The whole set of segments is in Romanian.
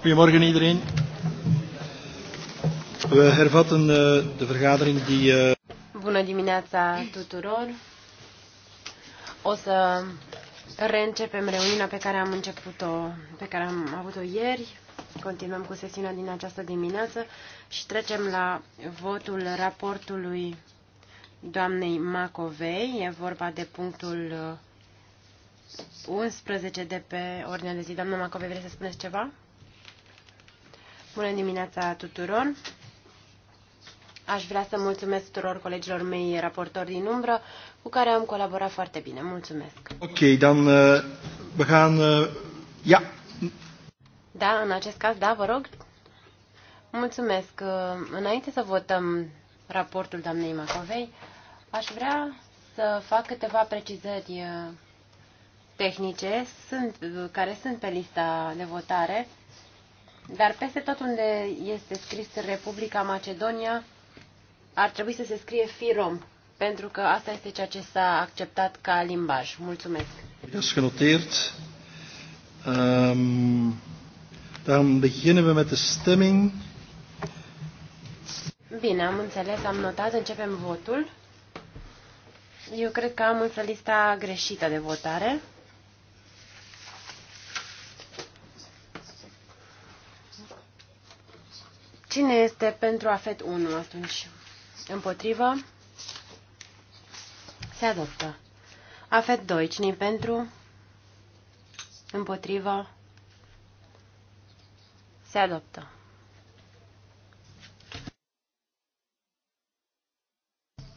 Goedemorgen iedereen. We hervatten uh, de vergadering die. Uh... Bună dimineața tuturor. O să reîncepem reuniunea pe care am început-o, pe care am avut-o ieri. Continuăm cu sesiunea din această dimineață și trecem la votul raportului doamnei Macovei. E vorba de punctul 11 eh, de pe ordinea de zi. Doamna Macovei, vreți să spuneți ceva? Bună dimineața tuturor! Aș vrea să mulțumesc tuturor colegilor mei raportori din umbră, cu care am colaborat foarte bine. Mulțumesc! Ok, dan uh, we Uh, Da, în acest caz, da, vă rog. Mulțumesc. Înainte să votăm raportul doamnei Macovei, aș vrea să fac câteva precizări tehnice sunt, care sunt pe lista de votare. Dar peste tot unde este scris Republica Macedonia, ar trebui să se scrie FIROM, pentru că asta este ceea ce s-a acceptat ca limbaj. Mulțumesc. Ehm, Bine, am înțeles, am notat, începem votul. Eu cred că am însă lista greșită de votare. Cine este pentru afet 1 atunci? Împotrivă? Se adoptă. Afet 2. cine pentru? Împotrivă? Se adoptă.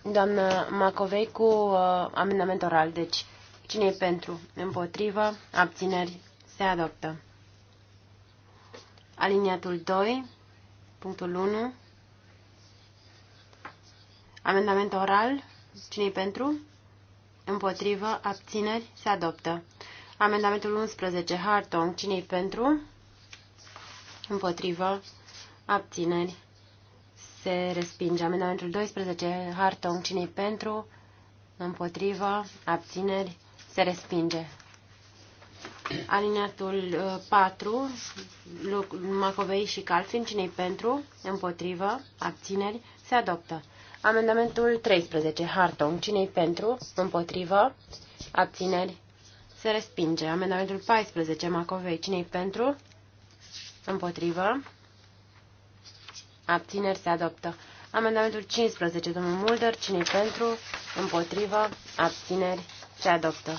Doamnă Macovei cu uh, amendament oral. Deci, cine e pentru? Împotrivă? Abțineri? Se adoptă. Aliniatul 2 Punctul 1. Amendament oral. Cine-i pentru? Împotrivă. Abțineri. Se adoptă. Amendamentul 11. Hartong. Cine-i pentru? Împotrivă. Abțineri. Se respinge. Amendamentul 12. Hartong. Cine-i pentru? Împotrivă. Abțineri. Se respinge. Alineatul 4, uh, Macovei și Calfin, cine pentru, împotrivă, abțineri, se adoptă. Amendamentul 13, Hartong, cine pentru, împotrivă, abțineri, se respinge. Amendamentul 14, Macovei, cine pentru, împotrivă, abțineri, se adoptă. Amendamentul 15, domnul Mulder, cine pentru, împotrivă, abțineri, se adoptă.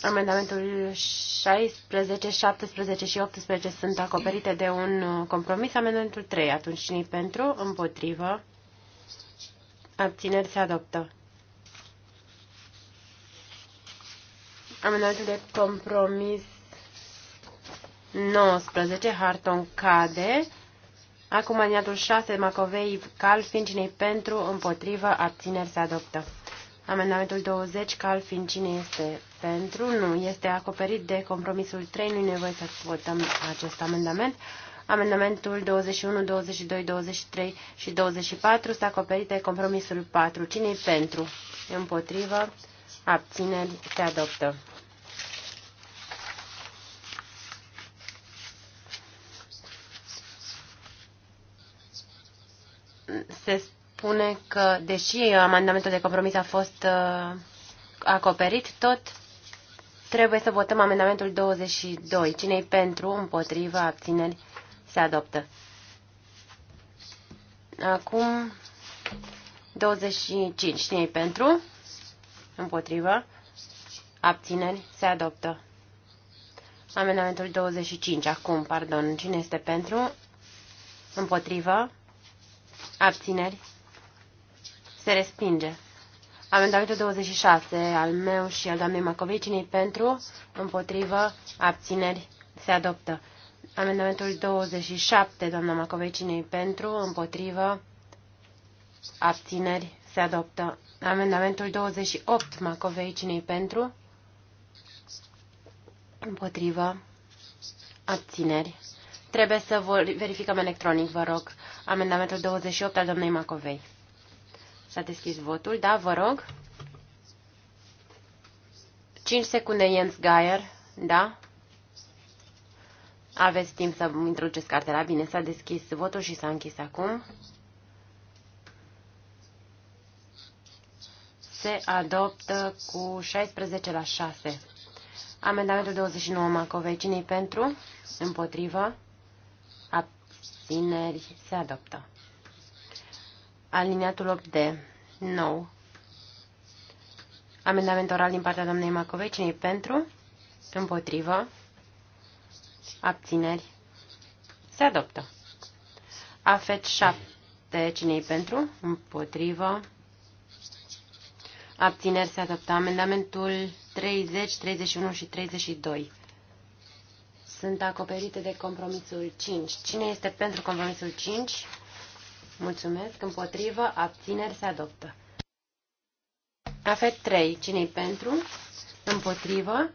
Amendamentul 16, 17 și 18 sunt acoperite de un uh, compromis. Amendamentul 3, atunci cine pentru? Împotrivă. Abțineri se adoptă. Amendamentul de compromis 19, Harton cade. Acum aliniatul 6, Macovei, Calfin, cine pentru? Împotrivă. Abțineri se adoptă. Amendamentul 20, cal fiind cine este pentru, nu este acoperit de compromisul 3, nu e nevoie să votăm acest amendament. Amendamentul 21, 22, 23 și 24 sunt acoperite de compromisul 4. cine e pentru? Împotrivă? Abțineri? Se adoptă. Se spune că, deși amendamentul de compromis a fost uh, acoperit, tot trebuie să votăm amendamentul 22. Cine-i pentru, împotriva, abțineri, se adoptă. Acum 25. Cine-i pentru, împotriva, abțineri, se adoptă. Amendamentul 25. Acum, pardon, cine este pentru, împotriva, abțineri, se respinge. Amendamentul 26 al meu și al doamnei Macovicinii pentru, împotrivă, abțineri, se adoptă. Amendamentul 27, doamna Macovecinei, pentru, împotrivă, abțineri, se adoptă. Amendamentul 28, Macovecinei, pentru, împotrivă, abțineri. Trebuie să verificăm electronic, vă rog, amendamentul 28 al doamnei Macovei. S-a deschis votul, da, vă rog. 5 secunde, Jens Geier, da. Aveți timp să introduceți cartela. Bine, s-a deschis votul și s-a închis acum. Se adoptă cu 16 la 6. Amendamentul 29, Macovei. cine pentru? Împotrivă? Abțineri. Se adoptă. Aliniatul 8D. Nou. Amendament oral din partea doamnei Macovei. cine pentru? Împotrivă. Abțineri. Se adoptă. Afet 7. cine pentru? Împotrivă. Abțineri se adoptă. Amendamentul 30, 31 și 32 sunt acoperite de compromisul 5. Cine este pentru compromisul 5? Mulțumesc. Împotrivă. Abțineri. Se adoptă. Afet 3. cine pentru? Împotrivă.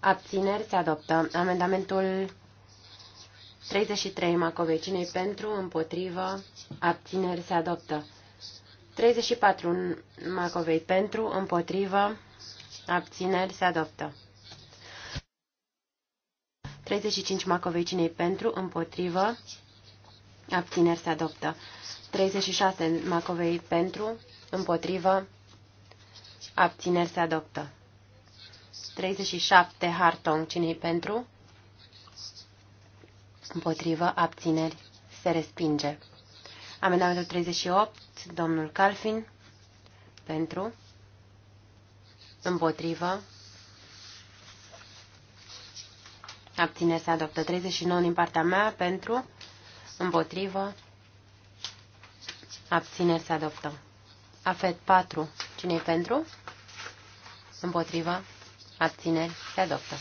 Abțineri. Se adoptă. Amendamentul 33. Macovei. cine pentru? Împotrivă. Abțineri. Se adoptă. 34. Macovei. Pentru. Împotrivă. Abțineri. Se adoptă. 35 Macovei cinei pentru, împotrivă, Abțineri se adoptă. 36 Macovei pentru, împotrivă, abțineri se adoptă. 37 Hartong, cine pentru? Împotrivă, abțineri se respinge. Amendamentul 38, domnul Calfin, pentru, împotrivă, abțineri se adoptă. 39 din partea mea, pentru, Împotrivă. Abțineri se adoptă. Afet 4. cine pentru? Împotrivă. Abțineri se adoptă.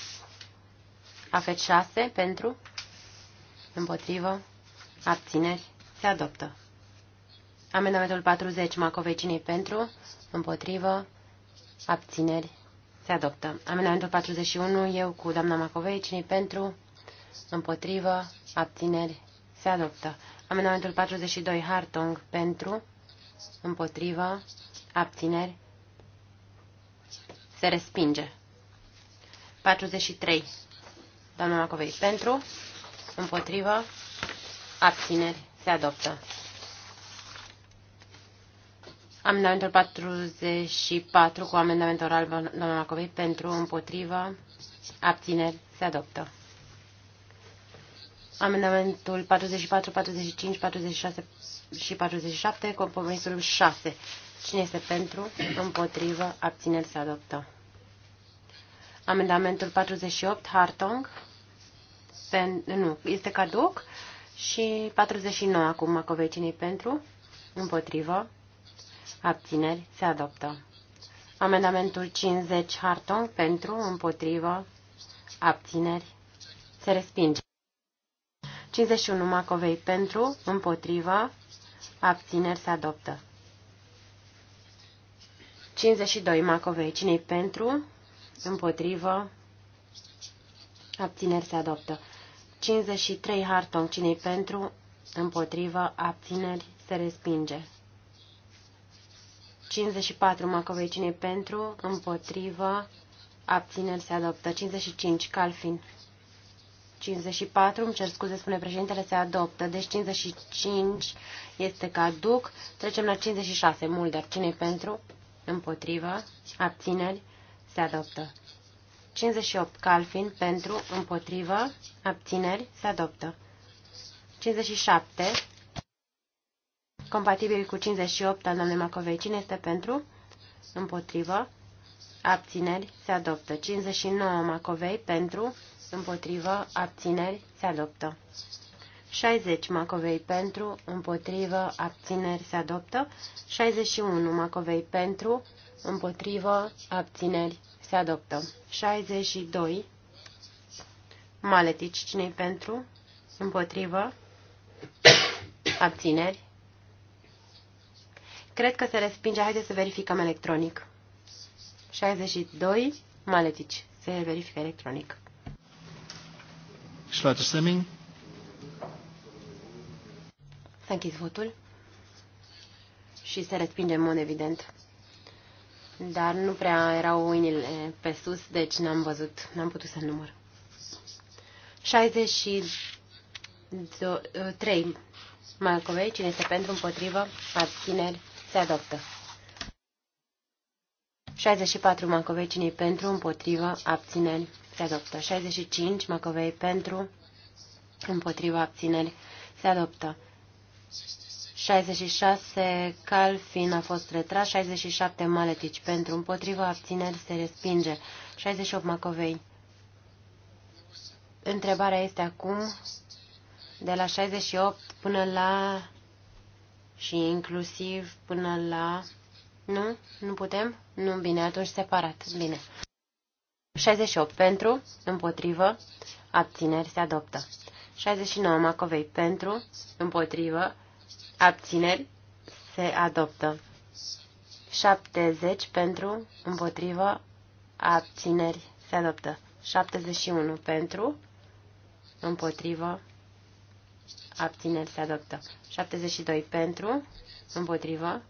Afet 6. Pentru? Împotrivă. Abțineri se adoptă. Amendamentul 40. Macovecinii pentru? Împotrivă. Abțineri se adoptă. Amendamentul 41. Eu cu doamna Macovei. cine pentru? Împotrivă. Abțineri se adoptă. Amendamentul 42, Hartong, pentru, împotrivă, abțineri, se respinge. 43, doamna Macovei, pentru, împotrivă, abțineri, se adoptă. Amendamentul 44 cu amendament oral, doamna Macovei, pentru, împotrivă, abțineri, se adoptă amendamentul 44, 45, 46 și 47, compromisul 6. Cine este pentru? Împotrivă. Abțineri se adoptă. Amendamentul 48, Hartong. Pen, nu, este caduc. Și 49 acum, Macovecinii pentru. Împotrivă. Abțineri se adoptă. Amendamentul 50, Hartong pentru. Împotrivă. Abțineri se respinge. 51 Macovei pentru, împotrivă, abțineri se adoptă. 52 Macovei, cine pentru, împotrivă, abțineri se adoptă. 53 Hartong, cine pentru, împotrivă, abțineri se respinge. 54 Macovei, cine pentru, împotrivă, abțineri se adoptă. 55 Calfin, 54, îmi cer scuze, spune președintele, se adoptă. Deci 55 este caduc. Trecem la 56, mult, dar cine pentru? Împotrivă. Abțineri. Se adoptă. 58, Calfin. Pentru. Împotrivă. Abțineri. Se adoptă. 57, compatibil cu 58 al doamnei Macovei. Cine este pentru? Împotrivă. Abțineri. Se adoptă. 59, Macovei. Pentru împotrivă, abțineri, se adoptă. 60 Macovei pentru, împotrivă, abțineri, se adoptă. 61 Macovei pentru, împotrivă, abțineri, se adoptă. 62 Maletici, cine pentru, împotrivă, abțineri. Cred că se respinge. Haideți să verificăm electronic. 62 Maletici. Se verifică electronic. Sluit semin. S-a închis votul și se respinge în mod evident. Dar nu prea erau mâinile pe sus, deci n-am văzut, n-am putut să număr. 63. Malcovei, cine este pentru, împotrivă, abțineri, se adoptă. 64 Macovei cine pentru, împotrivă, abțineri, se adoptă. 65 Macovei pentru, împotrivă, abțineri, se adoptă. 66 Calfin a fost retras, 67 Maletici pentru, împotrivă, abțineri, se respinge. 68 Macovei. Întrebarea este acum de la 68 până la și inclusiv până la nu? Nu putem? Nu, bine, atunci separat. Bine. 68 pentru, împotrivă, abțineri se adoptă. 69 Macovei pentru, împotrivă, abțineri se adoptă. 70 pentru, împotrivă, abțineri se adoptă. 71 pentru, împotrivă, abțineri se adoptă. 72 pentru, împotrivă,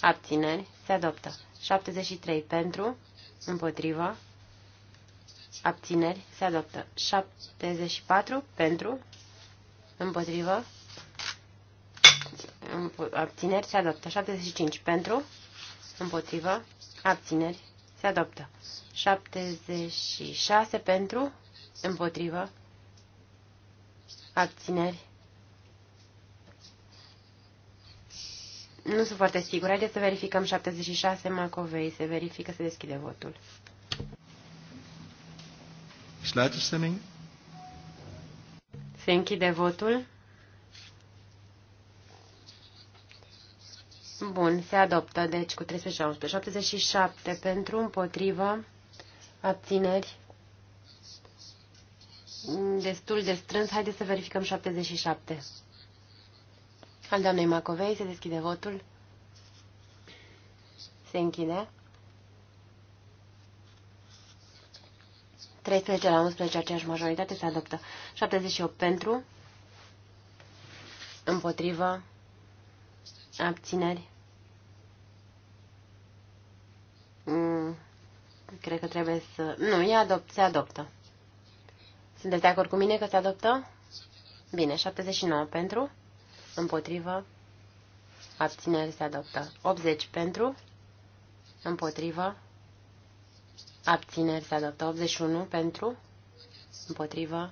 Abțineri. Se adoptă. 73 pentru. Împotrivă. Abțineri. Se adoptă. 74 pentru. Împotrivă. Abțineri. Se adoptă. 75 pentru. Împotrivă. Abțineri. Se adoptă. 76 pentru. Împotrivă. Abțineri. Nu sunt foarte sigur. Haideți să verificăm 76 Macovei. Se verifică, se deschide votul. Sluitestemming. Se închide votul. Bun, se adoptă, deci cu 317. 77 pentru, împotrivă, abțineri. Destul de strâns. Haideți să verificăm 77. Al doamnei Macovei se deschide votul. Se închide. 13 la 11, aceeași majoritate se adoptă. 78 pentru, împotrivă, abțineri. Mm, cred că trebuie să... Nu, e adopt, se adoptă. Sunteți de acord cu mine că se adoptă? Bine, 79 pentru, împotrivă, abțineri se adoptă. 80 pentru, împotrivă, abțineri se adoptă. 81 pentru, împotrivă,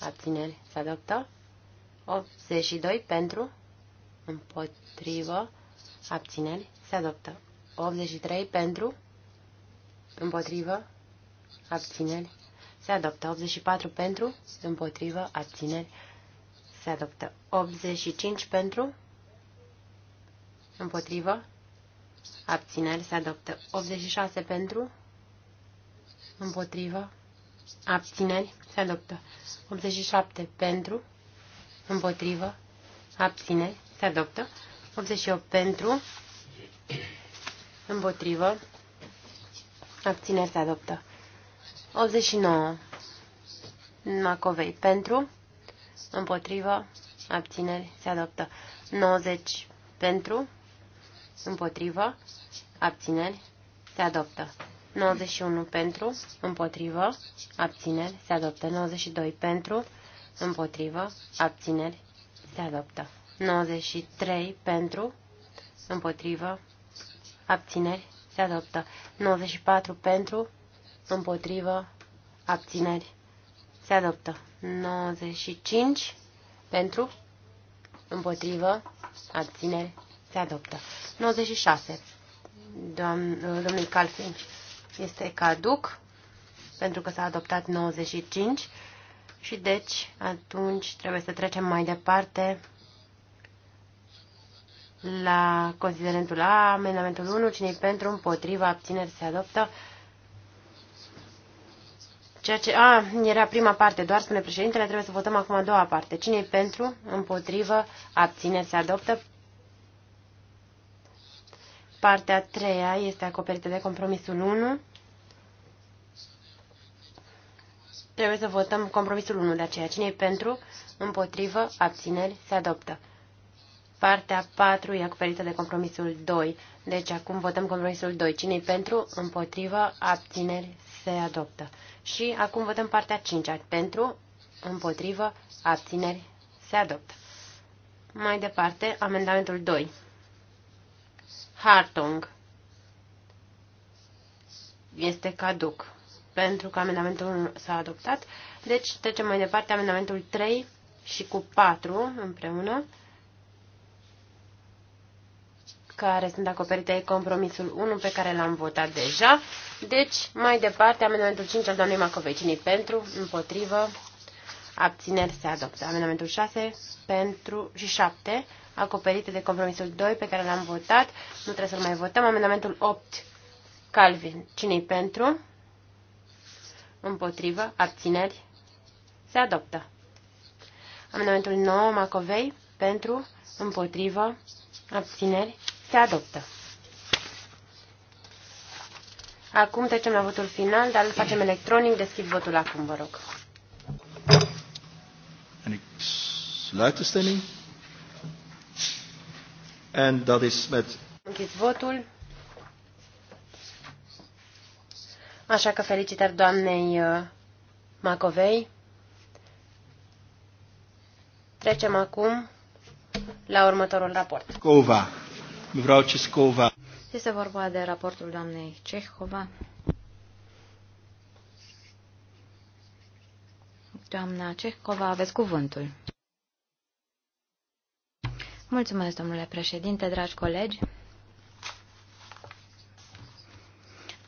abțineri se adoptă. 82 pentru, împotrivă, abțineri se adoptă. 83 pentru, împotrivă, abțineri se adoptă. 84 pentru, împotrivă, abțineri se adoptă. 85 pentru. Împotrivă. Abțineri. Se adoptă. 86 pentru. Împotrivă. Abțineri. Se adoptă. 87 pentru. Împotrivă. Abțineri. Se adoptă. 88 pentru. Împotrivă. Abțineri se adoptă. 89. Macovei pentru împotrivă, abțineri, se adoptă. 90 pentru, împotrivă, abțineri, se adoptă. 91 pentru, împotrivă, abțineri, se adoptă. 92 pentru, împotrivă, abțineri, se adoptă. 93 pentru, împotrivă, abțineri, se adoptă. 94 pentru, împotrivă, abțineri, se adoptă. 95 pentru, împotrivă, abțineri, se adoptă. 96. Doamn, domnul Calfin este caduc pentru că s-a adoptat 95 și deci atunci trebuie să trecem mai departe la considerentul A, amendamentul 1, cine pentru, împotriva, abțineri, se adoptă. Ceea ce, a, era prima parte, doar spune președintele, trebuie să votăm acum a doua parte. Cine e pentru, împotrivă, abține, se adoptă. Partea a treia este acoperită de compromisul 1. Trebuie să votăm compromisul 1 de aceea. Cine e pentru, împotrivă, abțineri, se adoptă. Partea 4 e acoperită de compromisul 2. Deci acum votăm compromisul 2. Cine e pentru, împotrivă, abțineri, se adoptă. Și acum votăm partea 5 -a. pentru, împotrivă, abțineri, se adoptă. Mai departe, amendamentul 2. Hartung este caduc pentru că amendamentul s-a adoptat. Deci trecem mai departe amendamentul 3 și cu 4 împreună care sunt acoperite de compromisul 1 pe care l-am votat deja. Deci, mai departe, amendamentul 5 al doamnei Macovecini pentru, împotrivă, abțineri se adoptă. Amendamentul 6 pentru și 7 acoperite de compromisul 2 pe care l-am votat. Nu trebuie să-l mai votăm. Amendamentul 8 Calvin. Cine-i pentru? Împotrivă. Abțineri. Se adoptă. Amendamentul 9, Macovei. Pentru. Împotrivă. Abțineri. Se adoptă. Acum trecem la votul final, dar îl facem electronic. Deschid votul acum, vă rog. En ik is met... Închid votul. Așa că felicitări doamnei uh, Macovei. Trecem acum la următorul raport. Cova. Vreau Cescova. Este vorba de raportul doamnei Cehova. Doamna Cehova, aveți cuvântul. Mulțumesc, domnule președinte, dragi colegi.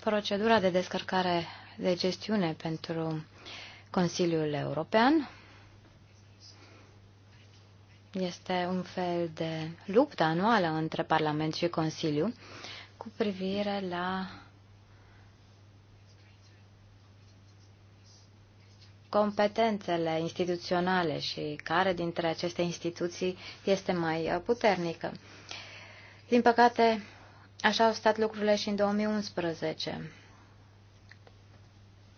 Procedura de descărcare de gestiune pentru Consiliul European este un fel de luptă anuală între Parlament și Consiliu cu privire la competențele instituționale și care dintre aceste instituții este mai puternică. Din păcate, așa au stat lucrurile și în 2011.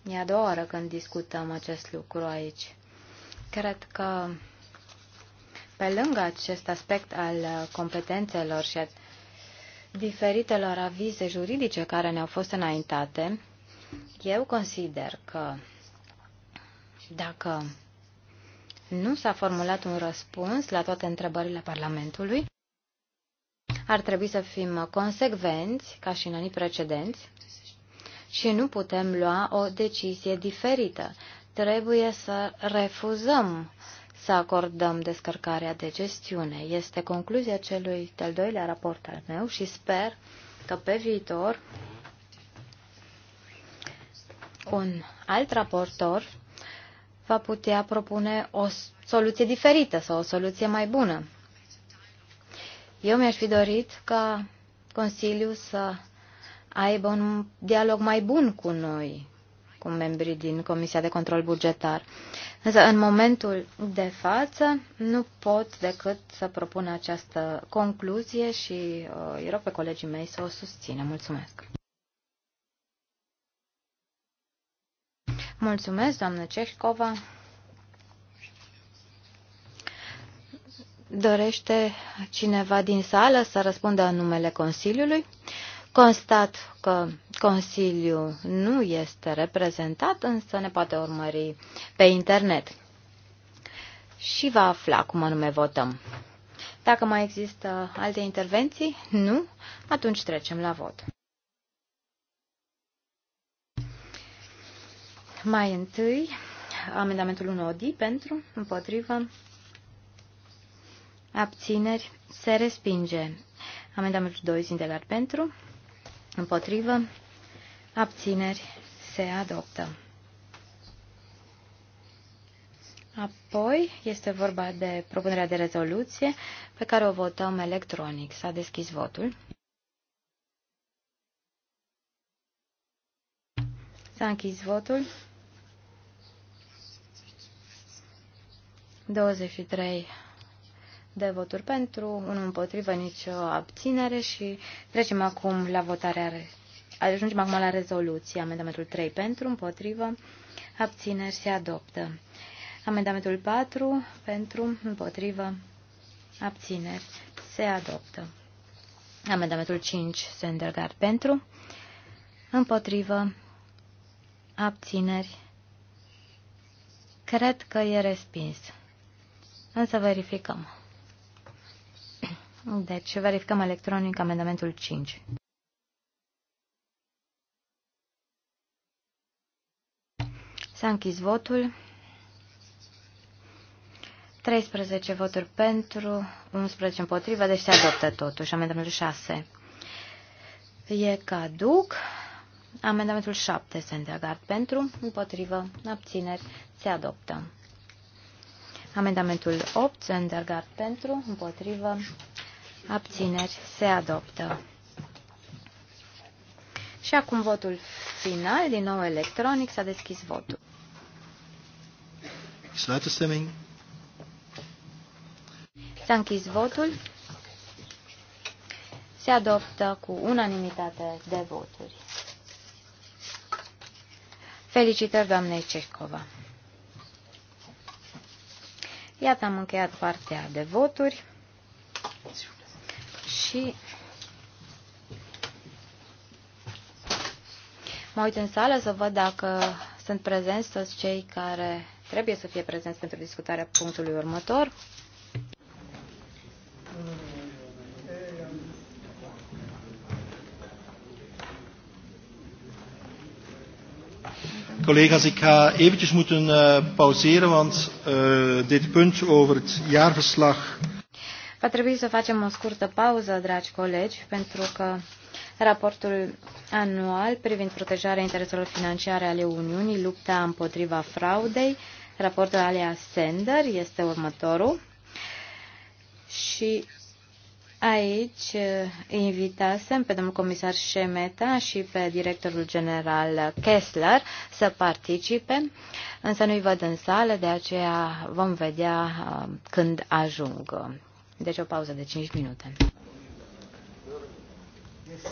E a doua oară când discutăm acest lucru aici. Cred că pe lângă acest aspect al uh, competențelor și a diferitelor avize juridice care ne-au fost înaintate, eu consider că dacă nu s-a formulat un răspuns la toate întrebările Parlamentului, ar trebui să fim consecvenți, ca și în anii precedenți, și nu putem lua o decizie diferită. Trebuie să refuzăm să acordăm descărcarea de gestiune. Este concluzia celui de-al doilea raport al meu și sper că pe viitor un alt raportor va putea propune o soluție diferită sau o soluție mai bună. Eu mi-aș fi dorit ca Consiliul să aibă un dialog mai bun cu noi, cu membrii din Comisia de Control Bugetar. Însă, în momentul de față, nu pot decât să propun această concluzie și uh, îi rog pe colegii mei să o susțină. Mulțumesc! Mulțumesc, doamnă Cehcova. Dorește cineva din sală să răspundă în numele Consiliului? Constat că Consiliul nu este reprezentat, însă ne poate urmări pe internet și va afla cum anume votăm. Dacă mai există alte intervenții, nu, atunci trecem la vot. Mai întâi, amendamentul 1 ODI pentru, împotrivă, abțineri, se respinge. Amendamentul 2 Zindelar pentru, Împotrivă. Abțineri. Se adoptă. Apoi este vorba de propunerea de rezoluție pe care o votăm electronic. S-a deschis votul. S-a închis votul. 23 de voturi pentru, unul împotrivă, nicio abținere și trecem acum la votarea. Ajungem acum la rezoluție. Amendamentul 3 pentru, împotrivă, abțineri se adoptă. Amendamentul 4 pentru, împotrivă, abțineri se adoptă. Amendamentul 5 Sendergaard pentru, împotrivă, abțineri. Cred că e respins. Însă verificăm. Deci, verificăm electronic amendamentul 5. S-a închis votul. 13 voturi pentru, 11 împotriva, deci se adoptă totuși. Amendamentul 6 e caduc. Amendamentul 7 se întreagă pentru, împotrivă, abțineri, se adoptă. Amendamentul 8 se întreagă pentru, împotrivă, abțineri, se adoptă. Și acum votul final, din nou electronic, s-a deschis votul. S-a închis votul. Se adoptă cu unanimitate de voturi. Felicitări, doamnei Cehcova! Iată, am încheiat partea de voturi și mă uit în sală să văd dacă sunt prezenți toți cei care trebuie să fie prezenți pentru discutarea punctului următor. Collega's, ik ga eventjes moeten uh, pauzeren, want uh, dit punt over het jaarverslag Va trebui să facem o scurtă pauză, dragi colegi, pentru că raportul anual privind protejarea intereselor financiare ale Uniunii, lupta împotriva fraudei, raportul alea Sender este următorul. Și Aici eh, invitasem pe domnul comisar Șemeta și pe directorul general Kessler să participe, însă nu-i văd în sală, de aceea vom vedea eh, când ajung. Deci o pauză de 5 minute. Yes.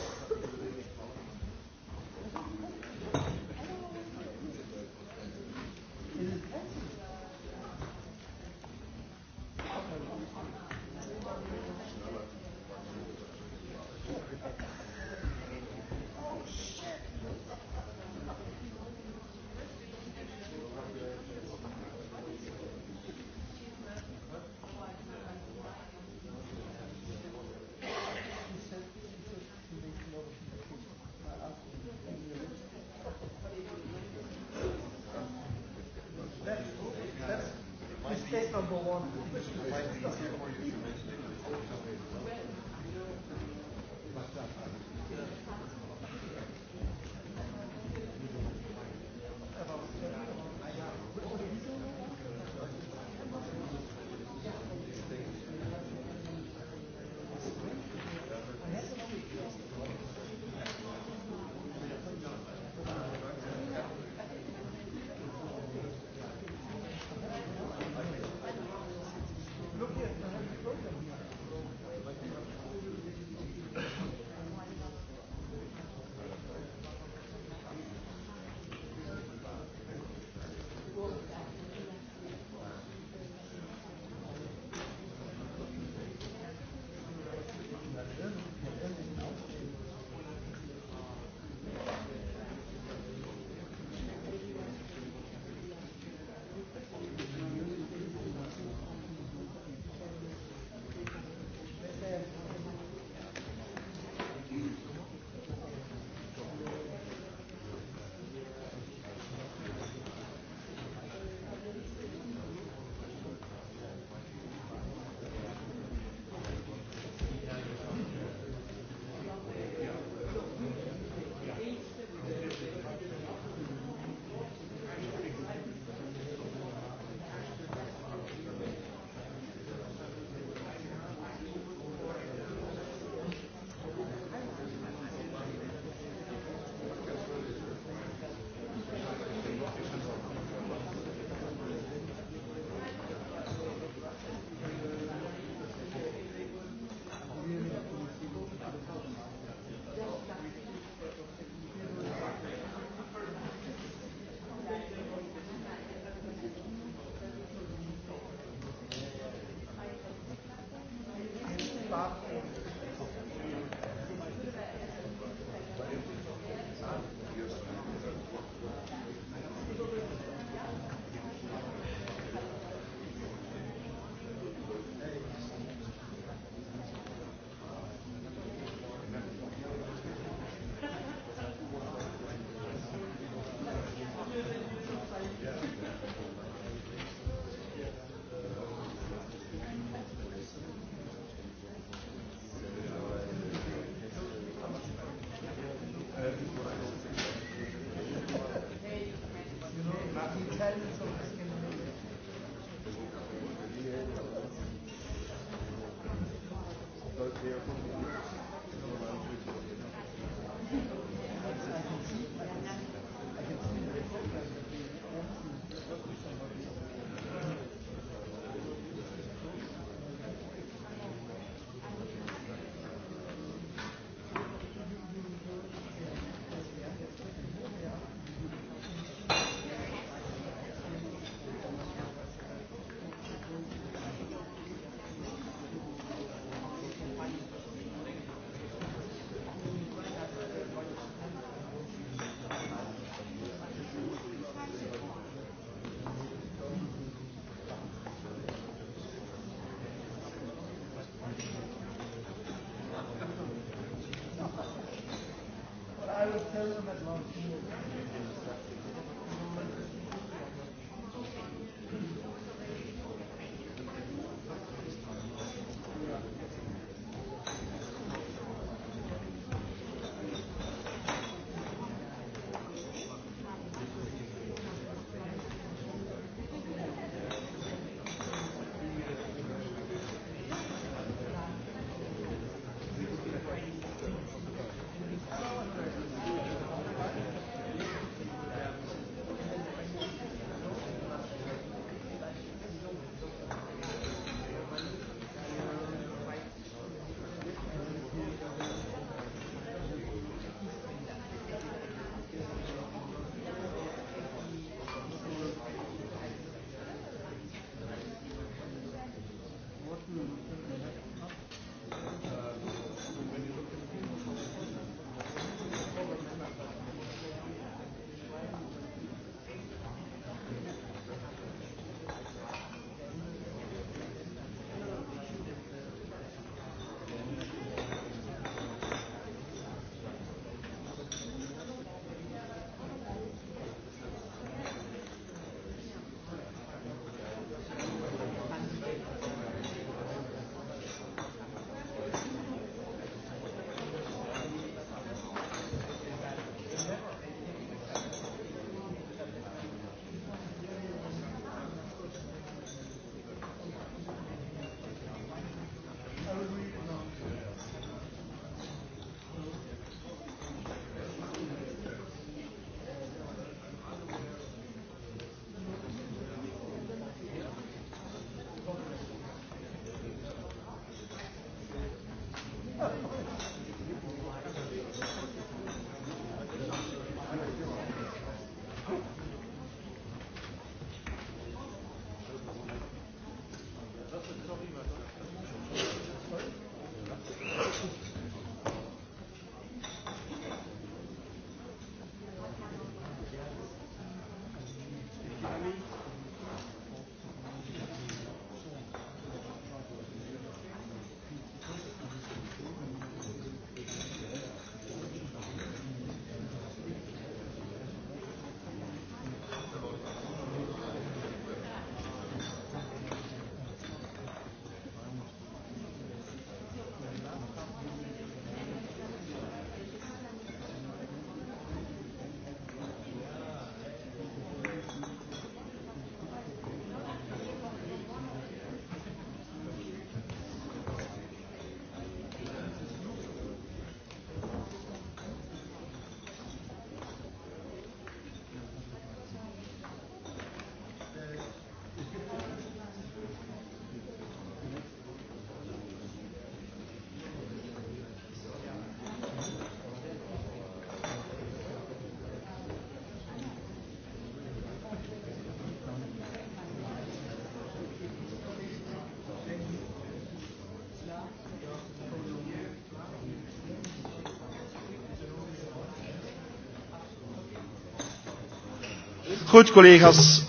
Goed, collega's.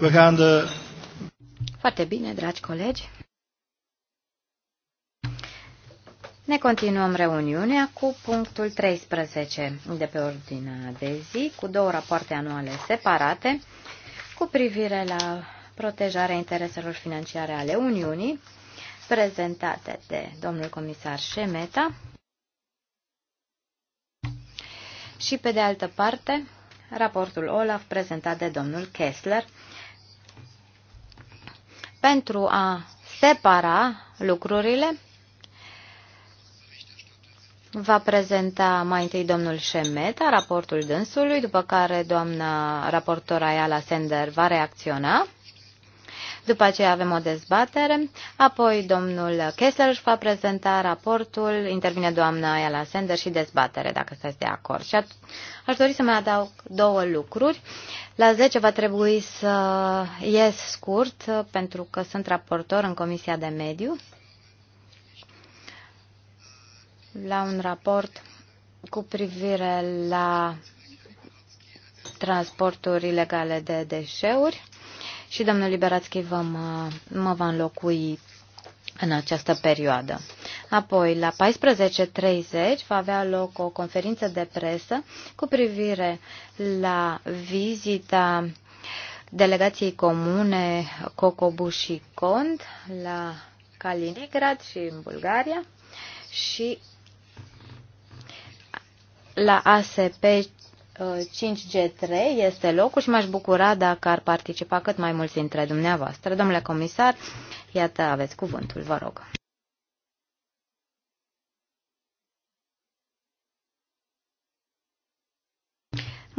We gaan de... Foarte bine, dragi colegi. Ne continuăm reuniunea cu punctul 13 de pe ordinea de zi, cu două rapoarte anuale separate cu privire la protejarea intereselor financiare ale Uniunii, prezentate de domnul comisar Șemeta. Și pe de altă parte, raportul OLAF prezentat de domnul Kessler pentru a separa lucrurile. Va prezenta mai întâi domnul Șemeta raportul dânsului, după care doamna raportor Ayala Sender va reacționa după aceea avem o dezbatere, apoi domnul Kessler își va prezenta raportul, intervine doamna Ayala Sender și dezbatere, dacă sunteți de acord. Și aș dori să mai adaug două lucruri. La 10 va trebui să ies scurt, pentru că sunt raportor în Comisia de Mediu la un raport cu privire la transporturi ilegale de deșeuri și domnul Liberațchi vă mă, uh, mă va înlocui în această perioadă. Apoi, la 14.30 va avea loc o conferință de presă cu privire la vizita delegației comune Cocobu și Cont la Kaliningrad și în Bulgaria și la ASP 5G3 este locul și m-aș bucura dacă ar participa cât mai mulți dintre dumneavoastră. Domnule comisar, iată, aveți cuvântul, vă rog.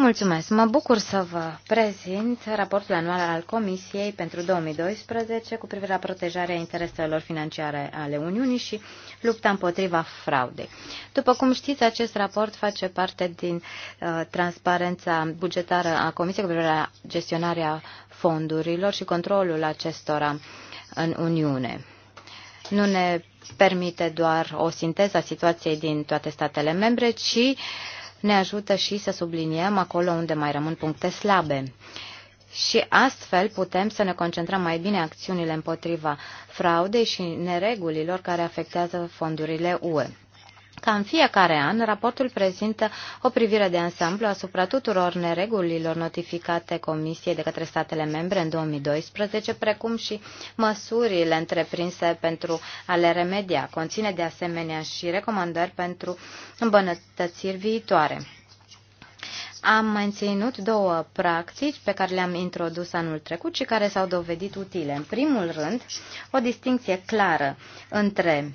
Mulțumesc! Mă bucur să vă prezint raportul anual al Comisiei pentru 2012 cu privire la protejarea intereselor financiare ale Uniunii și lupta împotriva fraudei. După cum știți, acest raport face parte din uh, transparența bugetară a Comisiei cu privire la gestionarea fondurilor și controlul acestora în Uniune. Nu ne permite doar o sinteză a situației din toate statele membre, ci uh, ne ajută și să subliniem acolo unde mai rămân puncte slabe. Și astfel putem să ne concentrăm mai bine acțiunile împotriva fraudei și neregulilor care afectează fondurile UE ca în fiecare an, raportul prezintă o privire de ansamblu asupra tuturor neregulilor notificate Comisiei de către statele membre în 2012, precum și măsurile întreprinse pentru a le remedia. Conține de asemenea și recomandări pentru îmbunătățiri viitoare. Am menținut două practici pe care le-am introdus anul trecut și care s-au dovedit utile. În primul rând, o distinție clară între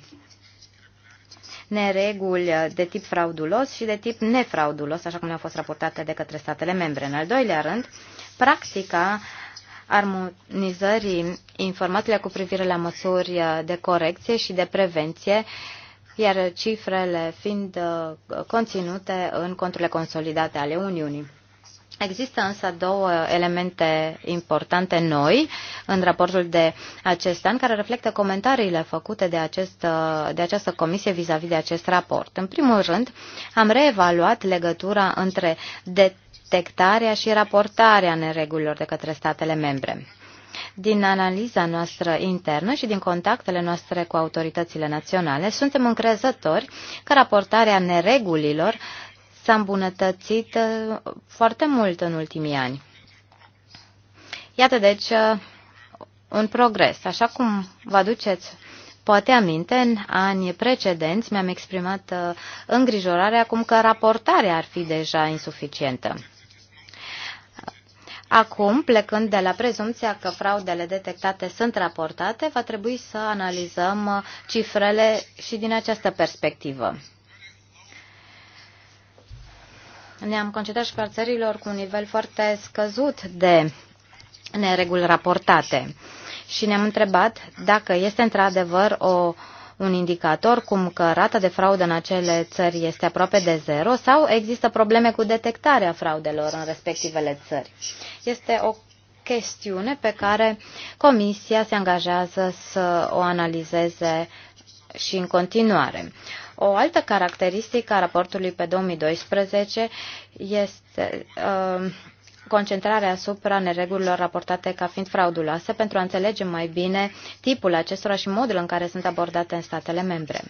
nereguli de tip fraudulos și de tip nefraudulos, așa cum ne-au fost raportate de către statele membre. În al doilea rând, practica armonizării informațiilor cu privire la măsuri de corecție și de prevenție, iar cifrele fiind uh, conținute în conturile consolidate ale Uniunii. Există însă două elemente importante noi în raportul de acest an care reflectă comentariile făcute de, acest, de această comisie vis-a-vis -vis de acest raport. În primul rând, am reevaluat legătura între detectarea și raportarea neregulilor de către statele membre. Din analiza noastră internă și din contactele noastre cu autoritățile naționale, suntem încrezători că raportarea neregulilor uh, s-a îmbunătățit uh, foarte mult în ultimii ani. Iată deci uh, un progres. Așa cum vă aduceți poate aminte, în anii precedenți mi-am exprimat uh, îngrijorarea acum că raportarea ar fi deja insuficientă. Acum, plecând de la prezumția că fraudele detectate sunt raportate, va trebui să analizăm cifrele și din această perspectivă ne-am concentrat și pe țărilor cu un nivel foarte scăzut de nereguli raportate și ne-am întrebat dacă este într-adevăr o un indicator cum că rata de fraudă în acele țări este aproape de zero sau există probleme cu detectarea fraudelor în respectivele țări. Este o chestiune pe care Comisia se angajează să o analizeze și în continuare. O altă caracteristică a raportului pe 2012 este uh, concentrarea asupra neregulilor raportate ca fiind frauduloase pentru a înțelege mai bine tipul acestora și modul în care sunt abordate în statele membre.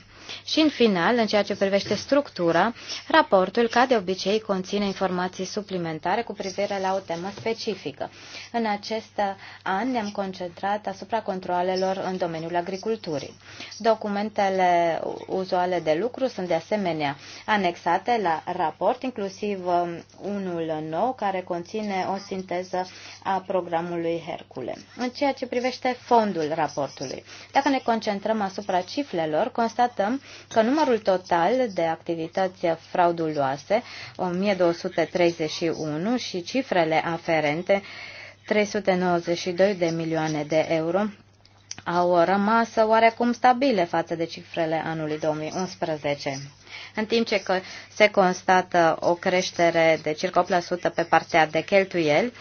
Și în final, în ceea ce privește structura, raportul, ca de obicei, conține informații suplimentare cu privire la o temă specifică. În acest an ne-am concentrat asupra controalelor în domeniul agriculturii. Documentele uzuale de lucru sunt de asemenea anexate la raport, inclusiv um, unul nou care conține conține o sinteză a programului Hercule. În ceea ce privește fondul raportului, dacă ne concentrăm asupra cifrelor, constatăm că numărul total de activități frauduloase, 1231 și cifrele aferente, 392 de milioane de euro, au rămas oarecum stabile față de cifrele anului 2011 în timp ce se constată o creștere de circa 8% pe partea de cheltuieli.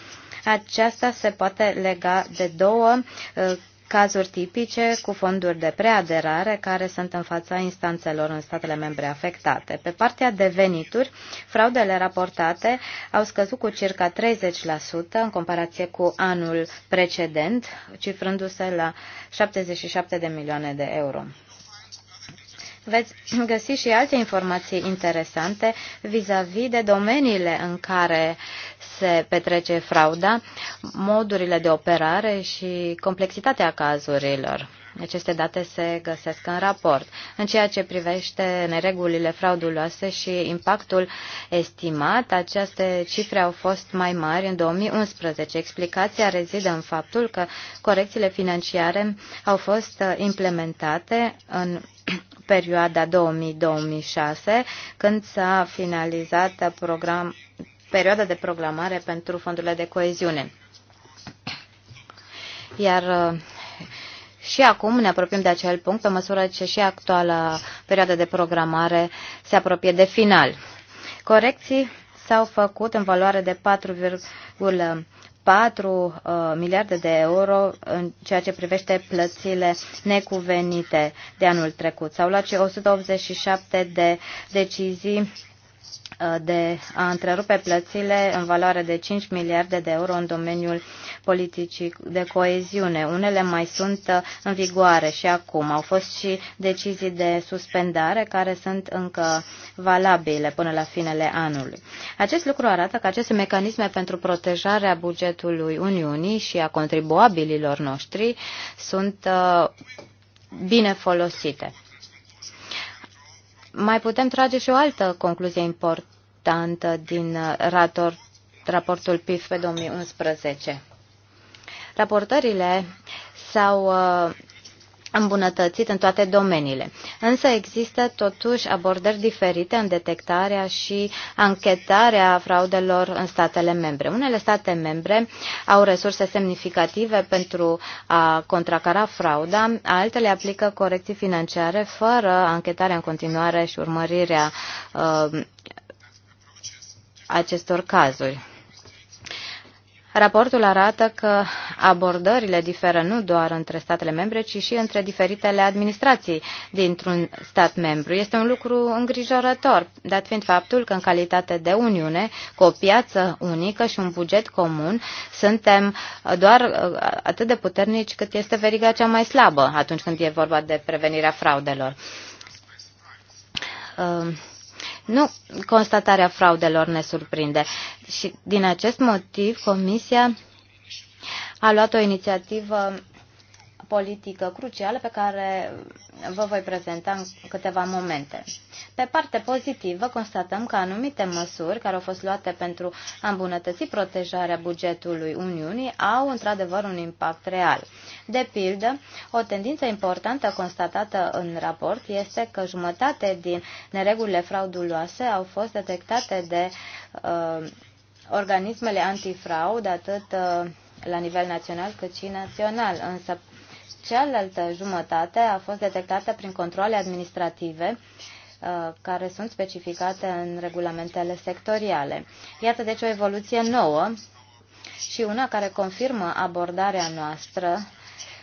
Aceasta se poate lega de două uh, cazuri tipice cu fonduri de preaderare care sunt în fața instanțelor în statele membre afectate. Pe partea de venituri, fraudele raportate au scăzut cu circa 30% în comparație cu anul precedent, cifrându-se la 77 de milioane de euro veți găsi și alte informații interesante vis-a-vis -vis de domeniile în care se petrece frauda, modurile de operare și complexitatea cazurilor. Aceste date se găsesc în raport. În ceea ce privește neregulile frauduloase și impactul estimat, aceste cifre au fost mai mari în 2011. Explicația rezidă în faptul că corecțiile financiare au fost implementate în perioada 2000-2006, când s-a finalizat program, perioada de programare pentru fondurile de coeziune. Iar și acum ne apropiem de acel punct pe măsură ce și actuala perioadă de programare se apropie de final. Corecții s-au făcut în valoare de 4,4 uh, miliarde de euro în ceea ce privește plățile necuvenite de anul trecut. S-au luat și 187 de decizii Uh, de a întrerupe plățile în valoare de 5 miliarde de euro în domeniul politicii de coeziune. Unele mai sunt uh, în vigoare și acum. Au fost și decizii de suspendare care sunt încă valabile până la finele anului. Acest lucru arată că aceste mecanisme pentru protejarea bugetului Uniunii și a contribuabililor noștri sunt uh, bine folosite mai putem trage și o altă concluzie importantă din uh, rator, raportul PIF pe 2011. Raportările s-au uh, îmbunătățit în toate domeniile. Însă există totuși abordări diferite în detectarea și anchetarea fraudelor în statele membre. Unele state membre au resurse semnificative pentru a contracara frauda, altele aplică corecții financiare fără anchetarea în continuare și urmărirea uh, acestor cazuri. Raportul arată că abordările diferă nu doar între statele membre, ci și între diferitele administrații dintr-un stat membru. Este un lucru îngrijorător, dat fiind faptul că în calitate de Uniune, cu o piață unică și un buget comun, suntem doar uh, atât de puternici cât este veriga cea mai slabă atunci când e vorba de prevenirea fraudelor. Uh, nu, constatarea fraudelor ne surprinde. Și din acest motiv, Comisia a luat o inițiativă politică crucială pe care vă voi prezenta în câteva momente. Pe parte pozitivă, constatăm că anumite măsuri care au fost luate pentru a îmbunătăți protejarea bugetului Uniunii au într-adevăr un impact real. De pildă, o tendință importantă constatată în raport este că jumătate din neregulile frauduloase au fost detectate de uh, organismele antifraud, atât uh, la nivel național cât și național. Însă Cealaltă jumătate a fost detectată prin controle administrative uh, care sunt specificate în regulamentele sectoriale. Iată deci o evoluție nouă și una care confirmă abordarea noastră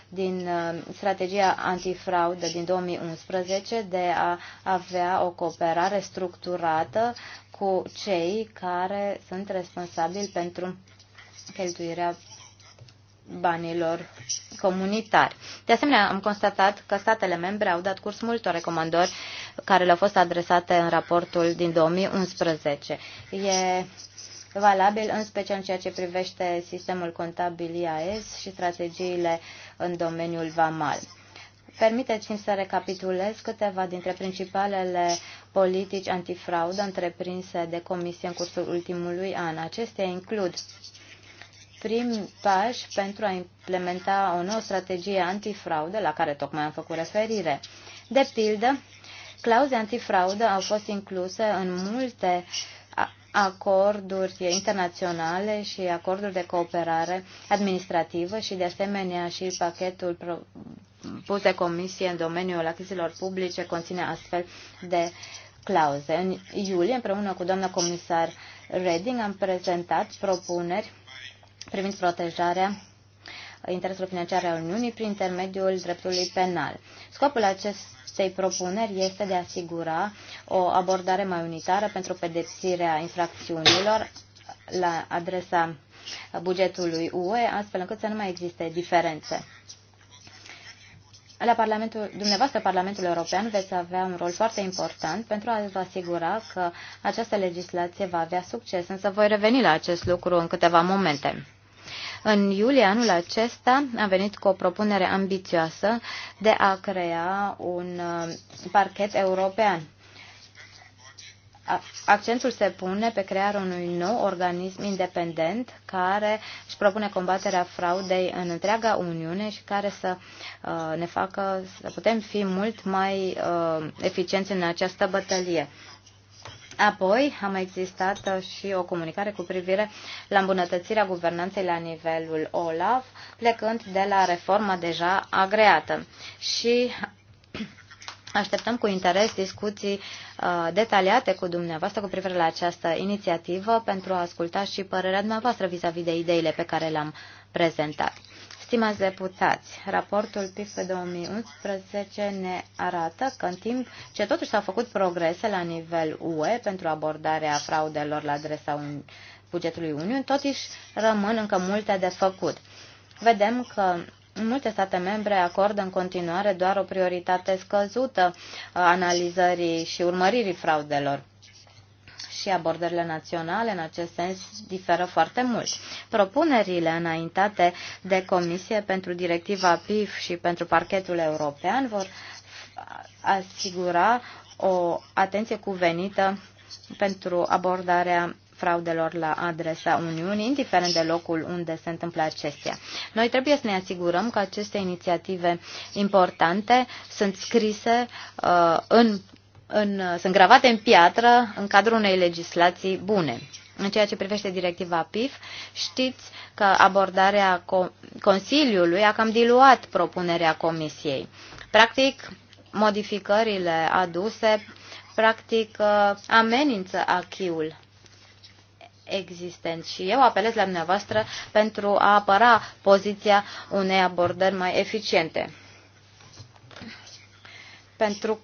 din uh, strategia antifraudă din 2011 de a avea o cooperare structurată cu cei care sunt responsabili pentru cheltuirea banilor comunitari. De asemenea, am constatat că statele membre au dat curs multor recomandări care le-au fost adresate în raportul din 2011. E valabil în special în ceea ce privește sistemul contabil IAS și strategiile în domeniul VAMAL. Permiteți-mi să recapitulez câteva dintre principalele politici antifraudă întreprinse de comisie în cursul ultimului an. Acestea includ prim paș pentru a implementa o nouă strategie antifraudă la care tocmai am făcut referire. De pildă, clauze antifraudă au fost incluse în multe acorduri internaționale și acorduri de cooperare administrativă și de asemenea și pachetul pus de comisie în domeniul achizilor publice conține astfel de clauze. În iulie, împreună cu doamna comisar Reding, am prezentat propuneri privind protejarea intereselor financiar al Uniunii prin intermediul dreptului penal. Scopul acestei propuneri este de a asigura o abordare mai unitară pentru pedepsirea infracțiunilor la adresa bugetului UE, astfel încât să nu mai existe diferențe. La Parlamentul, dumneavoastră, Parlamentul European, veți avea un rol foarte important pentru a vă asigura că această legislație va avea succes, însă voi reveni la acest lucru în câteva momente. În iulie anul acesta am venit cu o propunere ambițioasă de a crea un uh, parchet european. Accentul se pune pe crearea unui nou organism independent care își propune combaterea fraudei în întreaga Uniune și care să uh, ne facă să putem fi mult mai uh, eficienți în această bătălie. Apoi a mai existat și o comunicare cu privire la îmbunătățirea guvernanței la nivelul OLAF, plecând de la reforma deja agreată. Și Așteptăm cu interes discuții uh, detaliate cu dumneavoastră cu privire la această inițiativă pentru a asculta și părerea dumneavoastră vis-a-vis -vis de ideile pe care le-am prezentat. Stimați deputați, raportul PIF pe 2011 ne arată că în timp ce totuși s-au făcut progrese la nivel UE pentru abordarea fraudelor la adresa bugetului Uniunii, totuși rămân încă multe de făcut. Vedem că multe state membre acordă în continuare doar o prioritate scăzută analizării și urmăririi fraudelor și abordările naționale în acest sens diferă foarte mult. Propunerile înaintate de Comisie pentru directiva PIF și pentru parchetul european vor asigura o atenție cuvenită pentru abordarea fraudelor la adresa Uniunii, indiferent de locul unde se întâmplă acestea. Noi trebuie să ne asigurăm că aceste inițiative importante sunt scrise uh, în în, sunt gravate în piatră în cadrul unei legislații bune. În ceea ce privește directiva PIF, știți că abordarea Consiliului a cam diluat propunerea Comisiei. Practic, modificările aduse practic uh, amenință achiul existent și eu apelez la dumneavoastră pentru a apăra poziția unei abordări mai eficiente. Pentru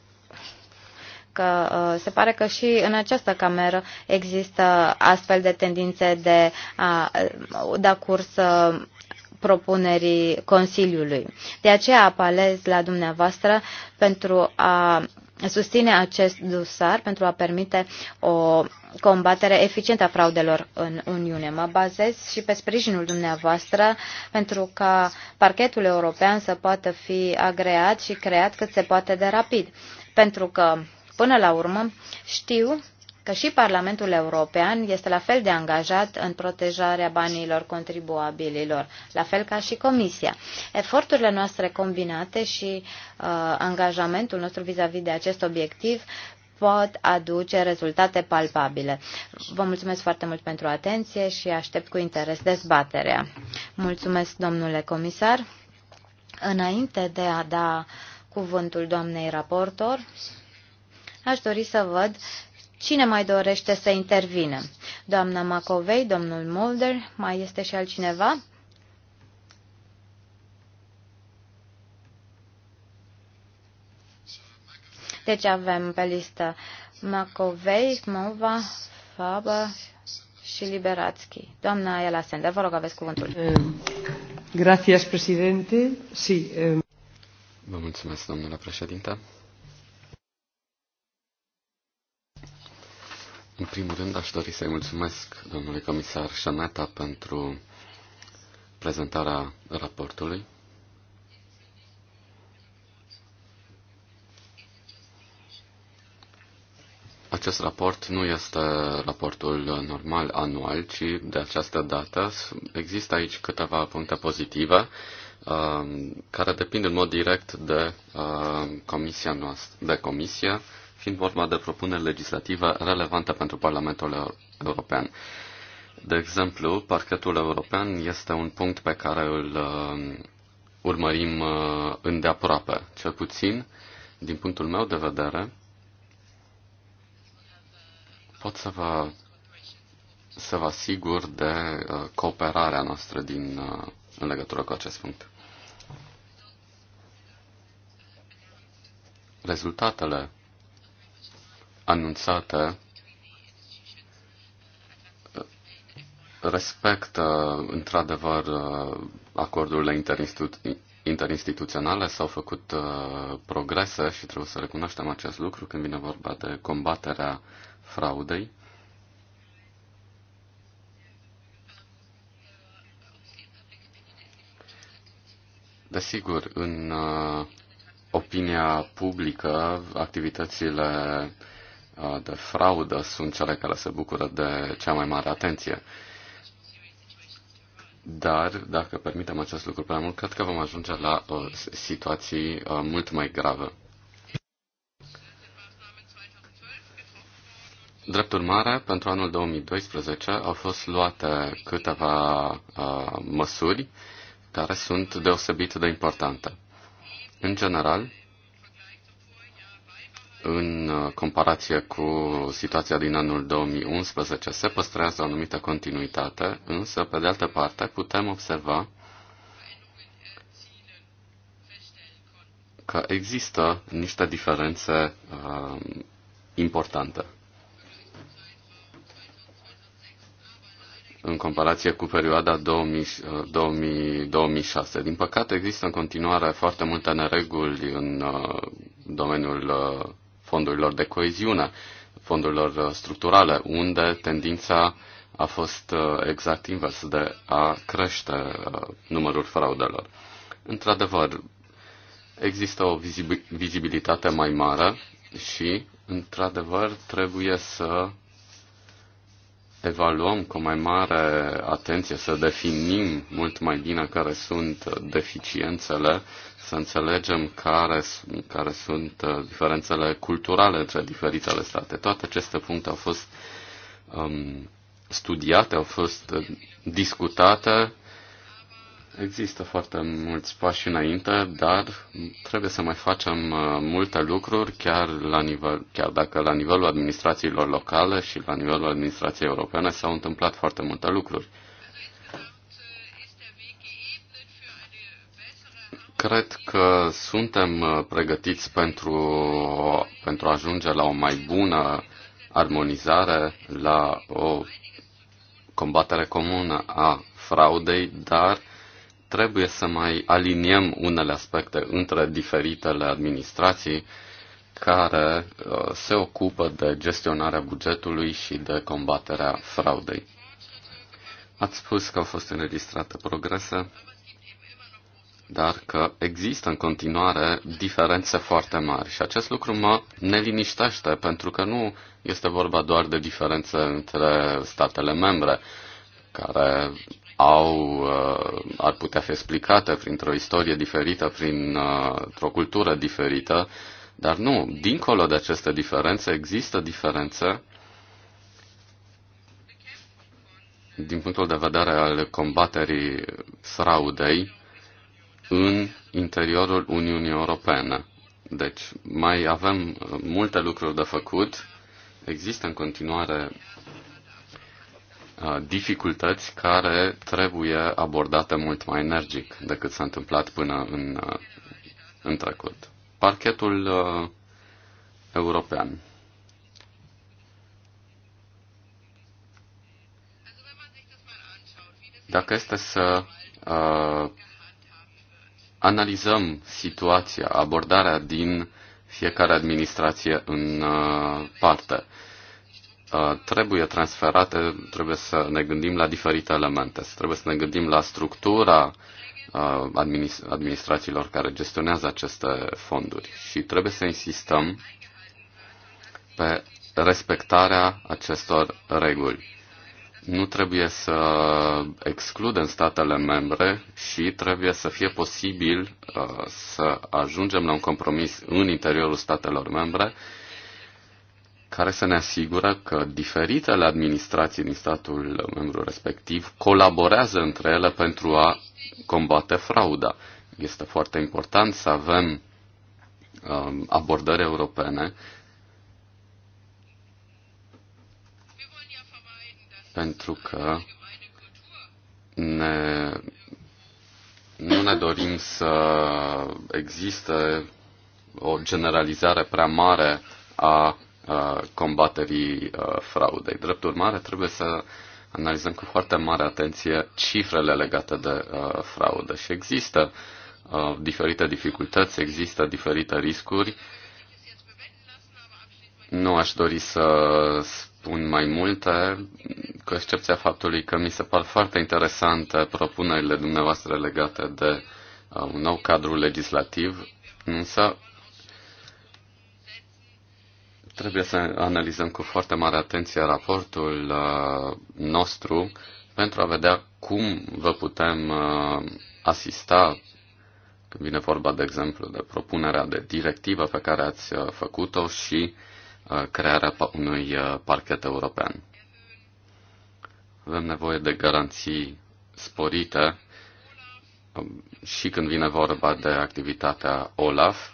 că uh, se pare că și în această cameră există astfel de tendințe de a uh, da curs uh, propunerii Consiliului. De aceea apalez la dumneavoastră pentru a susține acest dosar pentru a permite o combatere eficientă a fraudelor în Uniune. Mă bazez și pe sprijinul dumneavoastră pentru ca parchetul european să poată fi agreat și creat cât se poate de rapid. Pentru că Până la urmă, știu că și Parlamentul European este la fel de angajat în protejarea banilor contribuabililor, la fel ca și Comisia. Eforturile noastre combinate și uh, angajamentul nostru vis-a-vis -vis de acest obiectiv pot aduce rezultate palpabile. Vă mulțumesc foarte mult pentru atenție și aștept cu interes dezbaterea. Mulțumesc, domnule comisar. Înainte de a da cuvântul doamnei raportor, Aș dori să văd cine mai dorește să intervină. Doamna Macovei, domnul Mulder, mai este și altcineva? Deci avem pe listă Macovei, Mova, Faba și Liberatski. Doamna Ela Sender, vă rog, aveți cuvântul. Eh, gracias, președinte. Sí, eh. Vă mulțumesc, domnule președinte. În primul rând, aș dori să-i mulțumesc domnului comisar Șaneta pentru prezentarea raportului. Acest raport nu este raportul normal anual, ci de această dată există aici câteva puncte pozitive uh, care depind în mod direct de uh, comisia noastră, de comisia fiind vorba de propuneri legislative relevante pentru Parlamentul European. De exemplu, parchetul european este un punct pe care îl um, urmărim uh, îndeaproape, cel puțin din punctul meu de vedere, pot să vă, să vă asigur de uh, cooperarea noastră din, uh, în legătură cu acest punct. Rezultatele anunțate respectă într-adevăr acordurile interinstitu- interinstituționale, s-au făcut uh, progrese și trebuie să recunoaștem acest lucru când vine vorba de combaterea fraudei. Desigur, în uh, opinia publică, activitățile Uh, de fraudă sunt cele care se bucură de cea mai mare atenție. Dar, dacă permitem acest lucru prea mult, cred că vom ajunge la uh, situații uh, mult mai grave. Drept urmare, pentru anul 2012 au fost luate câteva uh, măsuri care sunt deosebit de importante. În general, în uh, comparație cu situația din anul 2011, se păstrează o anumită continuitate, însă, pe de altă parte, putem observa că există niște diferențe uh, importante în comparație cu perioada 2000, 2000, 2006. Din păcate, există în continuare foarte multe nereguli în uh, domeniul uh, fondurilor de coeziune, fondurilor uh, structurale, unde tendința a fost uh, exact invers de a crește uh, numărul fraudelor. Într-adevăr, există o vizibilitate mai mare și, într-adevăr, trebuie să evaluăm cu mai mare atenție, să definim mult mai bine care sunt deficiențele să înțelegem care, care sunt uh, diferențele culturale între diferitele state. Toate aceste puncte au fost um, studiate, au fost uh, discutate. Există foarte mulți pași înainte, dar trebuie să mai facem uh, multe lucruri, chiar, la nivel, chiar dacă la nivelul administrațiilor locale și la nivelul administrației europene s-au întâmplat foarte multe lucruri. Cred că suntem uh, pregătiți pentru, pentru a ajunge la o mai bună armonizare, la o combatere comună a fraudei, dar trebuie să mai aliniem unele aspecte între diferitele administrații care uh, se ocupă de gestionarea bugetului și de combaterea fraudei. Ați spus că au fost înregistrate progrese, dar că există în continuare diferențe foarte mari și acest lucru mă neliniștește pentru că nu este vorba doar de diferențe între statele membre care au, uh, ar putea fi explicate printr-o istorie diferită, printr-o uh, cultură diferită, dar nu, dincolo de aceste diferențe există diferențe din punctul de vedere al combaterii fraudei în interiorul Uniunii Europene. Deci mai avem uh, multe lucruri de făcut. Există în continuare uh, dificultăți care trebuie abordate mult mai energic decât s-a întâmplat până în, uh, în trecut. Parchetul uh, european. Dacă este să uh, analizăm situația, abordarea din fiecare administrație în uh, parte. Uh, trebuie transferate, trebuie să ne gândim la diferite elemente. Trebuie să ne gândim la structura uh, administrațiilor care gestionează aceste fonduri și trebuie să insistăm pe respectarea acestor reguli nu trebuie să excludem statele membre și trebuie să fie posibil uh, să ajungem la un compromis în interiorul statelor membre care să ne asigură că diferitele administrații din statul membru respectiv colaborează între ele pentru a combate frauda. Este foarte important să avem um, abordări europene pentru că ne, nu ne dorim să existe o generalizare prea mare a combaterii fraudei. Drept urmare, trebuie să analizăm cu foarte mare atenție cifrele legate de fraudă și există diferite dificultăți, există diferite riscuri. Nu aș dori să spun mai multe, cu excepția faptului că mi se par foarte interesante propunerile dumneavoastră legate de uh, un nou cadru legislativ, însă trebuie să analizăm cu foarte mare atenție raportul uh, nostru pentru a vedea cum vă putem uh, asista când vine vorba, de exemplu, de propunerea de directivă pe care ați făcut-o și uh, Uh, crearea unui uh, parchet european. Avem nevoie de garanții sporite um, și când vine vorba de activitatea OLAF,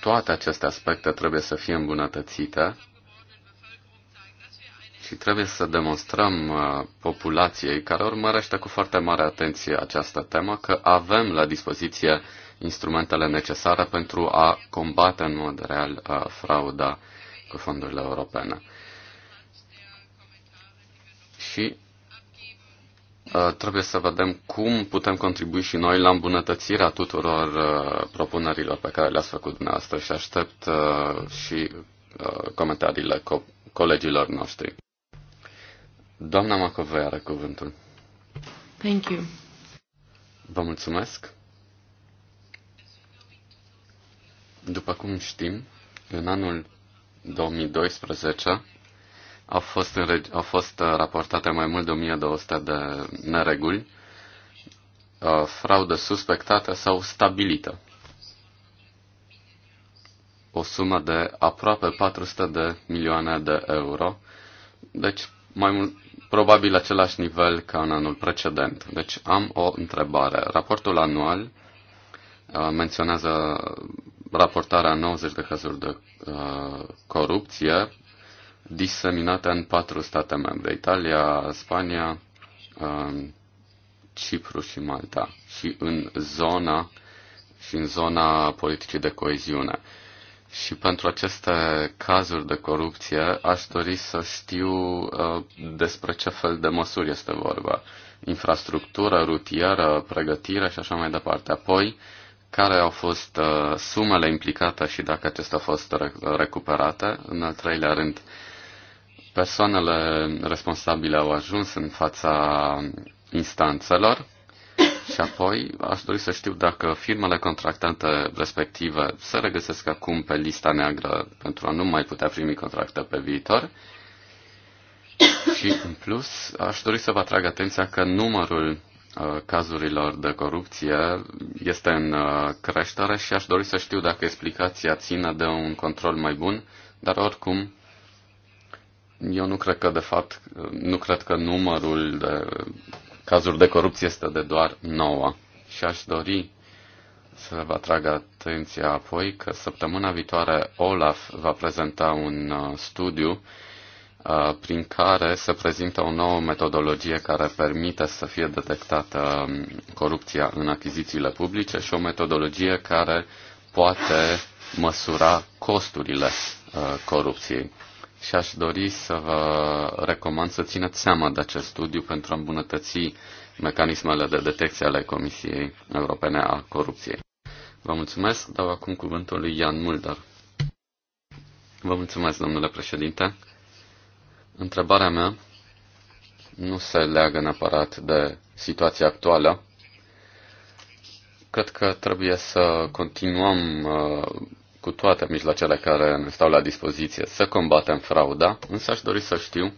toate aceste aspecte trebuie să fie îmbunătățite și trebuie să demonstrăm uh, populației care urmărește cu foarte mare atenție această temă că avem la dispoziție instrumentele necesare pentru a combate în mod real uh, frauda cu fondurile europene. Și uh, trebuie să vedem cum putem contribui și noi la îmbunătățirea tuturor propunerilor pe care le-ați făcut dumneavoastră și aștept și comentariile co- colegilor noștri. Doamna Macovei are cuvântul. Thank you. Vă mulțumesc. După cum știm, în anul 2012 au fost, înreg- au fost uh, raportate mai mult de 1200 de nereguli, uh, fraudă suspectată sau stabilită. O sumă de aproape 400 de milioane de euro, deci mai mult probabil același nivel ca în anul precedent. Deci am o întrebare. Raportul anual uh, menționează raportarea 90 de cazuri de uh, corupție diseminate în patru state membre, Italia, Spania, um, Cipru și Malta, și în zona și în zona politicii de coeziune. Uh, și pentru aceste cazuri de corupție aș dori să știu uh, despre ce fel de măsuri este vorba. Infrastructură, rutieră, pregătire și așa mai departe. Apoi, care au fost uh, sumele implicate și dacă acestea au fost recuperate. În al treilea rând, persoanele responsabile au ajuns în fața instanțelor și apoi aș dori să știu dacă firmele contractante respective se regăsesc acum pe lista neagră pentru a nu mai putea primi contracte pe viitor. Și în plus, aș dori să vă atrag atenția că numărul uh, cazurilor de corupție este în uh, creștere și aș dori să știu dacă explicația ține de un control mai bun, dar oricum eu nu cred că de fapt, uh, nu cred că numărul de cazuri de corupție este de doar 9. Și aș dori să vă atrag atenția apoi că săptămâna viitoare Olaf va prezenta un uh, studiu uh, prin care se prezintă o nouă metodologie care permite să fie detectată um, corupția în achizițiile publice și o metodologie care poate măsura costurile uh, corupției și aș dori să vă recomand să țineți seama de acest studiu pentru a îmbunătăți mecanismele de detecție ale Comisiei Europene a Corupției. Vă mulțumesc, dau acum cuvântul lui Ian Mulder. Vă mulțumesc, domnule președinte. Întrebarea mea nu se leagă neapărat de situația actuală. Cred că trebuie să continuăm uh, cu toate mijloacele care ne stau la dispoziție să combatem frauda, însă aș dori să știu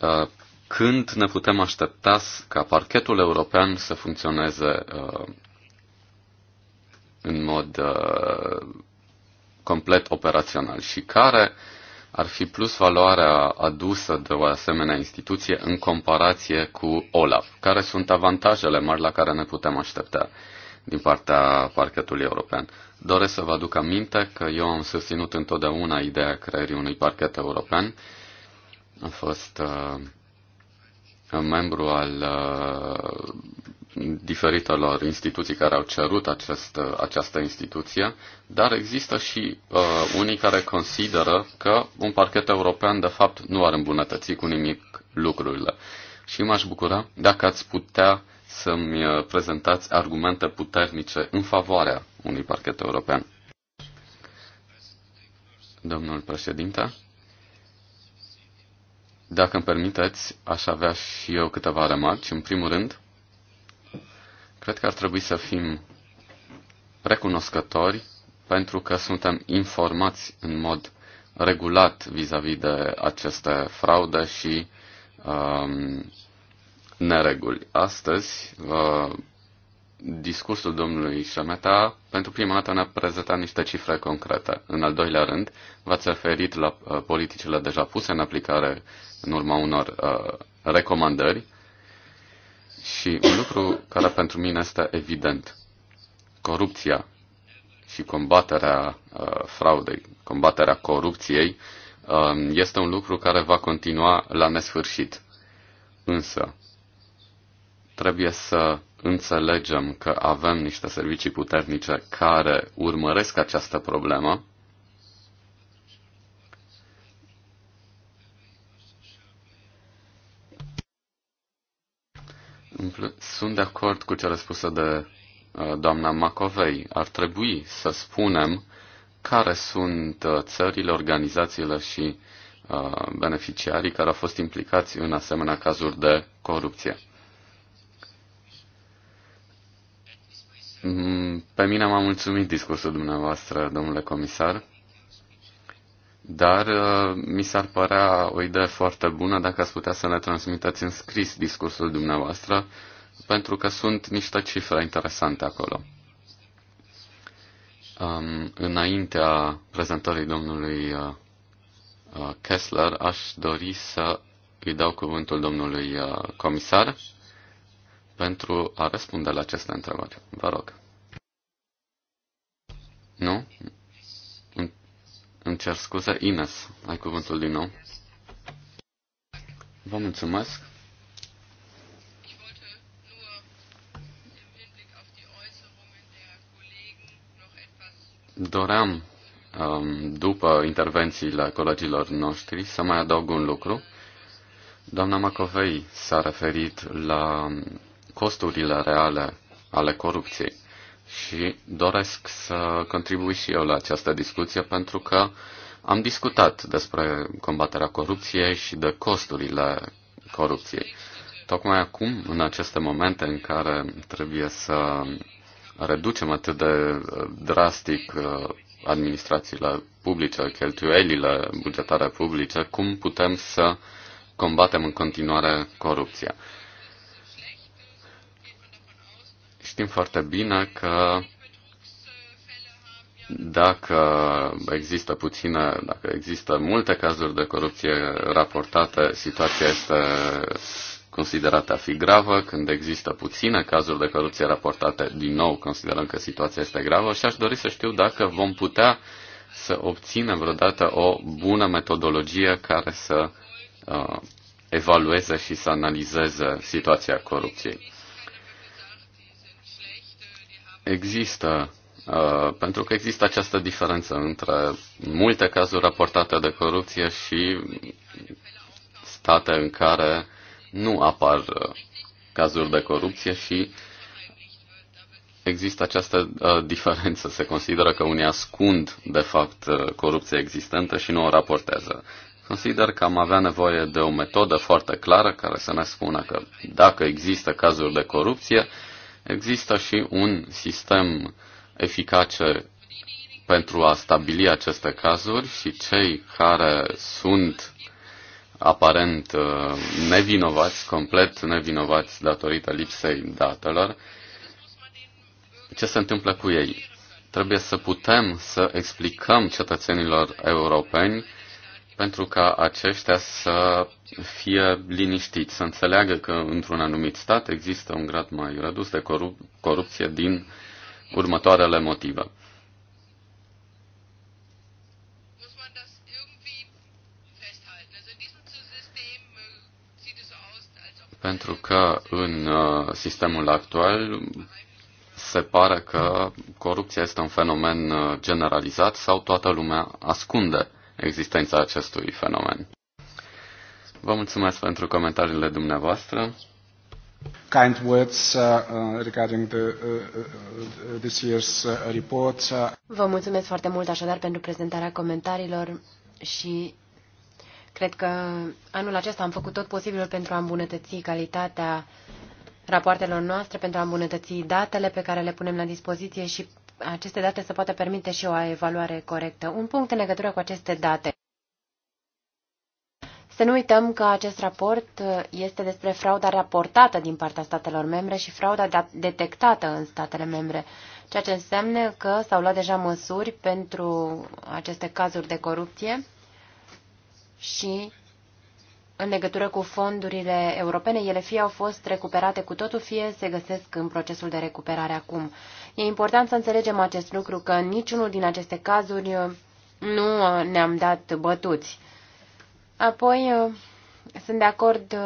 uh, când ne putem aștepta ca parchetul european să funcționeze uh, în mod uh, complet operațional și care ar fi plus valoarea adusă de o asemenea instituție în comparație cu OLAF? Care sunt avantajele mari la care ne putem aștepta? din partea parchetului european. Doresc să vă aduc aminte că eu am susținut întotdeauna ideea creării unui parchet european. Am fost uh, membru al uh, diferitelor instituții care au cerut acest, uh, această instituție, dar există și uh, unii care consideră că un parchet european, de fapt, nu ar îmbunătăți cu nimic lucrurile. Și m-aș bucura dacă ați putea uh, să-mi uh, prezentați argumente puternice în favoarea unui parchet european. Domnul președinte, dacă îmi permiteți, aș avea și eu câteva remarci. În primul rând, cred că ar trebui să fim recunoscători pentru că suntem informați în mod regulat vis-a-vis -vis de aceste fraude și um, nereguli. Astăzi, discursul domnului Șameta, pentru prima dată ne-a prezentat niște cifre concrete. În al doilea rând, v-ați referit la uh, politicile deja puse în aplicare în urma unor uh, recomandări și un lucru care pentru mine este evident. Corupția și combaterea uh, fraudei, combaterea corupției, uh, este un lucru care va continua la nesfârșit. Însă, Trebuie să înțelegem că avem niște servicii puternice care urmăresc această problemă Sunt de acord cu cele spuse de uh, doamna Macovei. Ar trebui să spunem care sunt uh, țările, organizațiile și uh, beneficiarii care au fost implicați în asemenea cazuri de corupție. Mm, pe mine m-a mulțumit discursul dumneavoastră, domnule comisar, dar uh, mi s-ar părea o idee foarte bună dacă ați putea să ne transmiteți în scris discursul dumneavoastră, pentru că sunt niște cifre interesante acolo. Um, înaintea prezentării domnului uh, uh, Kessler, aș dori să îi dau cuvântul domnului comisar pentru a răspunde la aceste întrebări. Vă rog. Nu? Îmi cer scuze. Ines, ai cuvântul din nou. Vă mulțumesc. Doream, um, după intervențiile colegilor noștri, să mai adaug un lucru. Doamna Macovei s-a referit la costurile reale ale corupției. Și doresc să contribui și eu la această discuție pentru că am discutat despre combaterea corupției și de costurile corupției. Tocmai acum, în aceste momente în care trebuie să reducem atât de uh, drastic uh, administrațiile publice, cheltuielile bugetare publice, cum putem să combatem în continuare corupția. știm foarte bine că dacă există puține, dacă există multe cazuri de corupție raportate, situația este considerată a fi gravă. Când există puține cazuri de corupție raportate, din nou considerăm că situația este gravă și aș dori să știu dacă vom putea să obținem vreodată o bună metodologie care să uh, evalueze și să analizeze situația corupției există, uh, pentru că există această diferență între multe cazuri raportate de corupție și state în care nu apar uh, cazuri de corupție și există această uh, diferență. Se consideră că unii ascund, de fapt, uh, corupția existentă și nu o raportează. Consider că am avea nevoie de o metodă foarte clară care să ne spună că dacă există cazuri de corupție, uh, Există și un sistem eficace pentru a stabili aceste cazuri și cei care sunt aparent uh, nevinovați, complet nevinovați datorită lipsei datelor, ce se întâmplă cu ei? Trebuie să putem să explicăm cetățenilor europeni pentru ca aceștia să fie liniștiți, să înțeleagă că într-un anumit stat există un grad mai redus de corup- corupție din următoarele motive. Pentru că în uh, sistemul actual se pare că corupția este un fenomen uh, generalizat sau toată lumea ascunde existența acestui fenomen. Vă mulțumesc pentru comentariile dumneavoastră. Kind words uh, uh regarding the, uh, uh this year's uh, report. Vă mulțumesc foarte mult așadar pentru prezentarea comentariilor și cred că anul acesta am făcut tot posibilul pentru a îmbunătăți calitatea rapoartelor noastre, pentru a îmbunătăți datele pe care le punem la dispoziție și aceste date să poată permite și o evaluare corectă. Un punct în legătură cu aceste date. Să nu uităm că acest raport uh, este despre frauda raportată din partea statelor membre și frauda da- detectată în statele membre, ceea ce înseamnă că s-au luat deja măsuri pentru aceste cazuri de corupție și în legătură cu fondurile europene, ele fie au fost recuperate cu totul, fie se găsesc în procesul de recuperare acum. E important să înțelegem acest lucru, că niciunul din aceste cazuri uh, nu uh, ne-am dat bătuți. Apoi, uh, sunt de acord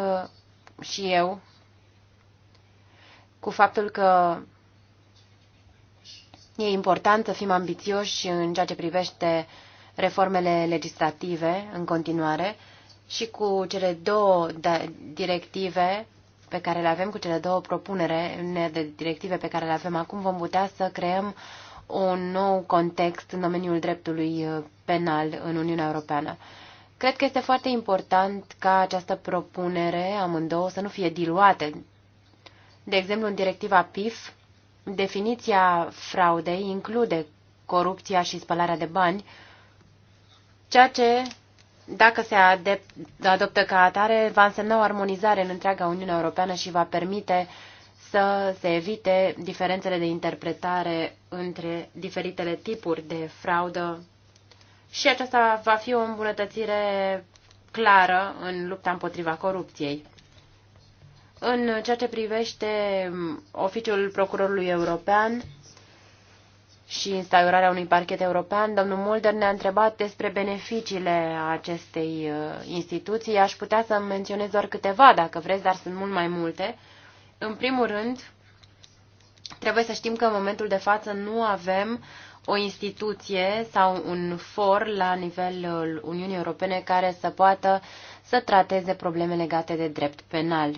și eu cu faptul că e important să fim ambițioși în ceea ce privește reformele legislative în continuare, și cu cele două da, directive pe care le avem, cu cele două propunere de directive pe care le avem acum, vom putea să creăm un nou context în domeniul dreptului uh, penal în Uniunea Europeană. Cred că este foarte important ca această propunere amândouă să nu fie diluate. De exemplu, în directiva PIF, definiția fraudei include corupția și spălarea de bani, ceea ce dacă se adoptă ca atare, va însemna o armonizare în întreaga Uniune Europeană și va permite să se evite diferențele de interpretare între diferitele tipuri de fraudă și aceasta va fi o îmbunătățire clară în lupta împotriva corupției. În ceea ce privește oficiul procurorului european, și instaurarea unui parchet european. Domnul Mulder ne-a întrebat despre beneficiile acestei uh, instituții. Aș putea să menționez doar câteva, dacă vreți, dar sunt mult mai multe. În primul rând, trebuie să știm că în momentul de față nu avem o instituție sau un for la nivelul Uniunii Europene care să poată să trateze probleme legate de drept penal.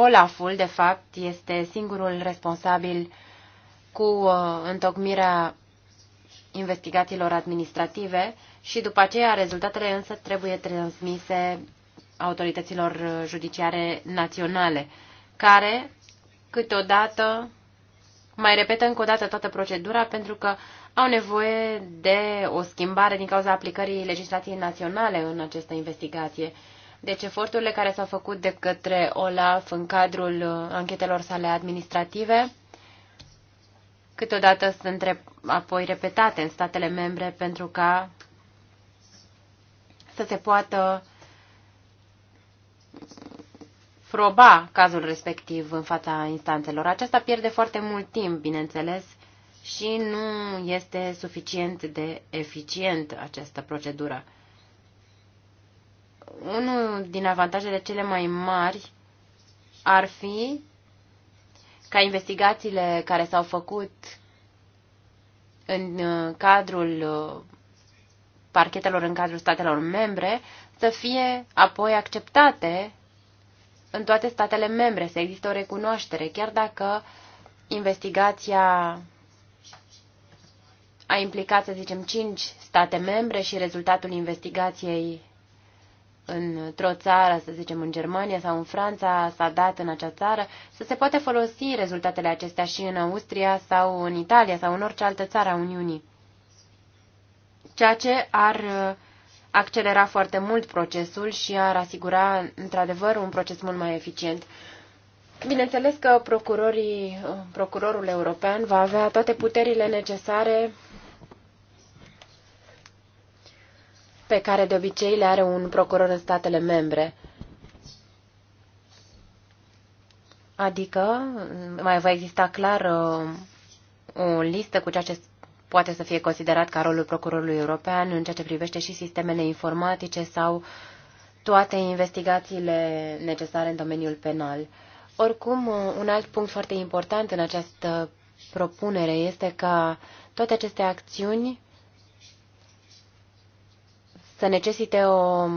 Olaful, de fapt, este singurul responsabil cu uh, întocmirea investigațiilor administrative și după aceea rezultatele însă trebuie transmise autorităților uh, judiciare naționale, care câteodată mai repetă încă o dată toată procedura pentru că au nevoie de o schimbare din cauza aplicării legislației naționale în această investigație. Deci eforturile care s-au făcut de către OLAF în cadrul uh, anchetelor sale administrative, câteodată sunt apoi repetate în statele membre pentru ca să se poată proba cazul respectiv în fața instanțelor. Aceasta pierde foarte mult timp, bineînțeles, și nu este suficient de eficient această procedură unul din avantajele cele mai mari ar fi ca investigațiile care s-au făcut în uh, cadrul uh, parchetelor în cadrul statelor membre să fie apoi acceptate în toate statele membre, să există o recunoaștere, chiar dacă investigația a implicat, să zicem, cinci state membre și rezultatul investigației într-o țară, să zicem în Germania sau în Franța, s-a dat în acea țară, să se poate folosi rezultatele acestea și în Austria sau în Italia sau în orice altă țară a Uniunii. Ceea ce ar uh, accelera foarte mult procesul și ar asigura, într-adevăr, un proces mult mai eficient. Bineînțeles că procurorii, uh, procurorul european va avea toate puterile necesare pe care de obicei le are un procuror în statele membre. Adică mai va exista clar uh, o listă cu ceea ce poate să fie considerat ca rolul procurorului european în ceea ce privește și sistemele informatice sau toate investigațiile necesare în domeniul penal. Oricum, uh, un alt punct foarte important în această propunere este ca toate aceste acțiuni să necesite o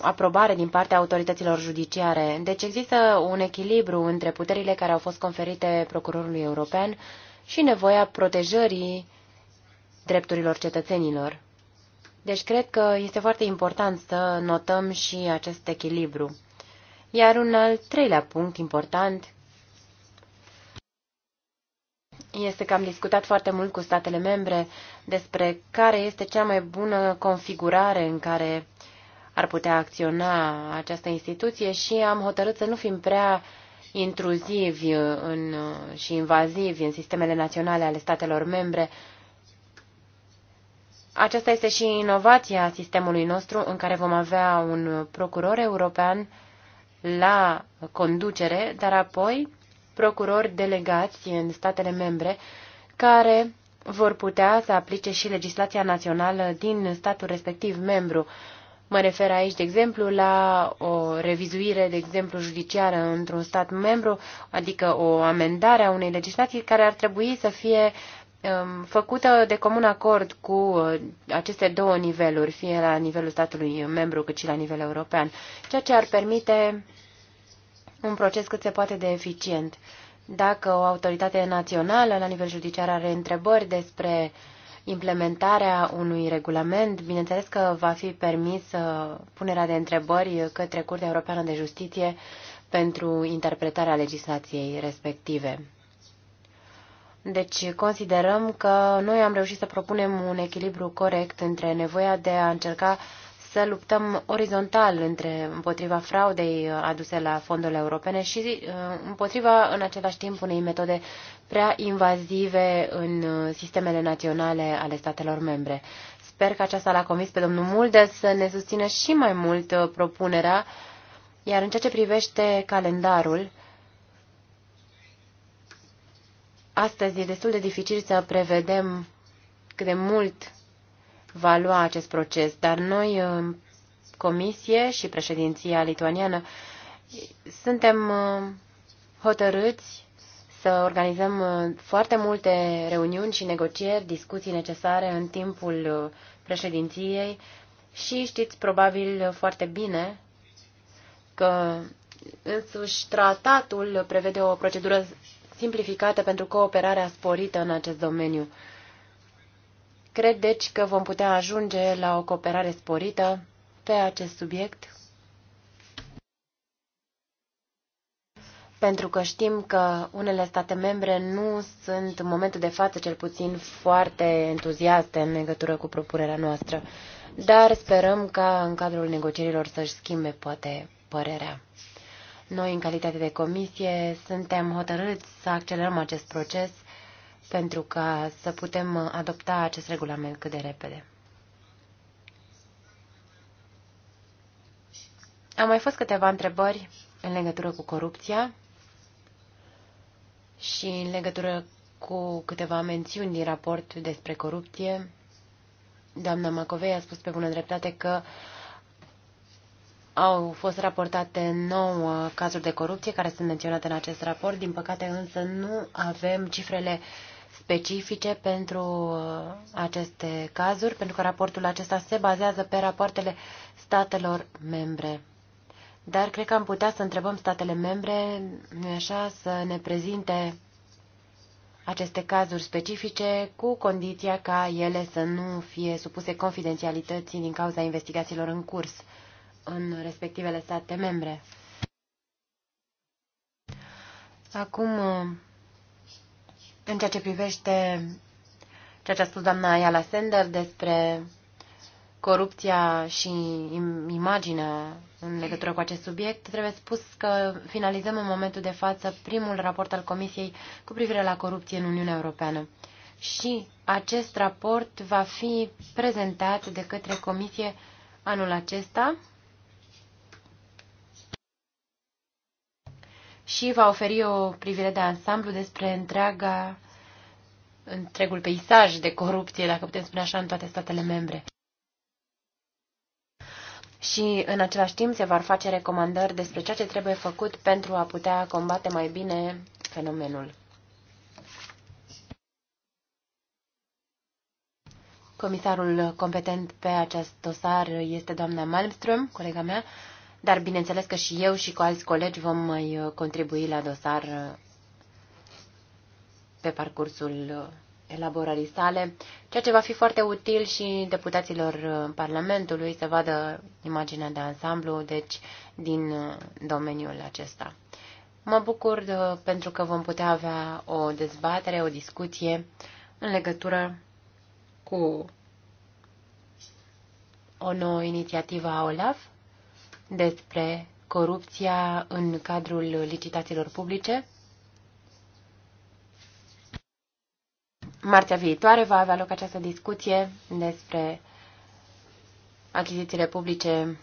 aprobare din partea autorităților judiciare. Deci există un echilibru între puterile care au fost conferite procurorului european și nevoia protejării drepturilor cetățenilor. Deci cred că este foarte important să notăm și acest echilibru. Iar un al treilea punct important este că am discutat foarte mult cu statele membre despre care este cea mai bună configurare în care ar putea acționa această instituție și am hotărât să nu fim prea intruzivi în, și invazivi în sistemele naționale ale statelor membre. Aceasta este și inovația sistemului nostru în care vom avea un procuror european la conducere, dar apoi procurori delegați în statele membre care vor putea să aplice și legislația națională din statul respectiv membru. Mă refer aici, de exemplu, la o revizuire, de exemplu, judiciară într-un stat membru, adică o amendare a unei legislații care ar trebui să fie um, făcută de comun acord cu uh, aceste două niveluri, fie la nivelul statului membru cât și la nivel european, ceea ce ar permite un proces cât se poate de eficient. Dacă o autoritate națională la nivel judiciar are întrebări despre implementarea unui regulament, bineînțeles că va fi permis uh, punerea de întrebări către Curtea Europeană de Justiție pentru interpretarea legislației respective. Deci considerăm că noi am reușit să propunem un echilibru corect între nevoia de a încerca să luptăm orizontal între, împotriva fraudei uh, aduse la fondurile europene și uh, împotriva, în același timp, unei metode prea invazive în uh, sistemele naționale ale statelor membre. Sper că aceasta l-a convins pe domnul Mulde să ne susțină și mai mult propunerea, iar în ceea ce privește calendarul, astăzi e destul de dificil să prevedem cât de mult va lua acest proces, dar noi, Comisie și președinția lituaniană, suntem uh, hotărâți să organizăm uh, foarte multe reuniuni și negocieri, discuții necesare în timpul uh, președinției și știți probabil foarte bine că însuși tratatul prevede o procedură simplificată pentru cooperarea sporită în acest domeniu. Cred deci că vom putea ajunge la o cooperare sporită pe acest subiect, pentru că știm că unele state membre nu sunt, în momentul de față cel puțin, foarte entuziaste în legătură cu propunerea noastră, dar sperăm ca în cadrul negocierilor să-și schimbe poate părerea. Noi, în calitate de comisie, suntem hotărâți să accelerăm acest proces pentru ca să putem adopta acest regulament cât de repede. Au mai fost câteva întrebări în legătură cu corupția și în legătură cu câteva mențiuni din raport despre corupție. Doamna Macovei a spus pe bună dreptate că au fost raportate nouă cazuri de corupție care sunt menționate în acest raport. Din păcate însă nu avem cifrele uh, specifice pentru uh, aceste cazuri, pentru că raportul acesta se bazează pe rapoartele statelor membre. Dar cred că am putea să întrebăm statele membre așa, să ne prezinte aceste cazuri specifice cu condiția ca ele să nu fie supuse confidențialității din cauza investigațiilor în curs în respectivele state membre. Acum, uh, în ceea ce privește ceea ce a spus doamna Ayala Sender despre corupția și imaginea în legătură cu acest subiect, trebuie spus că finalizăm în momentul de față primul raport al Comisiei cu privire la corupție în Uniunea Europeană. Și acest raport va fi prezentat de către Comisie anul acesta și va oferi o privire de ansamblu despre întreaga, întregul peisaj de corupție, dacă putem spune așa, în toate statele membre. Și în același timp se vor face recomandări despre ceea ce trebuie făcut pentru a putea combate mai bine fenomenul. Comisarul competent pe acest dosar este doamna Malmström, colega mea, dar bineînțeles că și eu și cu alți colegi vom mai uh, contribui la dosar uh, pe parcursul uh, elaborării sale, ceea ce va fi foarte util și deputaților Parlamentului să vadă imaginea de ansamblu, deci din domeniul acesta. Mă bucur de, pentru că vom putea avea o dezbatere, o discuție în legătură cu o nouă inițiativă a OLAF despre corupția în cadrul licitațiilor publice. Marțea viitoare va avea loc această discuție despre achizițiile publice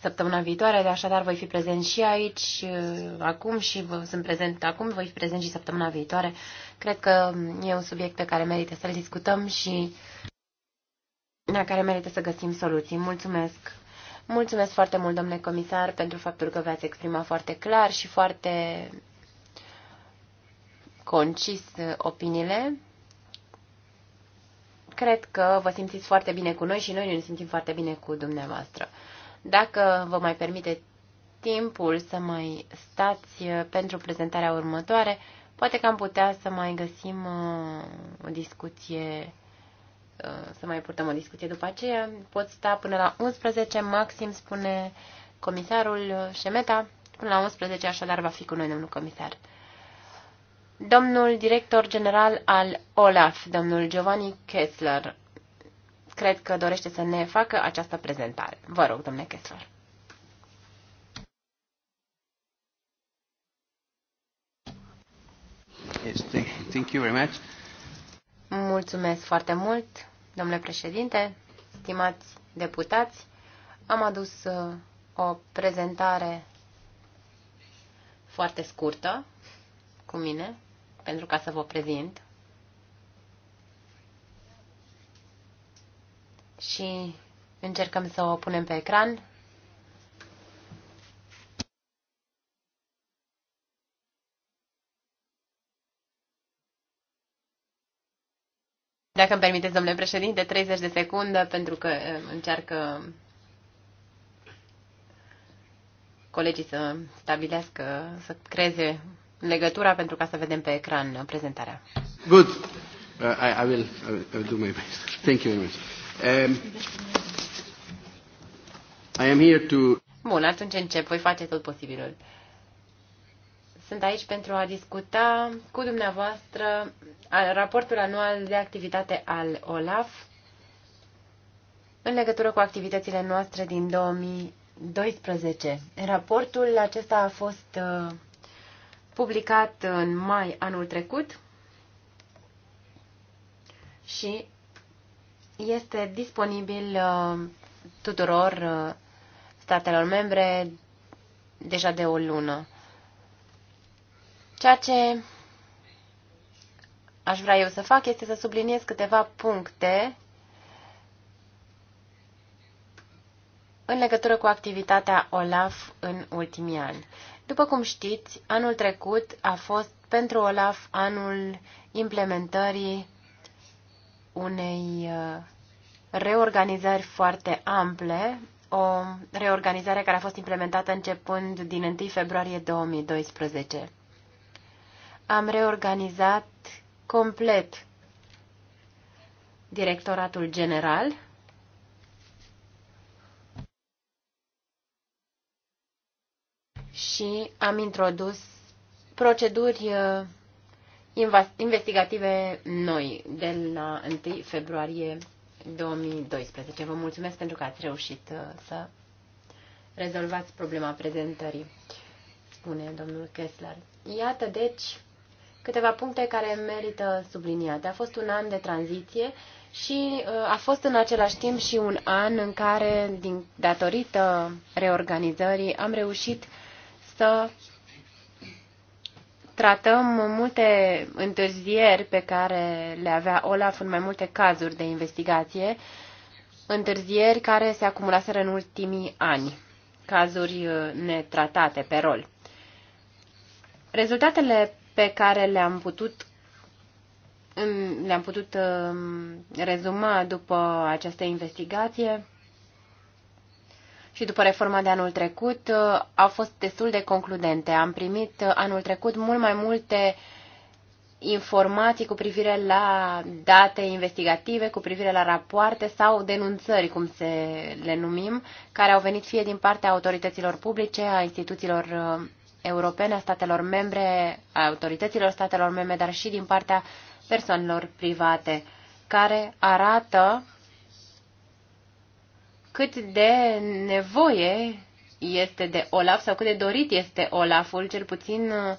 săptămâna viitoare, așadar voi fi prezent și aici uh, acum și vă, sunt prezent acum, voi fi prezent și săptămâna viitoare. Cred că e un subiect pe care merită să-l discutăm și la care merită să găsim soluții. Mulțumesc! Mulțumesc foarte mult, domnule comisar, pentru faptul că v-ați exprimat foarte clar și foarte concis opiniile. Cred că vă simțiți foarte bine cu noi și noi ne simțim foarte bine cu dumneavoastră. Dacă vă mai permite timpul să mai stați pentru prezentarea următoare, poate că am putea să mai găsim uh, o discuție Uh, să mai purtăm o discuție după aceea. Pot sta până la 11, maxim, spune comisarul Șemeta. Până la 11, așadar, va fi cu noi domnul comisar. Domnul director general al OLAF, domnul Giovanni Kessler, cred că dorește să ne facă această prezentare. Vă rog, domnule Kessler. Yes, thank, thank you very much. Mulțumesc foarte mult, domnule președinte, stimați deputați. Am adus uh, o prezentare foarte scurtă cu mine pentru ca să vă prezint. Și încercăm să o punem pe ecran. Dacă îmi permiteți, domnule președinte, 30 de secunde, pentru că eh, încearcă colegii să stabilească, să creeze legătura pentru ca să vedem pe ecran prezentarea. Good. Uh, I, I, will, I will, do my best. Thank you very much. Um, I am here to... Bun, atunci încep. Voi face tot posibilul. Uh, sunt aici pentru a discuta cu dumneavoastră raportul anual de activitate al OLAF în legătură cu activitățile noastre din 2012. Raportul acesta a fost uh, publicat în mai anul trecut și este disponibil uh, tuturor uh, statelor membre deja de o lună. Ceea ce aș vrea eu să fac este să subliniez câteva puncte în legătură cu activitatea OLAF în ultimii ani. După cum știți, anul trecut a fost pentru OLAF anul implementării unei uh, reorganizări foarte ample, o reorganizare care a fost implementată începând din 1 februarie 2012 am reorganizat complet directoratul general și am introdus proceduri uh, investigative noi de la 1 februarie 2012. Vă mulțumesc pentru că ați reușit uh, să rezolvați problema prezentării, spune domnul Kessler. Iată, deci, câteva puncte care merită subliniate. A fost un an de tranziție și uh, a fost în același timp și un an în care, din, datorită reorganizării, am reușit să tratăm multe întârzieri pe care le avea Olaf în mai multe cazuri de investigație, întârzieri care se acumulaseră în ultimii ani, cazuri uh, netratate pe rol. Rezultatele pe care le-am putut le-am putut um, rezuma după această investigație și după reforma de anul trecut uh, au fost destul de concludente. Am primit uh, anul trecut mult mai multe informații cu privire la date investigative, cu privire la rapoarte sau denunțări, cum se le numim, care au venit fie din partea autorităților publice, a instituțiilor uh, europene, a statelor membre, a autorităților statelor membre, dar și din partea persoanelor private, care arată cât de nevoie este de OLAF sau cât de dorit este OLAF-ul, cel puțin uh,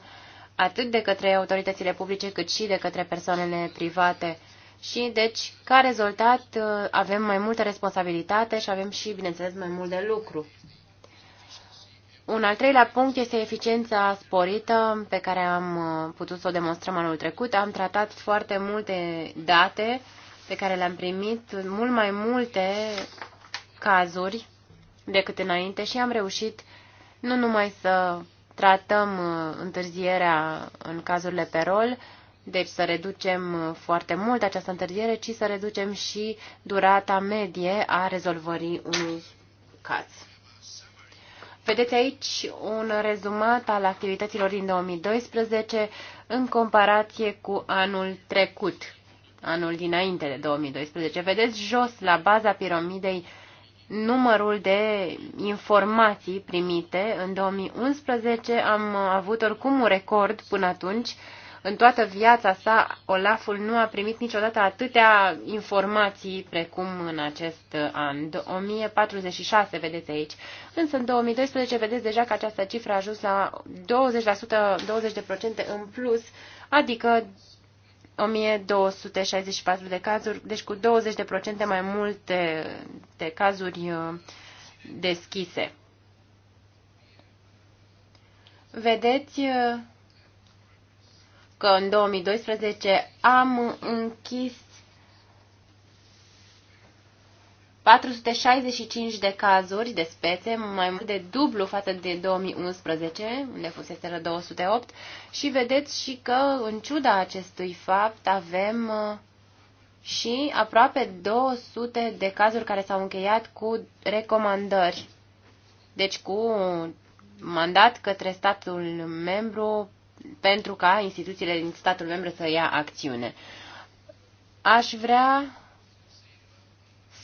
atât de către autoritățile publice cât și de către persoanele private. Și deci, ca rezultat, uh, avem mai multă responsabilitate și avem și, bineînțeles, mai mult de lucru. Un al treilea punct este eficiența sporită pe care am uh, putut să o demonstrăm anul trecut. Am tratat foarte multe date pe care le-am primit, mult mai multe cazuri decât înainte și am reușit nu numai să tratăm uh, întârzierea în cazurile pe rol, deci să reducem uh, foarte mult această întârziere, ci să reducem și durata medie a rezolvării unui caz. Vedeți aici un rezumat al activităților din 2012 în comparație cu anul trecut, anul dinainte de 2012. Vedeți jos, la baza piramidei, numărul de informații primite. În 2011 am avut oricum un record până atunci, în toată viața sa, Olaful nu a primit niciodată atâtea informații precum în acest an. 1046, vedeți aici. Însă în 2012 vedeți deja că această cifră a ajuns la 20%, 20% în plus, adică 1264 de cazuri, deci cu 20% mai multe de cazuri uh, deschise. Vedeți uh, că în 2012 am închis 465 de cazuri de spețe, mai mult de dublu față de 2011, unde la 208, și vedeți și că, în ciuda acestui fapt, avem uh, și aproape 200 de cazuri care s-au încheiat cu recomandări, deci cu mandat către statul membru pentru ca instituțiile din statul membru să ia acțiune. Aș vrea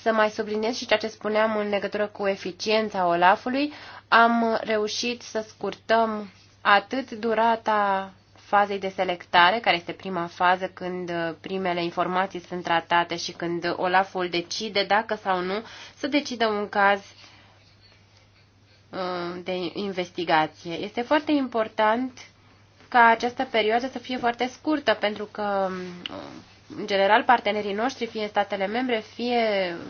să mai subliniez și ceea ce spuneam în legătură cu eficiența Olafului. Am reușit să scurtăm atât durata fazei de selectare, care este prima fază când primele informații sunt tratate și când Olaful decide dacă sau nu să decidă un caz uh, de investigație. Este foarte important ca această perioadă să fie foarte scurtă, pentru că, în general, partenerii noștri, fie statele membre, fie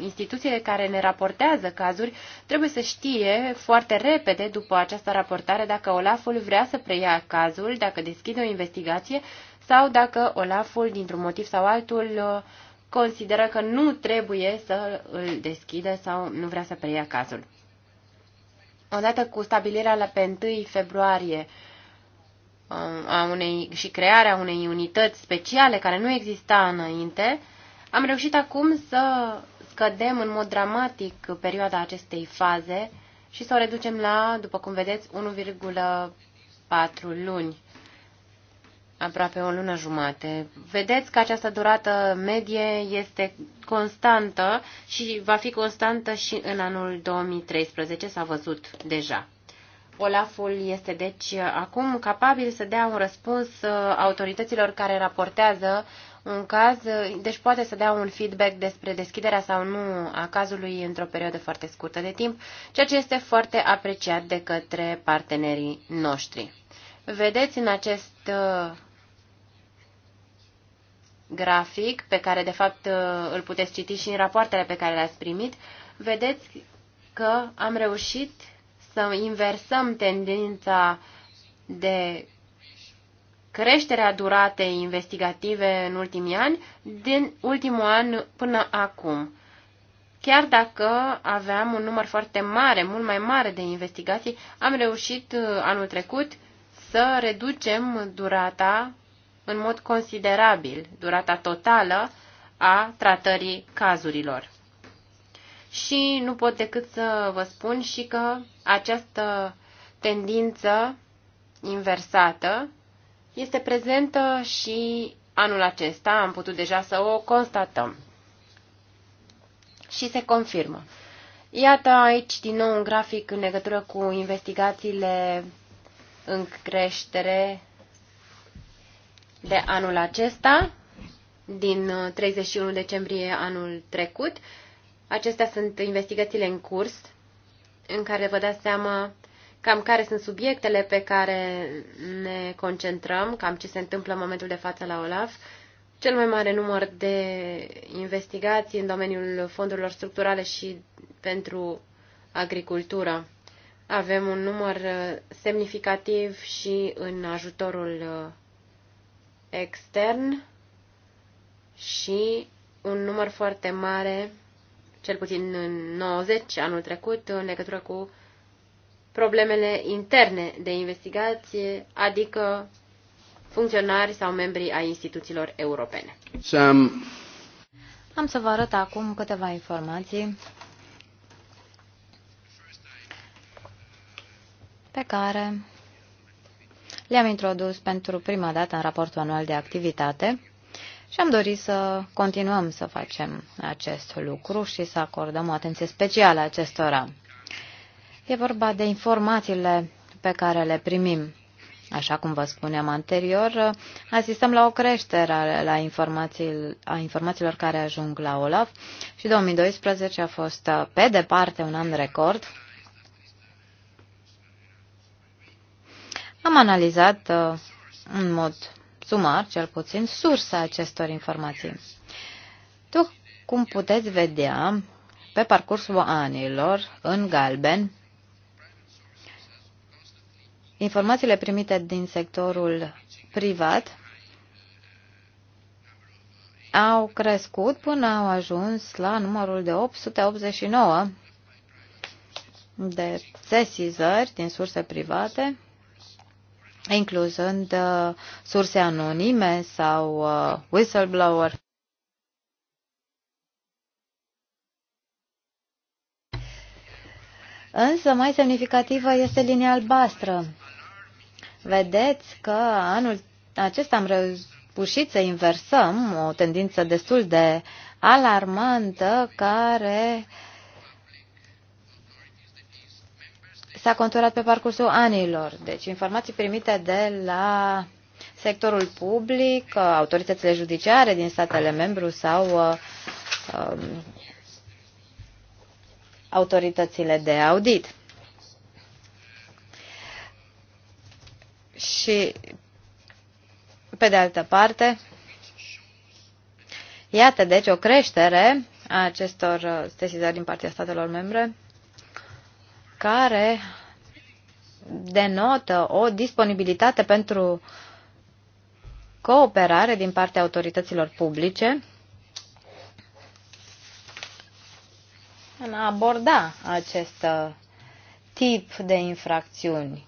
instituțiile care ne raportează cazuri, trebuie să știe foarte repede după această raportare dacă Olaful vrea să preia cazul, dacă deschide o investigație sau dacă Olaful, dintr-un motiv sau altul, consideră că nu trebuie să îl deschidă sau nu vrea să preia cazul. Odată cu stabilirea la pe 1 februarie a unei, și crearea unei unități speciale care nu exista înainte, am reușit acum să scădem în mod dramatic perioada acestei faze și să o reducem la, după cum vedeți, 1,4 luni, aproape o lună jumate. Vedeți că această durată medie este constantă și va fi constantă și în anul 2013, s-a văzut deja. Olaful este deci acum capabil să dea un răspuns uh, autorităților care raportează un caz, uh, deci poate să dea un feedback despre deschiderea sau nu a cazului într-o perioadă foarte scurtă de timp, ceea ce este foarte apreciat de către partenerii noștri. Vedeți în acest uh, grafic, pe care de fapt îl puteți citi și în rapoartele pe care le-ați primit, vedeți că am reușit să inversăm tendința de creșterea duratei investigative în ultimii ani din ultimul an până acum. Chiar dacă aveam un număr foarte mare, mult mai mare de investigații, am reușit uh, anul trecut să reducem durata în mod considerabil, durata totală a tratării cazurilor și nu pot decât să vă spun și că această tendință inversată este prezentă și anul acesta, am putut deja să o constatăm. Și se confirmă. Iată aici din nou un grafic în legătură cu investigațiile în creștere de anul acesta, din 31 uh, decembrie anul trecut Acestea sunt investigațiile în curs, în care vă dați seama cam care sunt subiectele pe care ne concentrăm, cam ce se întâmplă în momentul de față la OLAF. Cel mai mare număr de investigații în domeniul fondurilor structurale și pentru agricultură. Avem un număr uh, semnificativ și în ajutorul uh, extern și un număr foarte mare cel puțin în 90, anul trecut, în legătură cu problemele interne de investigație, adică funcționari sau membrii ai instituțiilor europene. Sam. Am să vă arăt acum câteva informații pe care le-am introdus pentru prima dată în raportul anual de activitate și am dorit să continuăm să facem acest lucru și să acordăm o atenție specială acestora. E vorba de informațiile pe care le primim. Așa cum vă spuneam anterior, asistăm la o creștere la informații, a informațiilor care ajung la OLAF și 2012 a fost uh, pe departe un an record. Am analizat uh, în mod sumar, cel puțin, sursa acestor informații. Tu, cum puteți vedea, pe parcursul anilor, în galben, informațiile primite din sectorul privat au crescut până au ajuns la numărul de 889 de sesizări din surse private incluzând uh, surse anonime sau uh, whistleblower. Însă mai semnificativă este linia albastră. Vedeți că anul acesta am reușit să inversăm o tendință destul de alarmantă care uh, s-a conturat pe parcursul anilor. Deci informații primite de la sectorul public, autoritățile judiciare din statele membru sau uh, um, autoritățile de audit. Și, pe de altă parte, iată, deci, o creștere a acestor uh, sesizări din partea statelor membre care denotă o disponibilitate pentru cooperare din partea autorităților publice în a aborda acest uh, tip de infracțiuni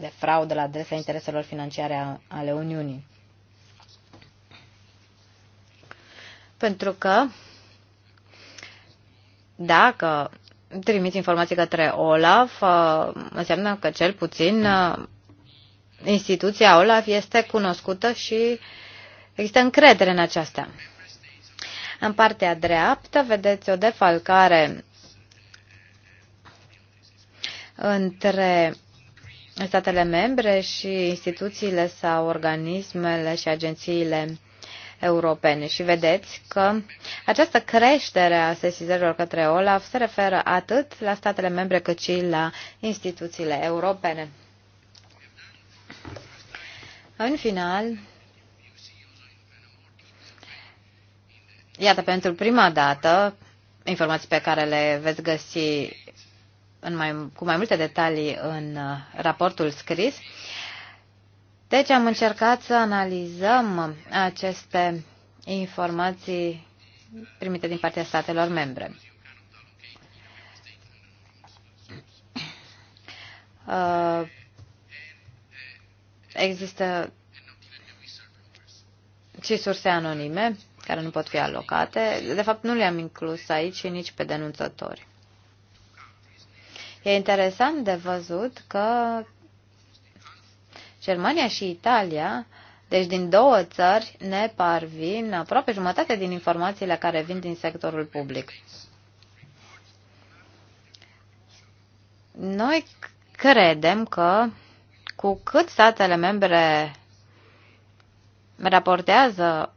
de fraudă la adresa intereselor financiare ale Uniunii. Pentru că dacă trimit informații către OLAF, uh, înseamnă că cel puțin uh, instituția OLAF este cunoscută și există încredere în aceasta. În partea dreaptă vedeți o defalcare între statele membre și instituțiile sau organismele și agențiile europene. Și vedeți că această creștere a sesizărilor către OLAF se referă atât la statele membre cât și la instituțiile europene. În final, iată, pentru prima dată, informații pe care le veți găsi în mai, cu mai multe detalii în uh, raportul scris, deci am încercat să analizăm aceste informații primite din partea statelor membre. Uh, există și surse anonime care nu pot fi alocate. De fapt, nu le-am inclus aici și nici pe denunțători. E interesant de văzut că Germania și Italia, deci din două țări, ne parvin aproape jumătate din informațiile care vin din sectorul public. Noi credem că cu cât statele membre raportează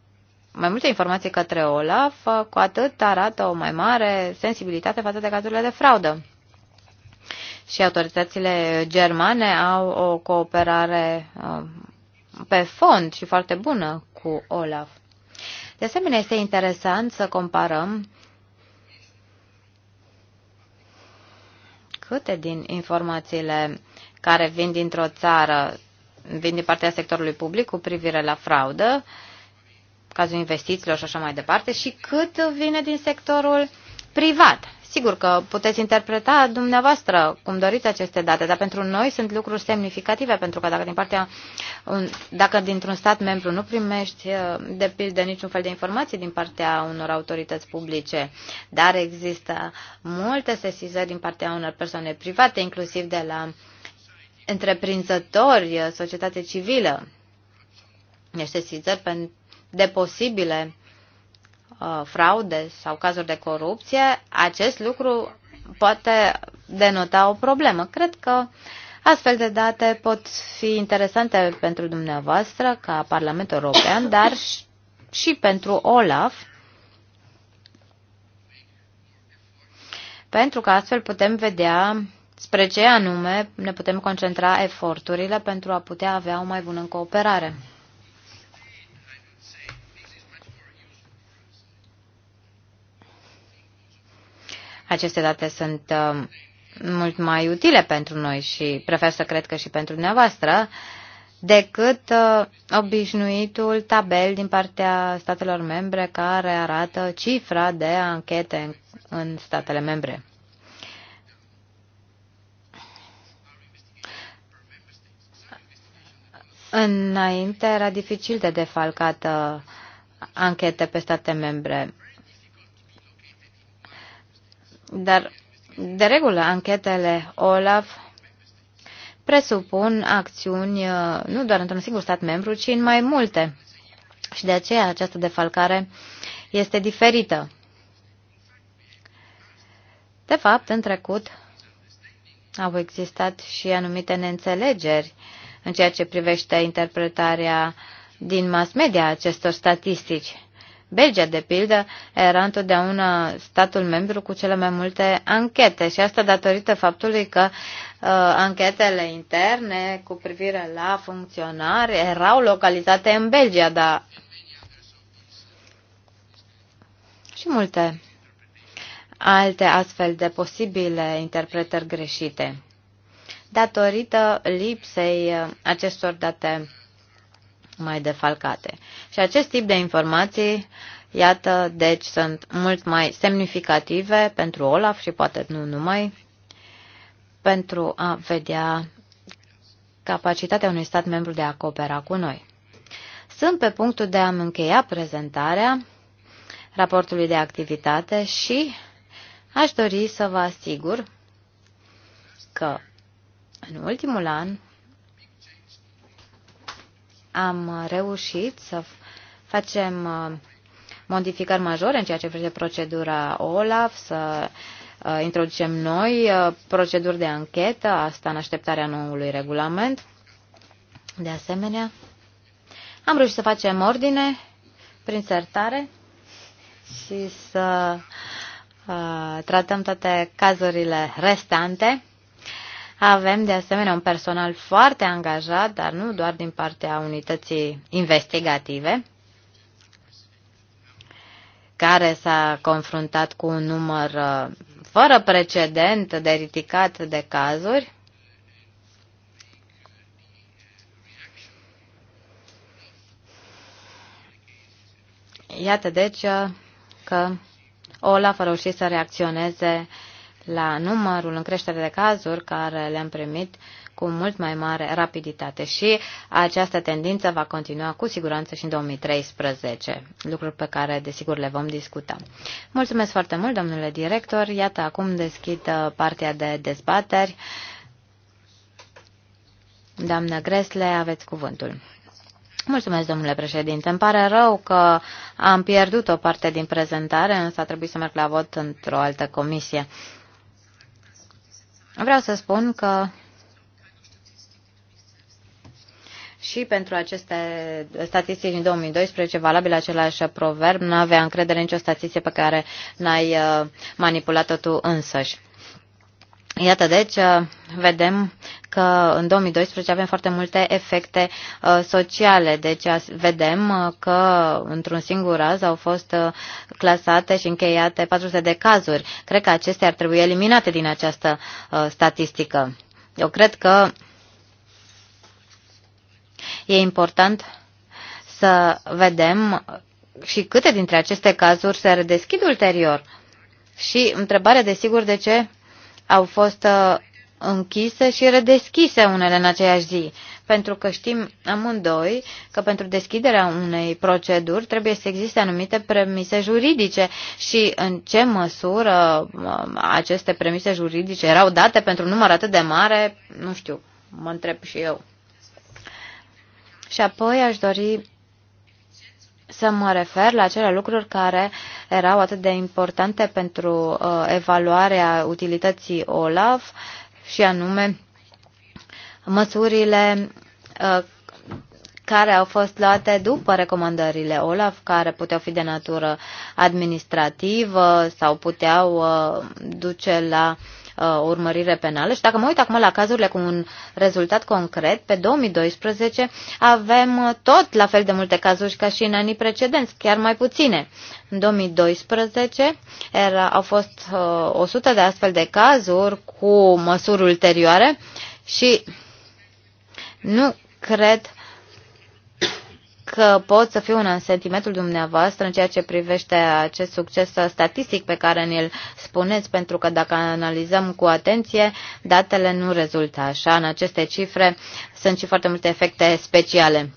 mai multe informații către OLAF, cu atât arată o mai mare sensibilitate față de cazurile de fraudă și autoritățile germane au o cooperare um, pe fond și foarte bună cu Olaf. De asemenea, este interesant să comparăm câte din informațiile care vin dintr-o țară vin din partea sectorului public cu privire la fraudă, cazul investițiilor și așa mai departe, și cât vine din sectorul privat. Sigur că puteți interpreta dumneavoastră cum doriți aceste date, dar pentru noi sunt lucruri semnificative, pentru că dacă din partea, dacă dintr-un stat membru nu primești uh, de pildă niciun fel de informații din partea unor autorități publice, dar există multe sesizări din partea unor persoane private, inclusiv de la întreprinzători, uh, societate civilă, niște sesizări de posibile Uh, fraude sau cazuri de corupție, acest lucru poate denota o problemă. Cred că astfel de date pot fi interesante pentru dumneavoastră ca Parlamentul European, dar și pentru OLAF, pentru că astfel putem vedea spre ce anume ne putem concentra eforturile pentru a putea avea o mai bună cooperare. Aceste date sunt uh, mult mai utile pentru noi și prefer să cred că și pentru dumneavoastră decât uh, obișnuitul tabel din partea statelor membre care arată cifra de anchete în, în statele membre. Înainte era dificil de defalcat uh, anchete pe state membre. Dar, de regulă, anchetele OLAF presupun acțiuni uh, nu doar într-un singur stat membru, ci în mai multe. Și de aceea această defalcare este diferită. De fapt, în trecut au existat și anumite neînțelegeri în ceea ce privește interpretarea din mass media acestor statistici. Belgia, de pildă, era întotdeauna statul membru cu cele mai multe anchete și asta datorită faptului că uh, anchetele interne cu privire la funcționari erau localizate în Belgia, dar și multe alte astfel de posibile interpretări greșite datorită lipsei uh, acestor date mai defalcate. Și acest tip de informații, iată, deci sunt mult mai semnificative pentru Olaf și poate nu numai, pentru a vedea capacitatea unui stat membru de a coopera cu noi. Sunt pe punctul de a-mi încheia prezentarea raportului de activitate și aș dori să vă asigur că în ultimul an am reușit să facem uh, modificări majore în ceea ce privește procedura OLAF, să uh, introducem noi uh, proceduri de anchetă, asta în așteptarea noului regulament. De asemenea, am reușit să facem ordine prin sertare și să uh, tratăm toate cazurile restante avem de asemenea un personal foarte angajat, dar nu doar din partea unității investigative, care s-a confruntat cu un număr uh, fără precedent de ridicat de cazuri. Iată deci uh, că Olaf a reușit să reacționeze la numărul în creștere de cazuri care le-am primit cu mult mai mare rapiditate și această tendință va continua cu siguranță și în 2013, lucruri pe care desigur le vom discuta. Mulțumesc foarte mult, domnule director. Iată, acum deschid uh, partea de dezbateri. Doamnă Gresle, aveți cuvântul. Mulțumesc, domnule președinte. Îmi pare rău că am pierdut o parte din prezentare, însă a trebuit să merg la vot într-o altă comisie. Vreau să spun că și pentru aceste statistici din 2012 valabil același proverb, nu avea încredere nicio statistică pe care n-ai uh, manipulat-o tu însăși. Iată, deci, uh, vedem că în 2012 avem foarte multe efecte uh, sociale. Deci, vedem uh, că într-un singur raz au fost clasate și încheiate 400 de cazuri. Cred că acestea ar trebui eliminate din această statistică. Eu cred că e important să vedem și câte dintre aceste cazuri se redeschid ulterior. Și întrebarea, desigur, de ce au fost uh, închise și redeschise unele în aceeași zi. Pentru că știm amândoi că pentru deschiderea unei proceduri trebuie să existe anumite premise juridice și în ce măsură uh, aceste premise juridice erau date pentru număr atât de mare, nu știu, mă întreb și eu. Și apoi aș dori să mă refer la acele lucruri care erau atât de importante pentru uh, evaluarea utilității OLAF și anume măsurile uh, care au fost luate după recomandările OLAF, care puteau fi de natură administrativă sau puteau uh, duce la uh, uh, urmărire penală. Și dacă mă uit acum la cazurile cu un rezultat concret, pe 2012 avem uh, tot la fel de multe cazuri ca și în anii precedenți, chiar mai puține. În 2012 era, au fost uh, 100 de astfel de cazuri cu măsuri ulterioare și nu cred că pot să fiu în sentimentul dumneavoastră în ceea ce privește acest succes statistic pe care ne-l spuneți, pentru că dacă analizăm cu atenție, datele nu rezultă așa. În aceste cifre sunt și foarte multe efecte speciale.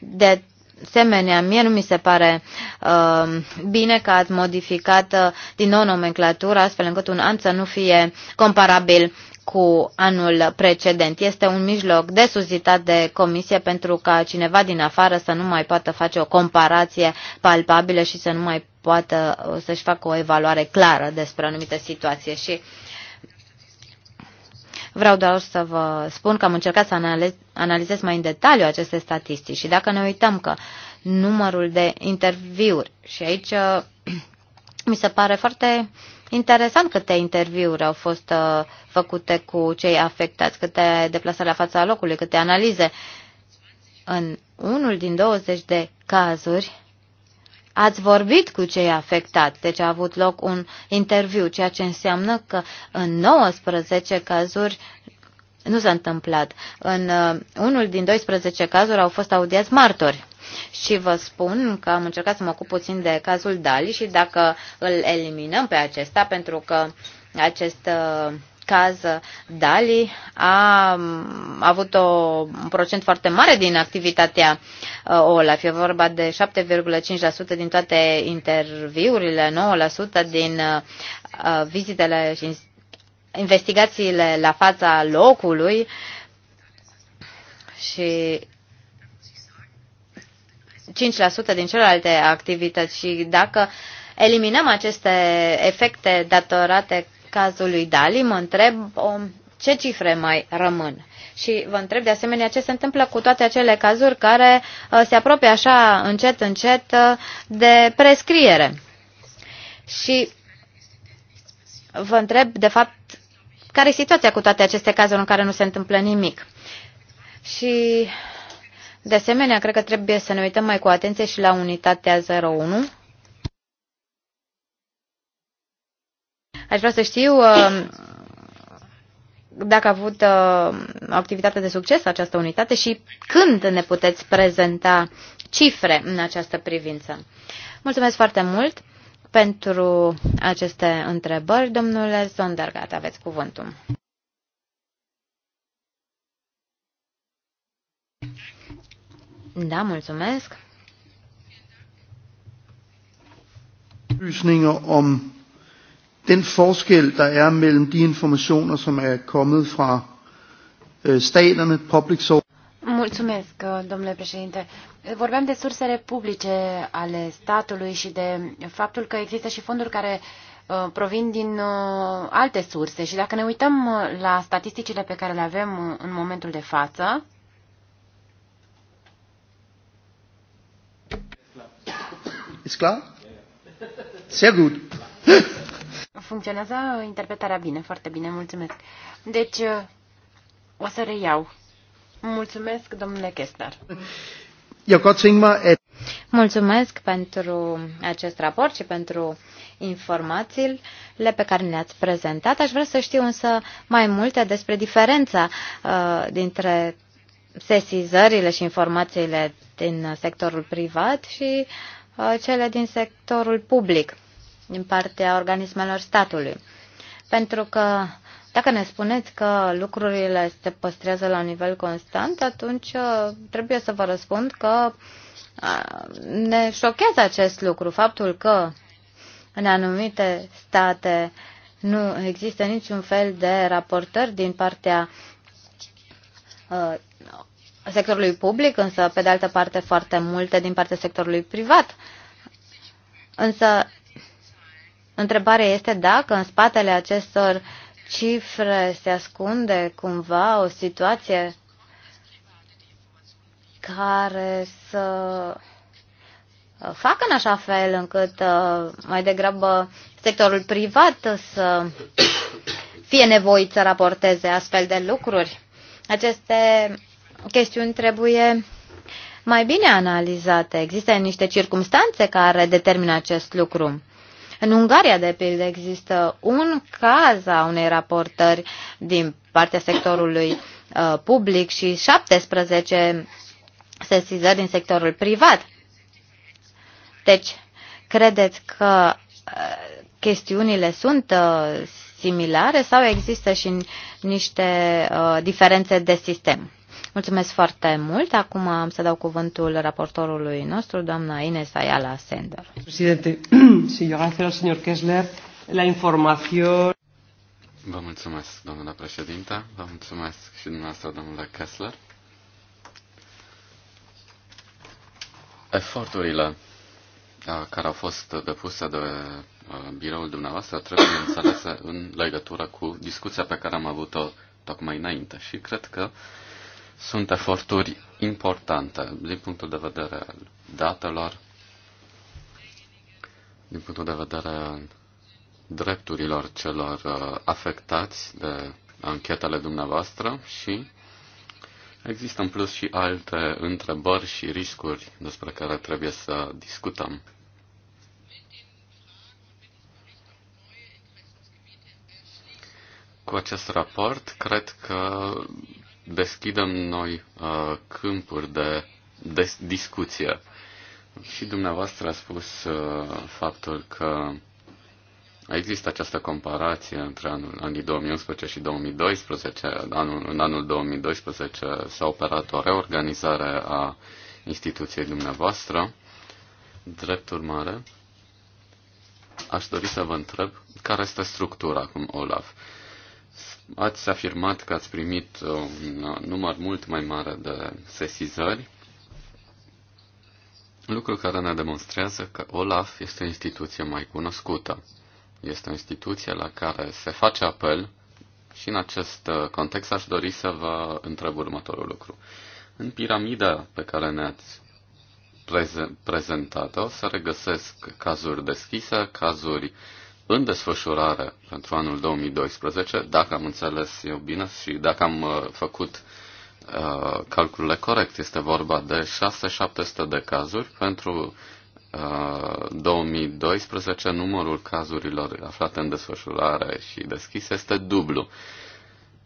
De asemenea, mie nu mi se pare uh, bine că ați modificat uh, din nou nomenclatura astfel încât un an să nu fie comparabil cu anul precedent. Este un mijloc desuzitat de comisie pentru ca cineva din afară să nu mai poată face o comparație palpabilă și să nu mai poată uh, să-și facă o evaluare clară despre anumite situații. Și vreau doar să vă spun că am încercat să analizez mai în detaliu aceste statistici și dacă ne uităm că numărul de interviuri și aici uh, mi se pare foarte interesant câte interviuri au fost uh, făcute cu cei afectați, câte deplasări la fața locului, câte analize. În unul din 20 de cazuri ați vorbit cu cei afectați, deci a avut loc un interviu, ceea ce înseamnă că în 19 cazuri nu s-a întâmplat. În uh, unul din 12 cazuri au fost audiați martori. Și vă spun că am încercat să mă ocup puțin de cazul Dali și dacă îl eliminăm pe acesta, pentru că acest uh, caz uh, Dali um, a avut o, un procent foarte mare din activitatea uh, OLAF. E vorba de 7,5% din toate interviurile, 9% din vizitele și investigațiile la fața locului și 5% din celelalte activități și dacă eliminăm aceste efecte datorate cazului Dali, mă întreb om, ce cifre mai rămân. Și vă întreb de asemenea ce se întâmplă cu toate acele cazuri care uh, se apropie așa încet, încet uh, de prescriere. Și vă întreb, de fapt, care e situația cu toate aceste cazuri în care nu se întâmplă nimic. Și de asemenea, cred că trebuie să ne uităm mai cu atenție și la unitatea 01. Aș vrea să știu uh, dacă a avut uh, activitate de succes această unitate și când ne puteți prezenta cifre în această privință. Mulțumesc foarte mult pentru aceste întrebări. Domnule Sondergat, aveți cuvântul. Da, mulțumesc. Lysninger om den forskel, der er mellem de informationer, som er kommet fra øh, staterne, public source. Mulțumesc, uh, domnule președinte. Vorbeam de sursele publice ale statului și de faptul că există și fonduri care uh, provin din uh, alte surse și dacă ne uităm la statisticile pe care le avem în momentul de față, Ist clar? Sehr gut. Funcționează interpretarea bine, foarte bine, mulțumesc. Deci, o să reiau. Mulțumesc, domnule Chestar. Mulțumesc pentru acest raport și pentru informațiile pe care le-ați prezentat. Aș vrea să știu însă mai multe despre diferența uh, dintre sesizările și informațiile din sectorul privat și uh, Uh, cele din sectorul public, din partea organismelor statului. Pentru că dacă ne spuneți că lucrurile se păstrează la nivel constant, atunci uh, trebuie să vă răspund că uh, ne șochează acest lucru, faptul că în anumite state nu există niciun fel de raportări din partea sectorului public, însă, pe de altă parte, foarte multe din partea sectorului privat. Însă, întrebarea este dacă în spatele acestor cifre se ascunde cumva o situație care să facă în așa fel încât uh, mai degrabă sectorul privat să fie nevoit să raporteze astfel de lucruri. Aceste chestiuni trebuie mai bine analizate. Există niște circumstanțe care determină acest lucru. În Ungaria, de pildă, există un caz a unei raportări din partea sectorului uh, public și 17 sesizări din sectorul privat. Deci, credeți că uh, chestiunile sunt uh, similare sau există și niște uh, diferențe de sistem? Mulțumesc foarte mult. Acum am să dau cuvântul raportorului nostru, doamna Ines Ayala Sender. Președinte, și eu al señor Kessler la información. Vă mulțumesc, doamna președinte. Vă mulțumesc și dumneavoastră, domnule Kessler. Eforturile uh, care au fost depuse de uh, biroul dumneavoastră trebuie înțelese în legătură cu discuția pe care am avut-o tocmai înainte și cred că uh, sunt eforturi importante din punctul de vedere al datelor, din punctul de vedere al drepturilor celor uh, afectați de anchetele dumneavoastră și există în plus și alte întrebări și riscuri despre care trebuie să discutăm. Cu acest raport, cred că deschidem noi uh, câmpuri de, de discuție. Și dumneavoastră a spus uh, faptul că există această comparație între anul, anii 2011 și 2012. Anul, în anul 2012 s-a operat o reorganizare a instituției dumneavoastră. Drept urmare, aș dori să vă întreb care este structura acum, Olaf. Uh, Ați afirmat că ați primit uh, un uh, număr mult mai mare de sesizări, lucru care ne demonstrează că OLAF este o instituție mai cunoscută. Este o instituție la care se face apel și în acest uh, context aș dori să vă întreb următorul lucru. În piramida pe care ne-ați prezentat-o se regăsesc cazuri deschise, cazuri uh, în desfășurare pentru anul 2012, dacă am înțeles eu bine și dacă am uh, făcut uh, calculele corect. Este vorba de 6-700 de cazuri. Pentru uh, 2012, numărul cazurilor aflate în desfășurare și deschise este dublu.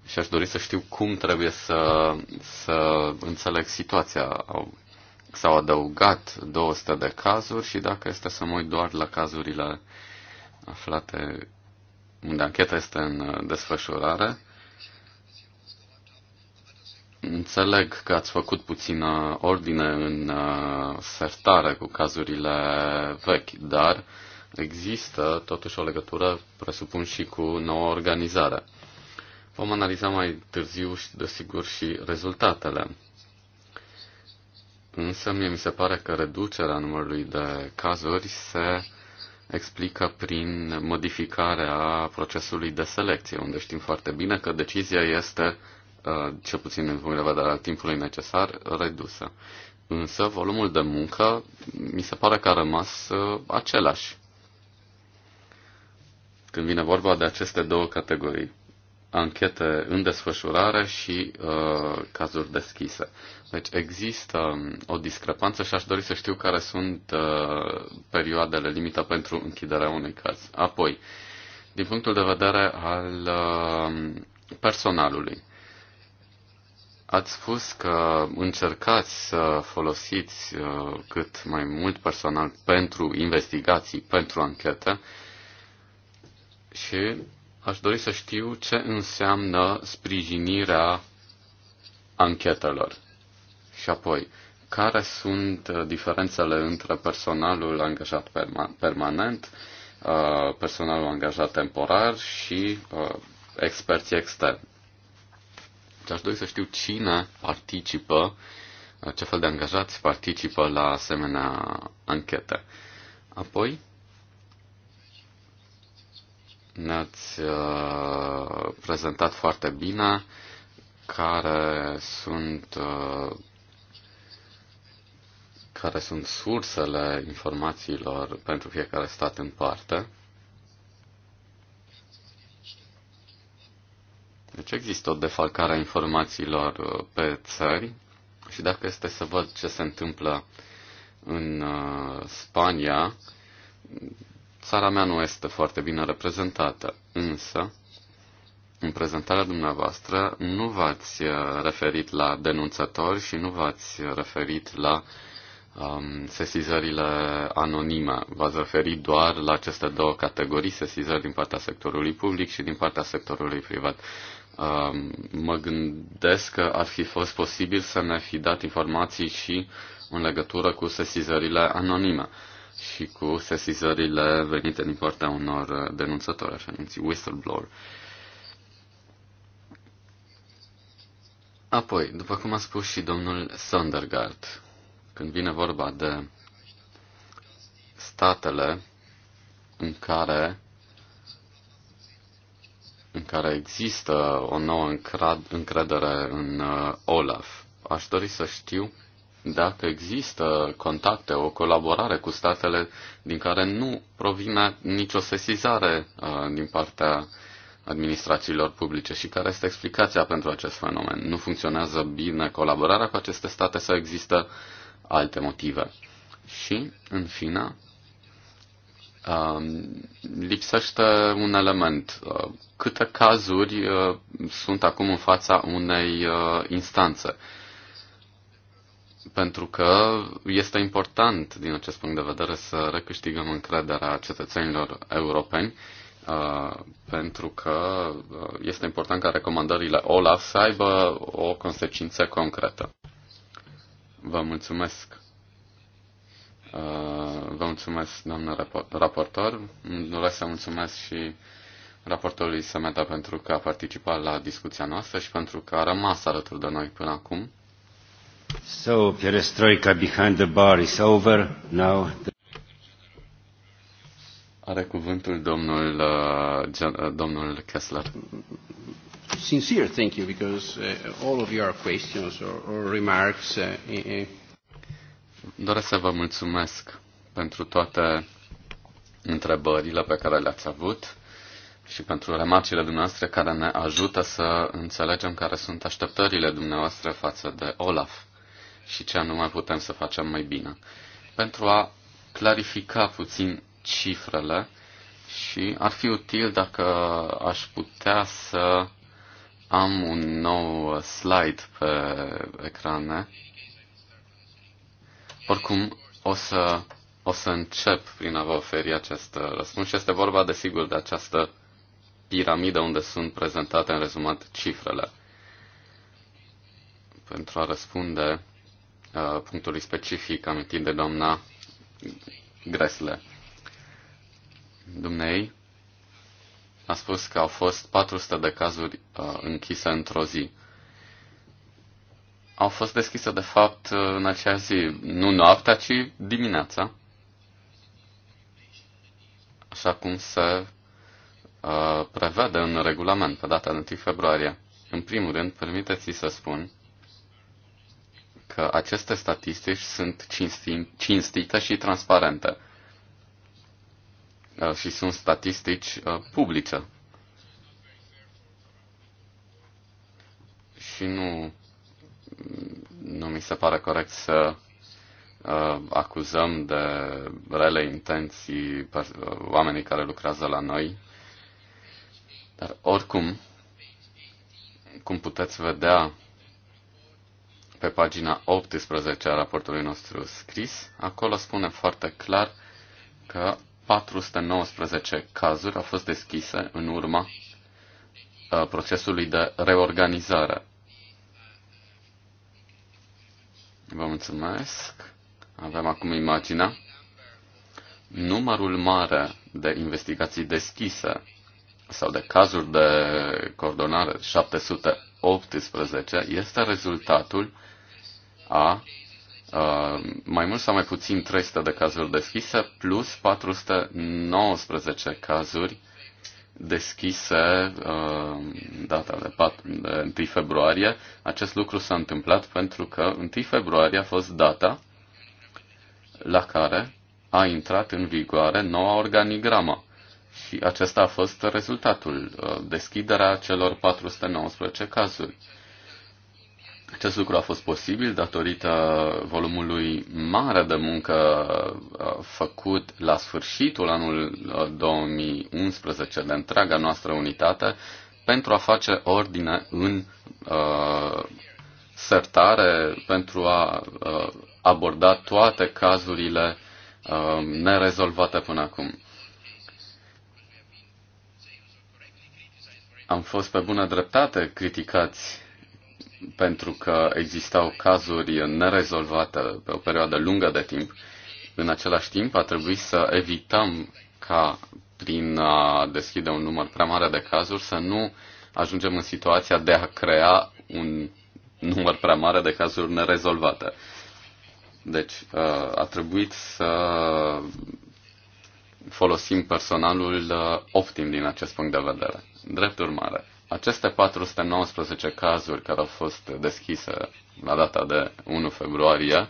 Și aș dori să știu cum trebuie să, să înțeleg situația. S-au adăugat 200 de cazuri și dacă este să mă uit doar la cazurile uh, aflate unde ancheta este în uh, desfășurare. Înțeleg că ați făcut puțină ordine în uh, sertare cu cazurile vechi, dar există totuși o legătură, presupun, și cu noua organizare. Vom analiza mai târziu, și, desigur, și rezultatele. Însă mie mi se pare că reducerea numărului de cazuri se explică prin modificarea procesului de selecție, unde știm foarte bine că decizia este, uh, cel puțin în punct de vedere al timpului necesar, redusă. Însă volumul de muncă mi se pare că a rămas uh, același când vine vorba de aceste două categorii anchete în desfășurare și uh, cazuri deschise. Deci există um, o discrepanță și aș dori să știu care sunt uh, perioadele limită pentru închiderea unui caz. Apoi, din punctul de vedere al uh, personalului, ați spus că încercați să folosiți uh, cât mai mult personal pentru investigații, pentru anchete și Aș dori să știu ce înseamnă sprijinirea anchetelor. Și apoi, care sunt uh, diferențele între personalul angajat permanent, uh, personalul angajat temporar și uh, experții externi. Deci aș dori să știu cine participă, ce fel de angajați participă la asemenea anchete. Apoi, ne-ați uh, prezentat foarte bine care sunt uh, care sunt sursele informațiilor pentru fiecare stat în parte. Deci există o defalcare a informațiilor uh, pe țări și dacă este să văd ce se întâmplă în Spania, Țara mea nu este foarte bine reprezentată, însă în prezentarea dumneavoastră nu v-ați uh, referit la denunțători și nu v-ați referit la um, sesizările anonime. V-ați referit doar la aceste două categorii, sesizări din partea sectorului public și din partea sectorului privat. Um, mă gândesc că ar fi fost posibil să ne fi dat informații și în legătură cu sesizările anonime și cu sesizările venite din partea unor denunțători, așa numiți whistleblower. Apoi, după cum a spus și domnul Sondergaard, când vine vorba de statele în care în care există o nouă încredere în uh, Olaf. Aș dori să știu dacă există contacte, o colaborare cu statele din care nu provine nicio sesizare uh, din partea administrațiilor publice și care este explicația pentru acest fenomen. Nu funcționează bine colaborarea cu aceste state sau există alte motive. Și, în fine, uh, lipsește un element. Uh, câte cazuri sunt acum în fața unei instanțe? pentru că este important, din acest punct de vedere, să recâștigăm încrederea cetățenilor europeni, uh, pentru că uh, este important ca recomandările OLAF să aibă o consecință concretă. Vă mulțumesc. Uh, vă mulțumesc, doamnă raportor. Doresc să mulțumesc și raportorului Semeta pentru că a participat la discuția noastră și pentru că a rămas alături de noi până acum. So, perestroika behind the bar is over. Now the... Are cuvântul domnul, uh, uh, domnul Kessler. Sincere thank you, because uh, all of your questions or, or remarks... Uh, uh, Doresc să vă mulțumesc pentru toate întrebările pe care le-ați avut și pentru remarcile dumneavoastră care ne ajută să înțelegem care sunt așteptările dumneavoastră față de Olaf și ce anume putem să facem mai bine. Pentru a clarifica puțin cifrele și ar fi util dacă aș putea să am un nou slide pe ecrane. Oricum, o să, o să încep prin a vă oferi acest răspuns și este vorba, desigur, de această piramidă unde sunt prezentate în rezumat cifrele. Pentru a răspunde Uh, punctului specific amintit de doamna Gresle. Dumnei a spus că au fost 400 de cazuri uh, închise într-o zi. Au fost deschise, de fapt, uh, în acea zi, nu noaptea, ci dimineața. Așa cum se uh, prevede în regulament pe data de 1 februarie. În primul rând, permiteți să spun că aceste statistici sunt cinstite și transparente uh, și sunt statistici uh, publice. Și nu, nu mi se pare corect să uh, acuzăm de rele intenții oamenii care lucrează la noi. Dar oricum, cum puteți vedea pe pagina 18 a raportului nostru scris. Acolo spune foarte clar că 419 cazuri au fost deschise în urma uh, procesului de reorganizare. Vă mulțumesc. Avem acum imaginea. Numărul mare de investigații deschise sau de cazuri de coordonare, 700 18 este rezultatul a a mai mult sau mai puțin 300 de cazuri deschise, plus 419 cazuri deschise uh, data de, 4, de 1 februarie. Acest lucru s-a întâmplat pentru că 1 februarie a fost data la care a intrat în vigoare noua organigramă. Și acesta a fost rezultatul, uh, deschiderea celor 419 cazuri. Acest lucru a fost posibil datorită volumului mare de muncă uh, făcut la sfârșitul anului uh, 2011 de întreaga noastră unitate pentru a face ordine în uh, sertare, pentru a uh, aborda toate cazurile uh, nerezolvate până acum. Am fost pe bună dreptate criticați pentru că existau cazuri nerezolvate pe o perioadă lungă de timp. În același timp, a trebuit să evităm ca prin a deschide un număr prea mare de cazuri să nu ajungem în situația de a crea un număr prea mare de cazuri nerezolvate. Deci uh, a trebuit să folosim personalul uh, optim din acest punct de vedere. Drept urmare, aceste 419 cazuri care au fost deschise la data de 1 februarie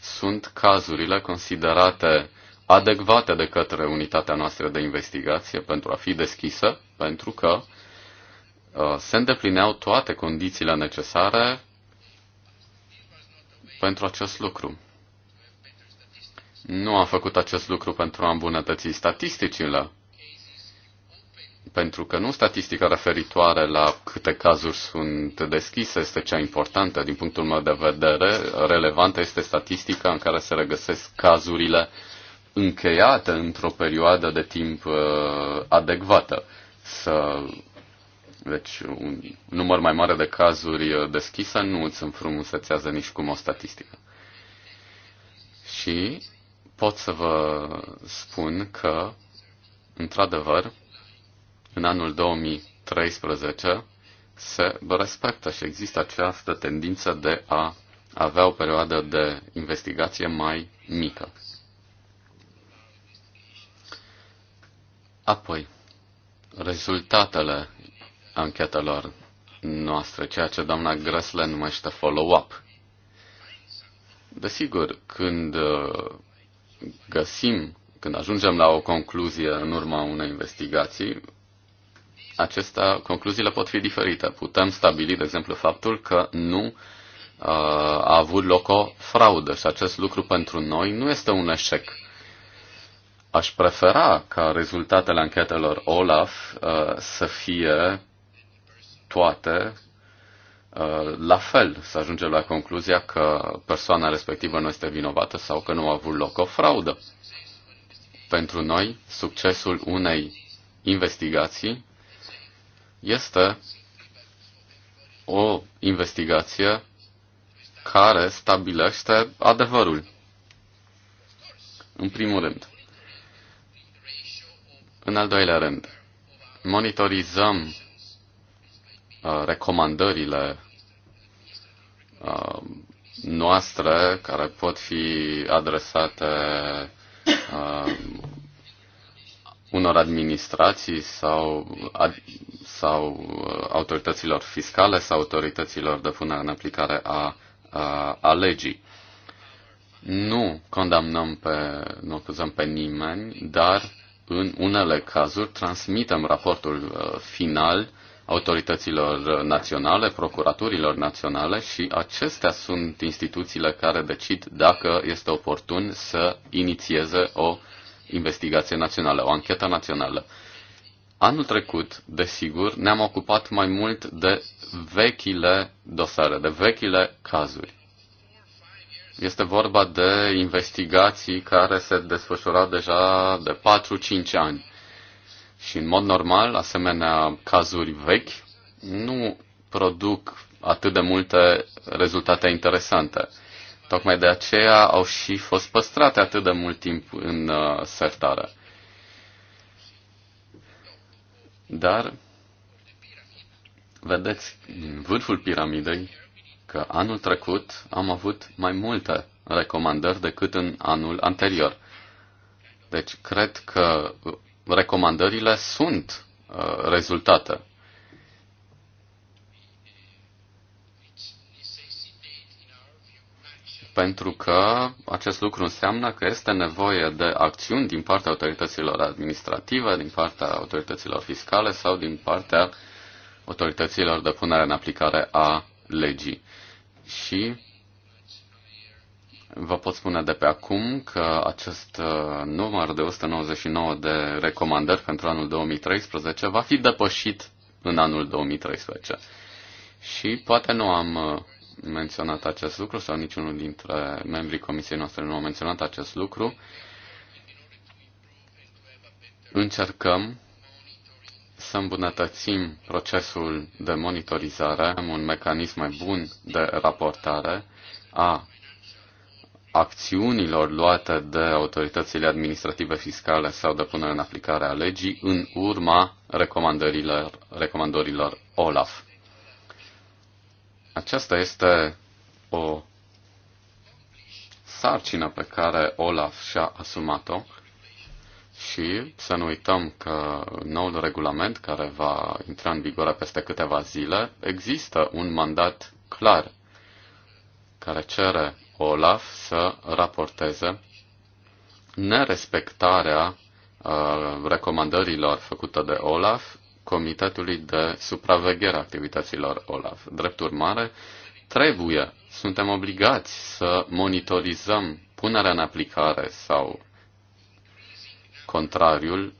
sunt cazurile considerate adecvate de către unitatea noastră de investigație pentru a fi deschisă, pentru că uh, se îndeplineau toate condițiile necesare pentru acest lucru nu a făcut acest lucru pentru a îmbunătăți statisticile, pentru că nu statistica referitoare la câte cazuri sunt deschise este cea importantă. Din punctul meu de vedere, relevantă este statistica în care se regăsesc cazurile încheiate într-o perioadă de timp uh, adecvată. Să, deci un număr mai mare de cazuri uh, deschise nu îți înfrumusețează nici cum o statistică. Și pot să vă spun că, într-adevăr, în anul 2013 se respectă și există această tendință de a avea o perioadă de investigație mai mică. Apoi, rezultatele anchetelor noastre, ceea ce doamna Grăsle numește follow-up. Desigur, când găsim, când ajungem la o concluzie în urma unei investigații, acestea, concluziile pot fi diferite. Putem stabili, de exemplu, faptul că nu uh, a avut loc o fraudă și acest lucru pentru noi nu este un eșec. Aș prefera ca rezultatele anchetelor OLAF uh, să fie toate Uh, la fel să ajunge la concluzia că persoana respectivă nu este vinovată sau că nu a avut loc o fraudă. Pentru noi, succesul unei investigații este o investigație care stabilește adevărul. În primul rând. În al doilea rând, monitorizăm uh, recomandările Uh, noastre care pot fi adresate uh, unor administrații sau, ad, sau uh, autorităților fiscale sau autorităților de punere în aplicare a, a, a legii. Nu condamnăm pe, nu acuzăm pe nimeni, dar în unele cazuri transmitem raportul final autorităților naționale, procuraturilor naționale și acestea sunt instituțiile care decid dacă este oportun să inițieze o investigație națională, o anchetă națională. Anul trecut, desigur, ne-am ocupat mai mult de vechile dosare, de vechile cazuri. Este vorba de investigații care se desfășurau deja de 4-5 ani. Și în mod normal, asemenea cazuri vechi nu produc atât de multe rezultate interesante. Tocmai de aceea au și fost păstrate atât de mult timp în uh, sertare. Dar, vedeți, în vârful piramidei, că anul trecut am avut mai multe recomandări decât în anul anterior. Deci, cred că recomandările sunt uh, rezultate. Pentru că acest lucru înseamnă că este nevoie de acțiuni din partea autorităților administrative, din partea autorităților fiscale sau din partea autorităților de punere în aplicare a legii. Și Vă pot spune de pe acum că acest uh, număr de 199 de recomandări pentru anul 2013 va fi depășit în anul 2013. Și poate nu am uh, menționat acest lucru sau niciunul dintre membrii comisiei noastre nu a menționat acest lucru. Încercăm să îmbunătățim procesul de monitorizare, am un mecanism mai bun de raportare a acțiunilor luate de autoritățile administrative fiscale sau de punere în aplicare a legii în urma recomandărilor, recomandărilor OLAF. Aceasta este o sarcină pe care OLAF și-a asumat-o și să nu uităm că noul regulament care va intra în vigoare peste câteva zile există un mandat clar care cere OLAF să raporteze nerespectarea uh, recomandărilor făcute de OLAF Comitetului de Supraveghere a Activităților OLAF. Drept urmare, trebuie, suntem obligați să monitorizăm punerea în aplicare sau contrariul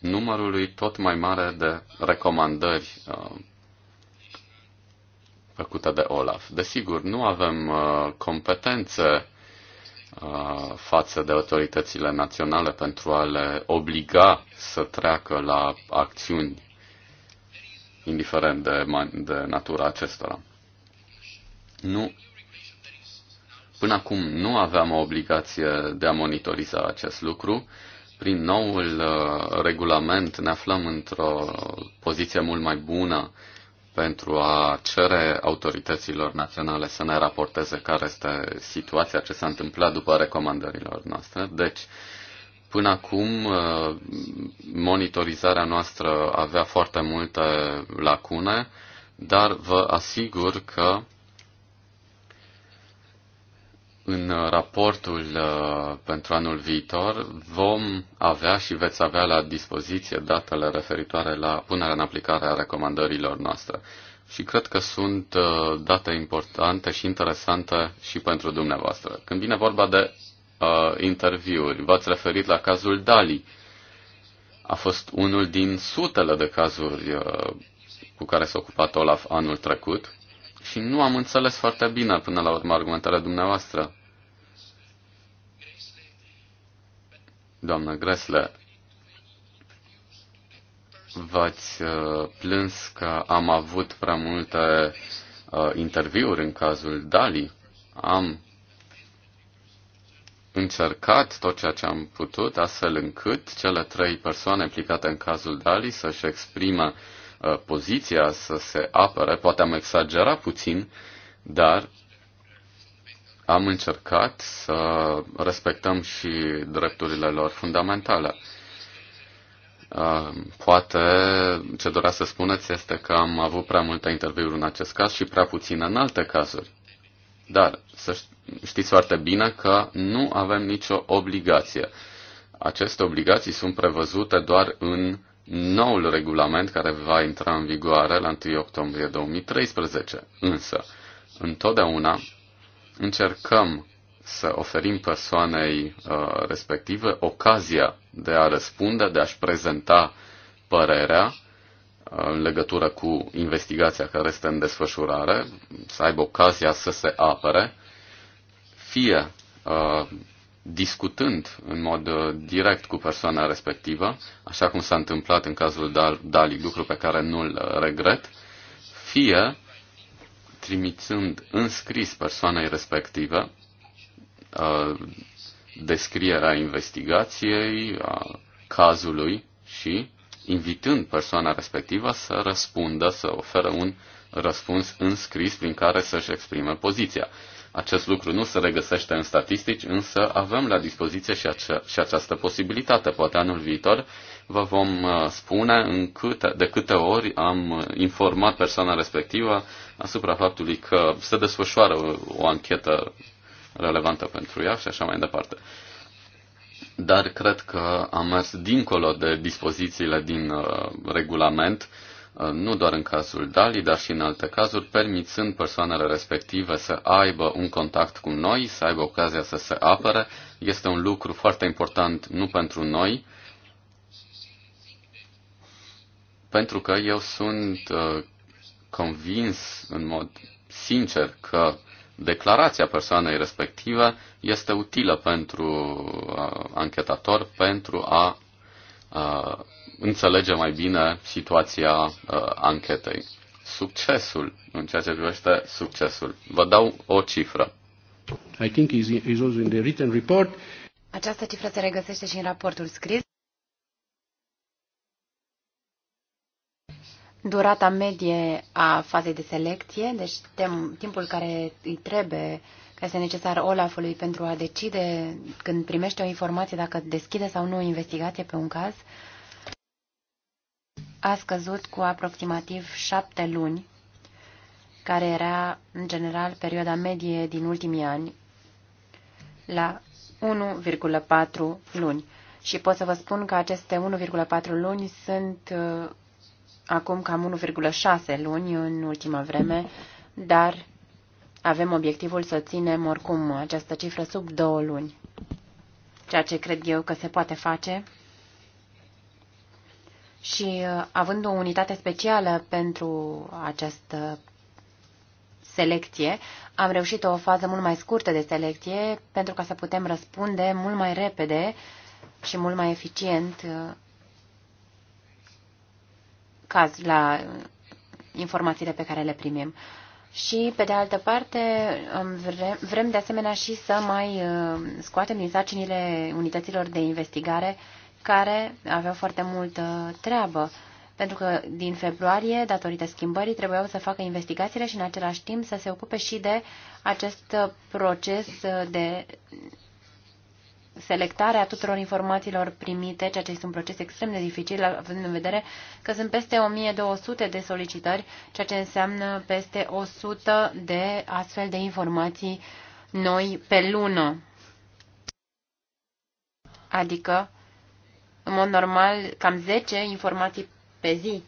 numărului tot mai mare de recomandări uh, făcută de Olaf. Desigur, nu avem uh, competențe uh, față de autoritățile naționale pentru a le obliga să treacă la acțiuni, indiferent de, de natura acestora. Nu, până acum nu aveam o obligație de a monitoriza acest lucru. Prin noul uh, regulament ne aflăm într-o poziție mult mai bună pentru a cere autorităților naționale să ne raporteze care este situația, ce s-a întâmplat după recomandărilor noastre. Deci, până acum, uh, monitorizarea noastră avea foarte multe lacune, dar vă asigur că în uh, raportul uh, pentru anul viitor vom avea și veți avea la dispoziție datele referitoare la punerea în aplicare a recomandărilor noastre. Și cred că sunt uh, date importante și interesante și pentru dumneavoastră. Când vine vorba de uh, interviuri, v-ați referit la cazul Dali. A fost unul din sutele de cazuri uh, cu care s-a ocupat Olaf anul trecut și nu am înțeles foarte bine până la urmă argumentele dumneavoastră. Doamnă Gresle, v-ați uh, plâns că am avut prea multe uh, interviuri în cazul Dali. Am încercat tot ceea ce am putut, astfel încât cele trei persoane implicate în cazul Dali să-și exprime Uh, poziția să se apere, poate am exagerat puțin, dar am încercat să respectăm și drepturile lor fundamentale. Uh, poate ce dorea să spuneți este că am avut prea multe interviuri în acest caz și prea puțin în alte cazuri. Dar să știți foarte bine că nu avem nicio obligație. Aceste obligații sunt prevăzute doar în noul regulament care va intra în vigoare la 1 octombrie 2013. Însă, întotdeauna încercăm să oferim persoanei uh, respective ocazia de a răspunde, de a-și prezenta părerea uh, în legătură cu investigația care este în desfășurare, să aibă ocazia să se apere, fie uh, discutând în mod uh, direct cu persoana respectivă, așa cum s-a întâmplat în cazul Dali, lucru pe care nu-l uh, regret, fie trimițând în scris persoanei respective uh, descrierea investigației, a cazului și invitând persoana respectivă să răspundă, să oferă un răspuns în scris prin care să-și exprime poziția. Acest lucru nu se regăsește în statistici, însă avem la dispoziție și, ace- și această posibilitate. Poate anul viitor vă vom uh, spune în câte, de câte ori am uh, informat persoana respectivă asupra faptului că se desfășoară o, o anchetă relevantă pentru ea și așa mai departe. Dar cred că am mers dincolo de dispozițiile din uh, regulament uh, Uh, nu doar în cazul Dali, dar și în alte cazuri, permițând persoanele respective să aibă un contact cu noi, să aibă ocazia să se apere. Este un lucru foarte important nu pentru noi, pentru că eu sunt uh, convins în mod sincer că declarația persoanei respective este utilă pentru uh, anchetator pentru a înțelege mai bine situația uh, anchetei. Succesul, în ceea ce privește succesul. Vă dau o cifră. I think is, is also in the written report. Această cifră se regăsește și în raportul scris. Durata medie a fazei de selecție, deci tem, timpul care îi trebuie, care este necesar Olafului pentru a decide când primește o informație dacă deschide sau nu o investigație pe un caz, uh, a scăzut cu aproximativ șapte luni, care era, în general, perioada medie din ultimii ani, la 1,4 luni. Și pot să vă spun că aceste 1,4 luni sunt uh, acum cam 1,6 luni în ultima vreme, dar avem obiectivul să ținem oricum această cifră sub două luni, ceea ce cred eu că se poate face și uh, având o unitate specială pentru această selecție, am reușit o fază mult mai scurtă de selecție pentru ca să putem răspunde mult mai repede și mult mai eficient uh, caz la uh, informațiile pe care le primim. Și, pe de altă parte, vrem, vrem de asemenea și să mai scoatem din sacinile unităților de investigare uh, care aveau foarte multă treabă, pentru că din februarie, datorită schimbării, trebuiau să facă investigațiile și în același timp să se ocupe și de acest proces de selectare a tuturor informațiilor primite, ceea ce este un proces extrem de dificil, având în vedere că sunt peste 1200 de solicitări, ceea ce înseamnă peste 100 de astfel de informații noi pe lună. Adică în mod normal, cam 10 informații pe zi.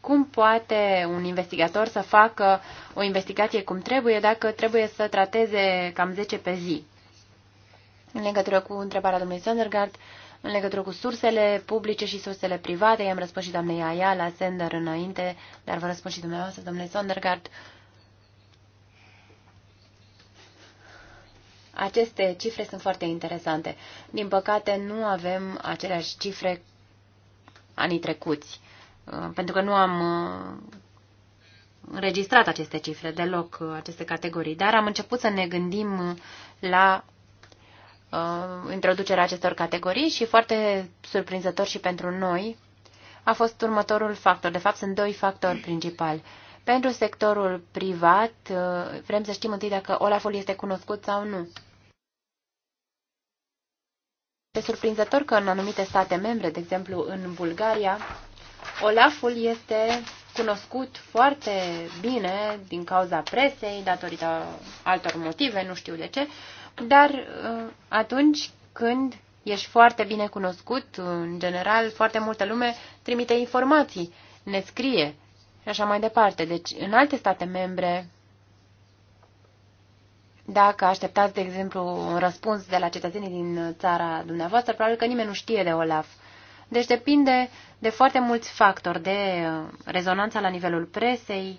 Cum poate un investigator să facă o investigație cum trebuie dacă trebuie să trateze cam 10 pe zi? În legătură cu întrebarea domnului Sondergaard, în legătură cu sursele publice și sursele private, i-am răspuns și doamnei Aia la sender înainte, dar vă răspund și dumneavoastră, domnule Sondergaard. Uh, Aceste cifre sunt foarte interesante. Din păcate, nu avem aceleași cifre anii trecuți, uh, pentru că nu am uh, înregistrat aceste cifre deloc, uh, aceste categorii, dar am început să ne gândim la introducerea acestor categorii și foarte surprinzător și pentru noi a fost următorul factor. De fapt, sunt doi factori principali. Pentru sectorul privat, vrem să știm întâi dacă Olaful este cunoscut sau nu. Este surprinzător că în anumite state membre, de exemplu în Bulgaria, Olaful este cunoscut foarte bine din cauza presei, datorită altor motive, nu știu de ce, dar uh, atunci când ești foarte bine cunoscut, în general, foarte multă lume trimite informații, ne scrie și așa mai departe. Deci, în alte state membre, dacă așteptați, de exemplu, un răspuns de la cetățenii din țara dumneavoastră, probabil că nimeni nu știe de OLAF. Deci depinde de foarte mulți factori, de uh, rezonanța la nivelul presei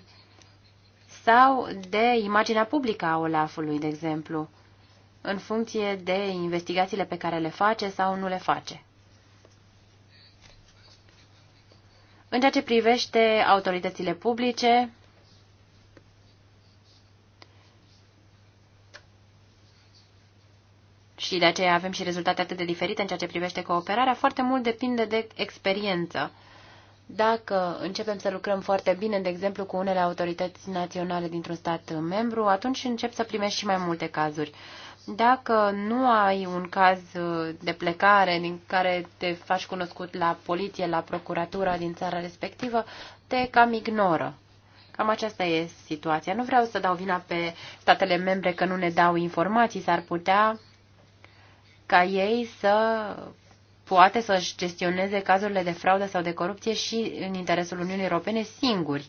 sau de imaginea publică a Olafului, de exemplu, în funcție de investigațiile pe care le face sau nu le face. În ceea ce privește autoritățile publice, și de aceea avem și rezultate atât de diferite în ceea ce privește cooperarea, foarte mult depinde de experiență. Dacă începem să lucrăm foarte bine, de exemplu, cu unele autorități naționale dintr-un stat membru, atunci încep să primești și mai multe cazuri. Dacă nu ai un caz de plecare din care te faci cunoscut la poliție, la procuratura din țara respectivă, te cam ignoră. Cam aceasta e situația. Nu vreau să dau vina pe statele membre că nu ne dau informații, s-ar putea ca ei să poate să-și gestioneze cazurile de fraudă sau de corupție și în interesul Uniunii Europene singuri.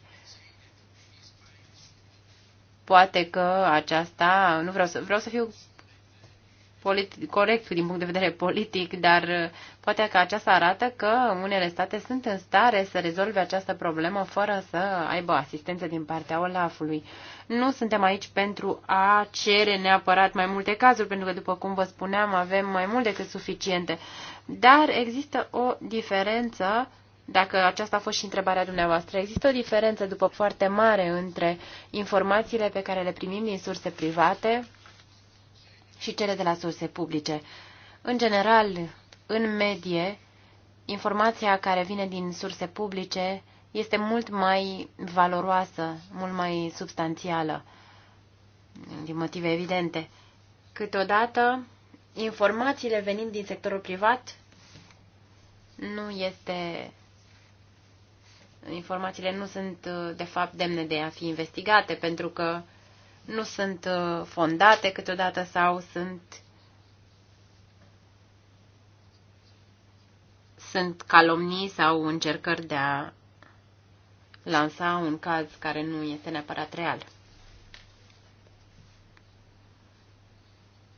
Poate că aceasta, nu vreau să, vreau să fiu polit- corect din punct de vedere politic, dar uh, poate că aceasta arată că unele state sunt în stare să rezolve această problemă fără să aibă asistență din partea Olafului. Nu suntem aici pentru a cere neapărat mai multe cazuri, pentru că, după cum vă spuneam, avem mai mult decât suficiente. Dar există o diferență dacă aceasta a fost și întrebarea dumneavoastră, există o diferență după foarte mare între informațiile pe care le primim din surse private, și cele de la surse publice. În general, în medie, informația care vine din surse publice este mult mai valoroasă, mult mai substanțială, din motive evidente. Câteodată, informațiile venind din sectorul privat nu este informațiile nu sunt de fapt demne de a fi investigate pentru că nu sunt uh, fondate câteodată sau sunt sunt calomnii sau încercări de a lansa un caz care nu este neapărat real.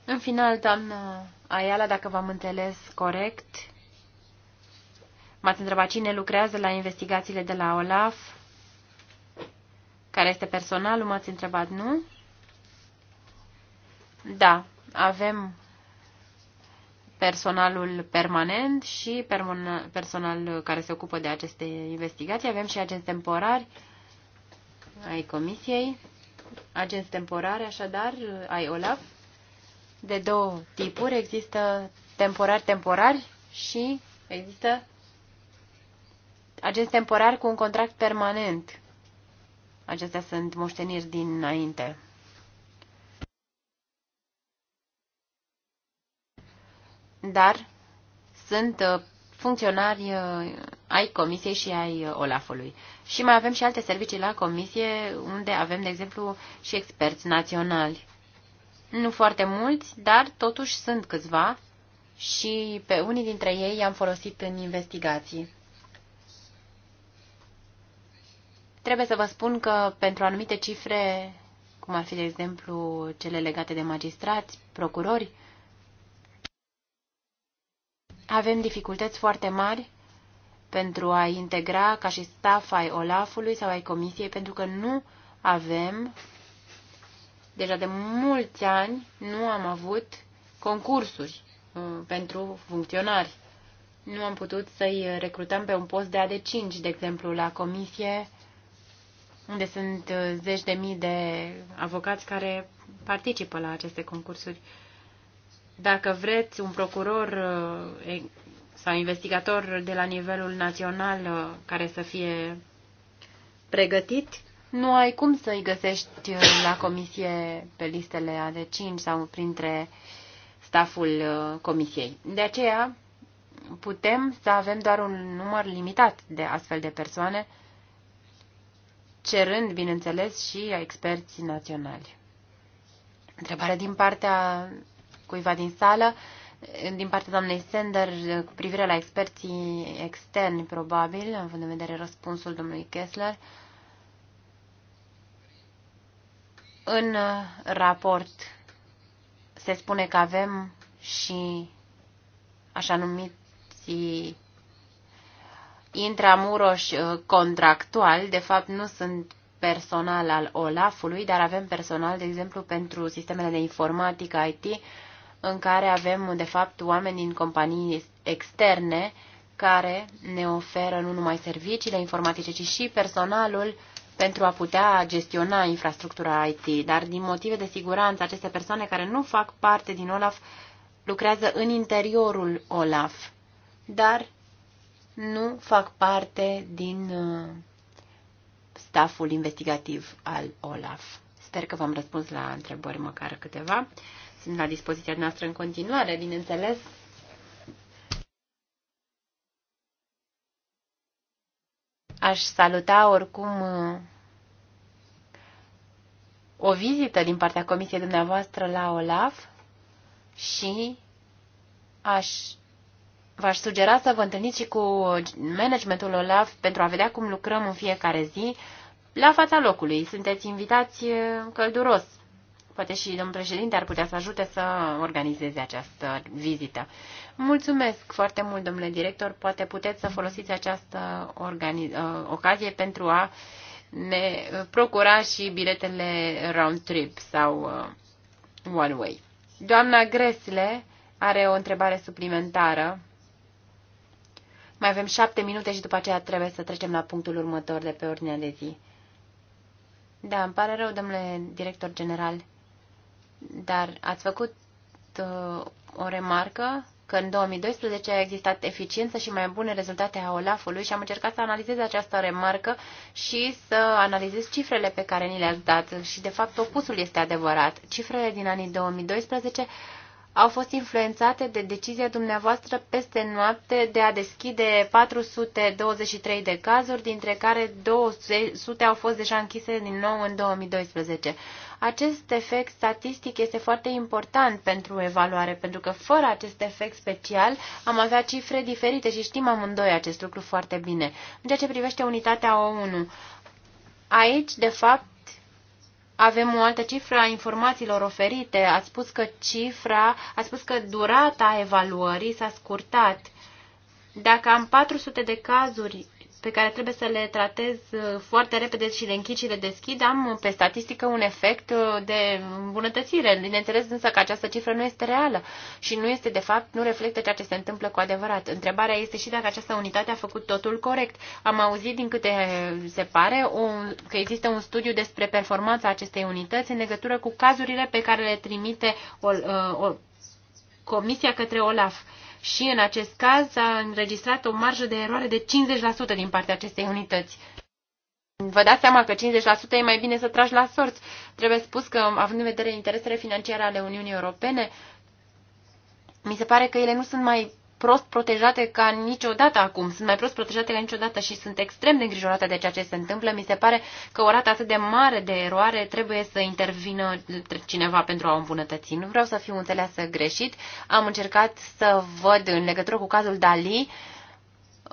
În final, doamnă Ayala, dacă v-am înțeles corect, m-ați întrebat cine lucrează la investigațiile de la OLAF, care este personalul, m-ați întrebat, nu? Da, avem personalul permanent și personal care se ocupă de aceste investigații. Avem și agenți temporari ai comisiei, agenți temporari, așadar, ai OLAF, de două tipuri. Există temporari-temporari și există agenți temporari cu un contract permanent. Acestea sunt moșteniri dinainte. dar sunt uh, funcționari uh, ai Comisiei și ai uh, Olafului. Și mai avem și alte servicii la Comisie, unde avem, de exemplu, și experți naționali. Nu foarte mulți, dar totuși sunt câțiva și pe unii dintre ei i-am folosit în investigații. Trebuie să vă spun că pentru anumite cifre, cum ar fi, de exemplu, cele legate de magistrați, procurori, avem dificultăți foarte mari pentru a integra ca și staff ai Olafului sau ai Comisiei, pentru că nu avem, deja de mulți ani, nu am avut concursuri uh, pentru funcționari. Nu am putut să-i recrutăm pe un post de AD5, de exemplu, la comisie, unde sunt uh, zeci de mii de avocați care participă la aceste concursuri. Dacă vreți un procuror uh, sau investigator de la nivelul național uh, care să fie pregătit, nu ai cum să-i găsești uh, la comisie pe listele AD5 sau printre staful comisiei. De aceea putem să avem doar un număr limitat de astfel de persoane, cerând, bineînțeles, și experți naționali. Întrebare din partea cuiva din sală, din partea doamnei Sender, cu privire la experții externi, probabil, având în vedere răspunsul domnului Kessler. În raport se spune că avem și așa numiți intramuroși uh, contractual, de fapt nu sunt personal al Olafului, dar avem personal, de exemplu, pentru sistemele de informatică IT, în care avem, de fapt, oameni din companii externe care ne oferă nu numai serviciile informatice, ci și personalul pentru a putea gestiona infrastructura IT. Dar din motive de siguranță, aceste persoane care nu fac parte din OLAF lucrează în interiorul OLAF, dar nu fac parte din uh, staful investigativ al OLAF. Sper că v-am răspuns la întrebări măcar câteva sunt la dispoziția noastră în continuare, bineînțeles. Aș saluta oricum uh, o vizită din partea comisiei dumneavoastră la OLAF și aș, v-aș sugera să vă întâlniți și cu managementul OLAF pentru a vedea cum lucrăm în fiecare zi la fața locului. Sunteți invitați uh, călduros Poate și domnul președinte ar putea să ajute să organizeze această vizită. Mulțumesc foarte mult, domnule director. Poate puteți să folosiți această uh, ocazie pentru a ne procura și biletele round trip sau uh, one way. Doamna Gresle are o întrebare suplimentară. Mai avem șapte minute și după aceea trebuie să trecem la punctul următor de pe ordinea de zi. Da, îmi pare rău, domnule director general. Dar ați făcut uh, o remarcă că în 2012 a existat eficiență și mai bune rezultate a OLAF-ului și am încercat să analizez această remarcă și să analizez cifrele pe care ni le-ați dat și de fapt opusul este adevărat. Cifrele din anii 2012 au fost influențate de decizia dumneavoastră peste noapte de a deschide 423 de cazuri, dintre care 200 au fost deja închise din nou în 2012. Acest efect statistic este foarte important pentru evaluare, pentru că fără acest efect special am avea cifre diferite și știm amândoi acest lucru foarte bine. În ceea ce privește unitatea O1, aici, de fapt, avem o altă cifră a informațiilor oferite. A spus că cifra, a spus că durata evaluării s-a scurtat. Dacă am 400 de cazuri pe care trebuie să le tratez uh, foarte repede și le închid și le deschid, am uh, pe statistică un efect uh, de îmbunătățire. Bineînțeles însă că această cifră nu este reală și nu este de fapt, nu reflectă ceea ce se întâmplă cu adevărat. Întrebarea este și dacă această unitate a făcut totul corect. Am auzit din câte se pare că există un studiu despre performanța acestei unități în legătură cu cazurile pe care le trimite o, o, Comisia către OLAF. Uh, și în acest caz s-a înregistrat o marjă de eroare de 50% din partea acestei unități. Vă dați seama că 50% e mai bine să tragi la sorți. Trebuie spus că, având în vedere interesele financiare ale Uniunii Europene, mi se pare că ele nu sunt mai prost protejate ca niciodată acum. Sunt mai prost protejate ca niciodată și sunt extrem de îngrijorată de ceea ce se întâmplă. Mi se pare că o rată atât de mare de eroare trebuie să intervină cineva pentru a o îmbunătăți. Nu vreau să fiu înțeleasă greșit. Am încercat să văd în legătură cu cazul Dali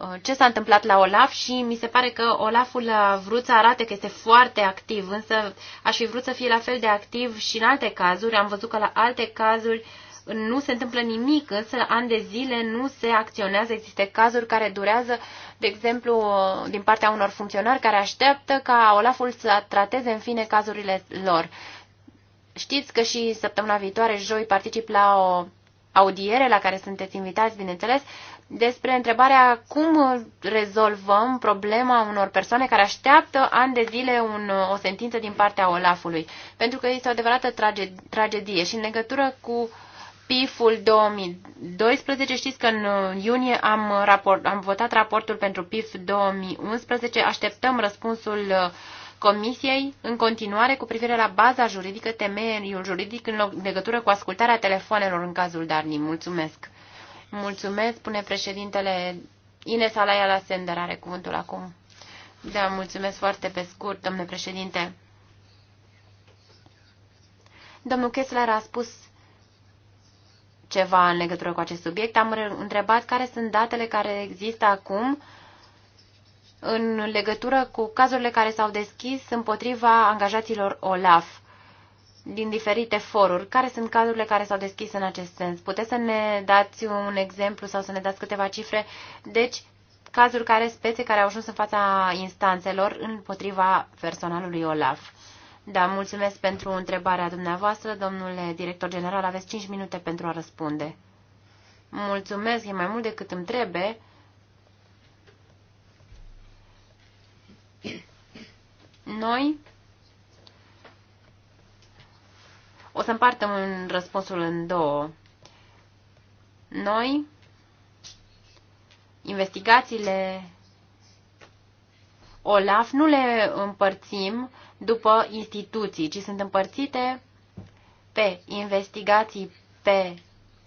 uh, ce s-a întâmplat la Olaf și mi se pare că Olaful a vrut să arate că este foarte activ, însă aș fi vrut să fie la fel de activ și în alte cazuri. Am văzut că la alte cazuri uh, nu se întâmplă nimic, însă ani de zile nu se acționează. Există cazuri care durează, de exemplu, din partea unor funcționari care așteaptă ca Olaful să trateze în fine cazurile lor. Știți că și săptămâna viitoare, joi, particip la o audiere la care sunteți invitați, bineînțeles, despre întrebarea cum rezolvăm problema unor persoane care așteaptă ani de zile un, o sentință din partea Olafului. Pentru că este o adevărată trage, tragedie și în legătură cu uh, PIF-ul 2012. Știți că în uh, iunie am, uh, raport, am votat raportul pentru PIF 2011. Așteptăm răspunsul uh, Comisiei în continuare cu privire la baza juridică, temeiul juridic în legătură cu ascultarea telefonelor în cazul Darni. Mulțumesc! Mulțumesc, spune președintele Ines Alaia la sender, are cuvântul acum. Da, mulțumesc foarte pe scurt, domnule președinte. Domnul Kessler a spus ceva în legătură cu acest subiect. Am întrebat care sunt datele care există acum în legătură cu cazurile care s-au deschis împotriva angajaților OLAF din diferite foruri. Care sunt cazurile care s-au deschis în acest sens? Puteți să ne dați un exemplu sau să ne dați câteva cifre? Deci, cazuri care, spețe care au ajuns în fața instanțelor împotriva personalului OLAF. Da, mulțumesc pentru întrebarea dumneavoastră, domnule director general. Aveți 5 minute pentru a răspunde. Mulțumesc, e mai mult decât îmi trebuie. Noi o să împartăm în răspunsul în două. Noi, investigațiile OLAF nu le împărțim după instituții, ci sunt împărțite pe investigații pe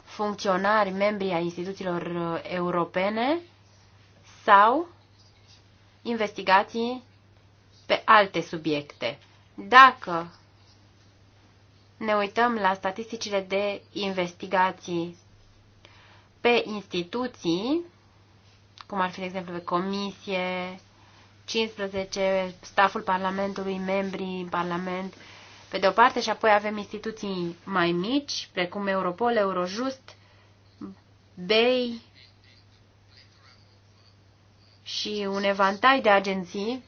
funcționari, membri ai instituțiilor uh, europene sau investigații pe alte subiecte. Dacă ne uităm la statisticile de investigații pe instituții, cum ar fi, de exemplu, pe comisie, 15 staful Parlamentului, membrii în Parlament, pe de o parte, și apoi avem instituții mai mici, precum Europol, Eurojust, BEI și un evantai de agenții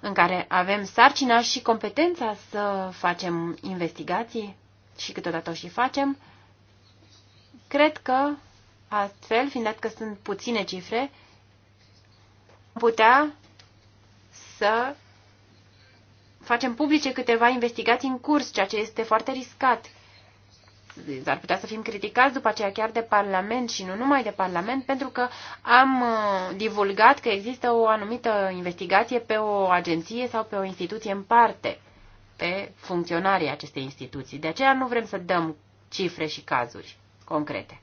în care avem sarcina și competența să facem investigații și câteodată o și facem, cred că Astfel, fiind dat că sunt puține cifre, putea să facem publice câteva investigații în curs, ceea ce este foarte riscat. Deci, s-ar putea să fim criticați după aceea chiar de Parlament și nu numai de Parlament, pentru că am uh, divulgat că există o anumită investigație pe o agenție sau pe o instituție în parte, pe funcționarii acestei instituții. De aceea nu vrem să dăm cifre și cazuri concrete.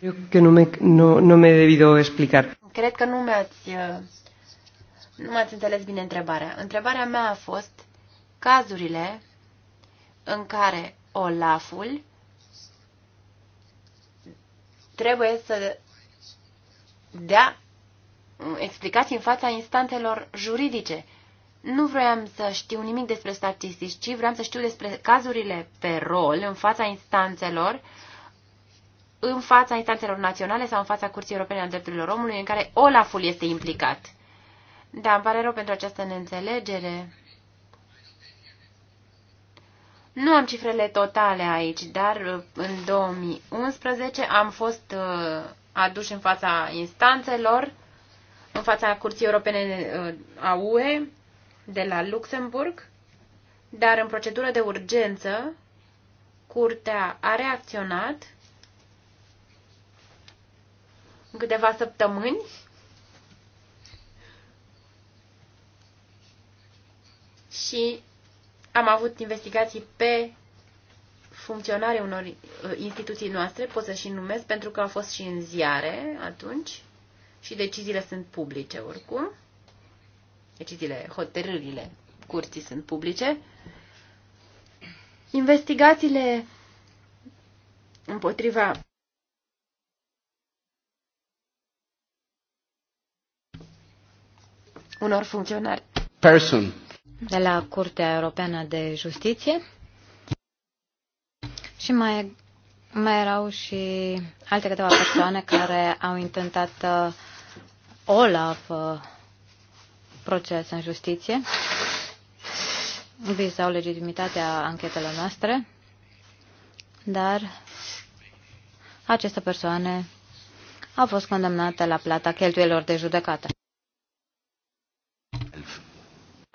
Eu că nu me, nu, nu me debido explicar. Cred că nu mi-ați uh, nu m-ați înțeles bine întrebarea. Întrebarea mea a fost cazurile în care Olaful trebuie să dea explicații în fața instanțelor juridice. Nu vroiam să știu nimic despre statistici, ci vreau să știu despre cazurile pe rol în fața instanțelor în fața instanțelor naționale sau în fața Curții Europene a Drepturilor Omului, în care Olaful este implicat. Da, îmi pare rău pentru această neînțelegere. Nu am cifrele totale aici, dar uh, în 2011 am fost uh, aduși în fața instanțelor, în fața Curții Europene uh, a UE de la Luxemburg, dar în procedură de urgență, Curtea a reacționat în câteva săptămâni. Și am avut investigații pe funcționare unor uh, instituții noastre, pot să și numesc, pentru că au fost și în ziare atunci și deciziile sunt publice oricum. Deciziile, hotărârile curții sunt publice. Investigațiile împotriva unor funcționari. Person. De la Curtea Europeană de Justiție. Și mai, mai erau și alte câteva persoane care au intentat uh, Olaf uh, proces în justiție. Vizau legitimitatea anchetelor noastre, dar aceste persoane au fost condamnate la plata cheltuielor de judecată.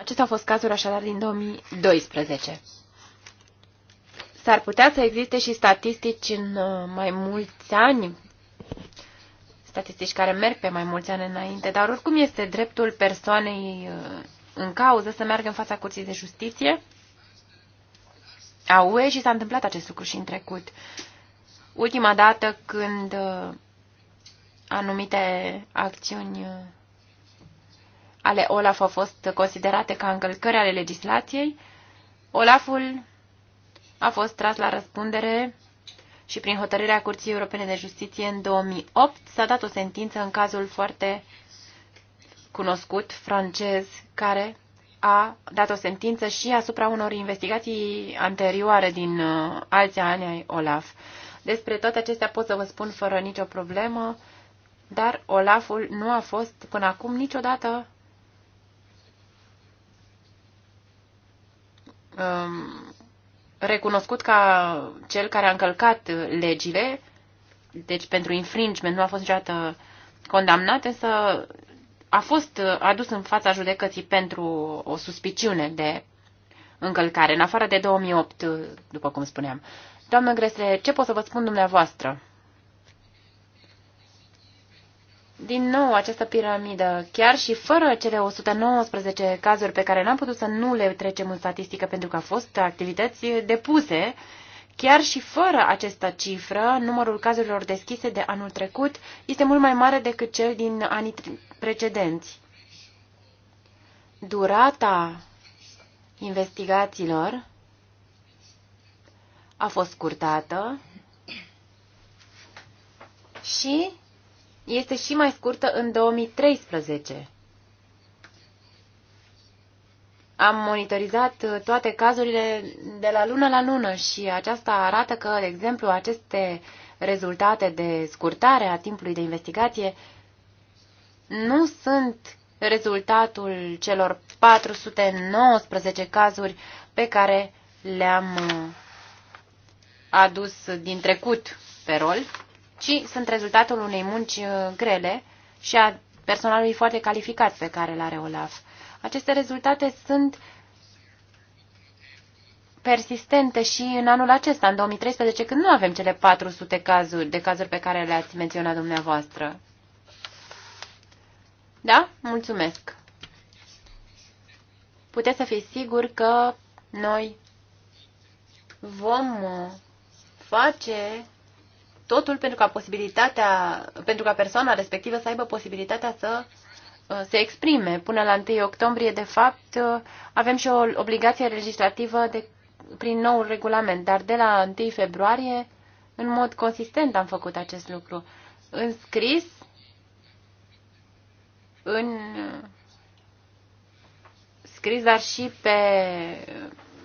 Acestea au fost cazuri așadar din 2012. S-ar putea să existe și statistici în uh, mai mulți ani, statistici care merg pe mai mulți ani înainte, dar oricum este dreptul persoanei uh, în cauză să meargă în fața curții de justiție a UE și s-a întâmplat acest lucru și în trecut. Ultima dată când uh, anumite acțiuni ale Olaf au fost considerate ca încălcări ale legislației, Olaful a fost tras la răspundere și prin hotărârea Curții Europene de Justiție în 2008 s-a dat o sentință în cazul foarte cunoscut francez care a dat o sentință și asupra unor investigații anterioare din uh, alții ani ai Olaf. Despre toate acestea pot să vă spun fără nicio problemă, dar Olaful nu a fost până acum niciodată Um, recunoscut ca cel care a încălcat legile, deci pentru infringement nu a fost niciodată condamnat, însă a fost adus în fața judecății pentru o suspiciune de încălcare, în afară de 2008, după cum spuneam. Doamnă Gresle, ce pot să vă spun dumneavoastră? din nou această piramidă, chiar și fără cele 119 cazuri pe care n-am putut să nu le trecem în statistică pentru că au fost activități depuse, chiar și fără această cifră, numărul cazurilor deschise de anul trecut este mult mai mare decât cel din anii precedenți. Durata investigațiilor a fost scurtată și este și mai scurtă în 2013. Am monitorizat uh, toate cazurile de la lună la lună și aceasta arată că, de exemplu, aceste rezultate de scurtare a timpului de investigație nu sunt rezultatul celor 419 cazuri pe care le-am uh, adus din trecut pe rol, ci sunt rezultatul unei munci uh, grele și a personalului foarte calificat pe care îl are OLAF. Aceste rezultate sunt persistente și în anul acesta, în 2013, când nu avem cele 400 cazuri de cazuri pe care le-ați menționat dumneavoastră. Da? Mulțumesc. Puteți să fiți siguri că noi vom uh, face Totul pentru ca, posibilitatea, pentru ca persoana respectivă să aibă posibilitatea să uh, se exprime. Până la 1 octombrie, de fapt, uh, avem și o obligație legislativă de, prin noul regulament, dar de la 1 februarie, în mod consistent am făcut acest lucru. Înscris în scris, dar și pe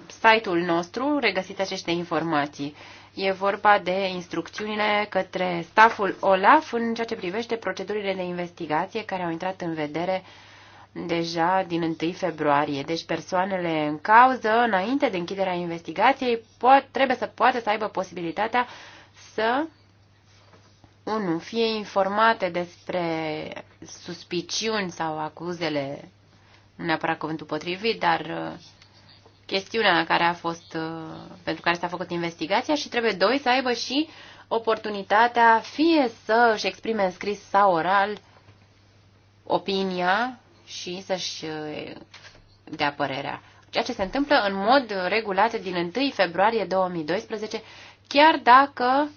site-ul nostru regăsiți aceste informații. E vorba de instrucțiunile către staful OLAF în ceea ce privește procedurile de investigație care au intrat în vedere deja din 1 februarie. Deci persoanele în cauză, înainte de închiderea investigației, pot, trebuie să poată să aibă posibilitatea să 1. Fie informate despre suspiciuni sau acuzele, nu neapărat cuvântul potrivit, dar uh, chestiunea care a fost, uh, pentru care s-a făcut investigația și trebuie, doi, să aibă și oportunitatea fie să își exprime în scris sau oral opinia și să-și uh, dea părerea. Ceea ce se întâmplă în mod regulat din 1 februarie 2012, chiar dacă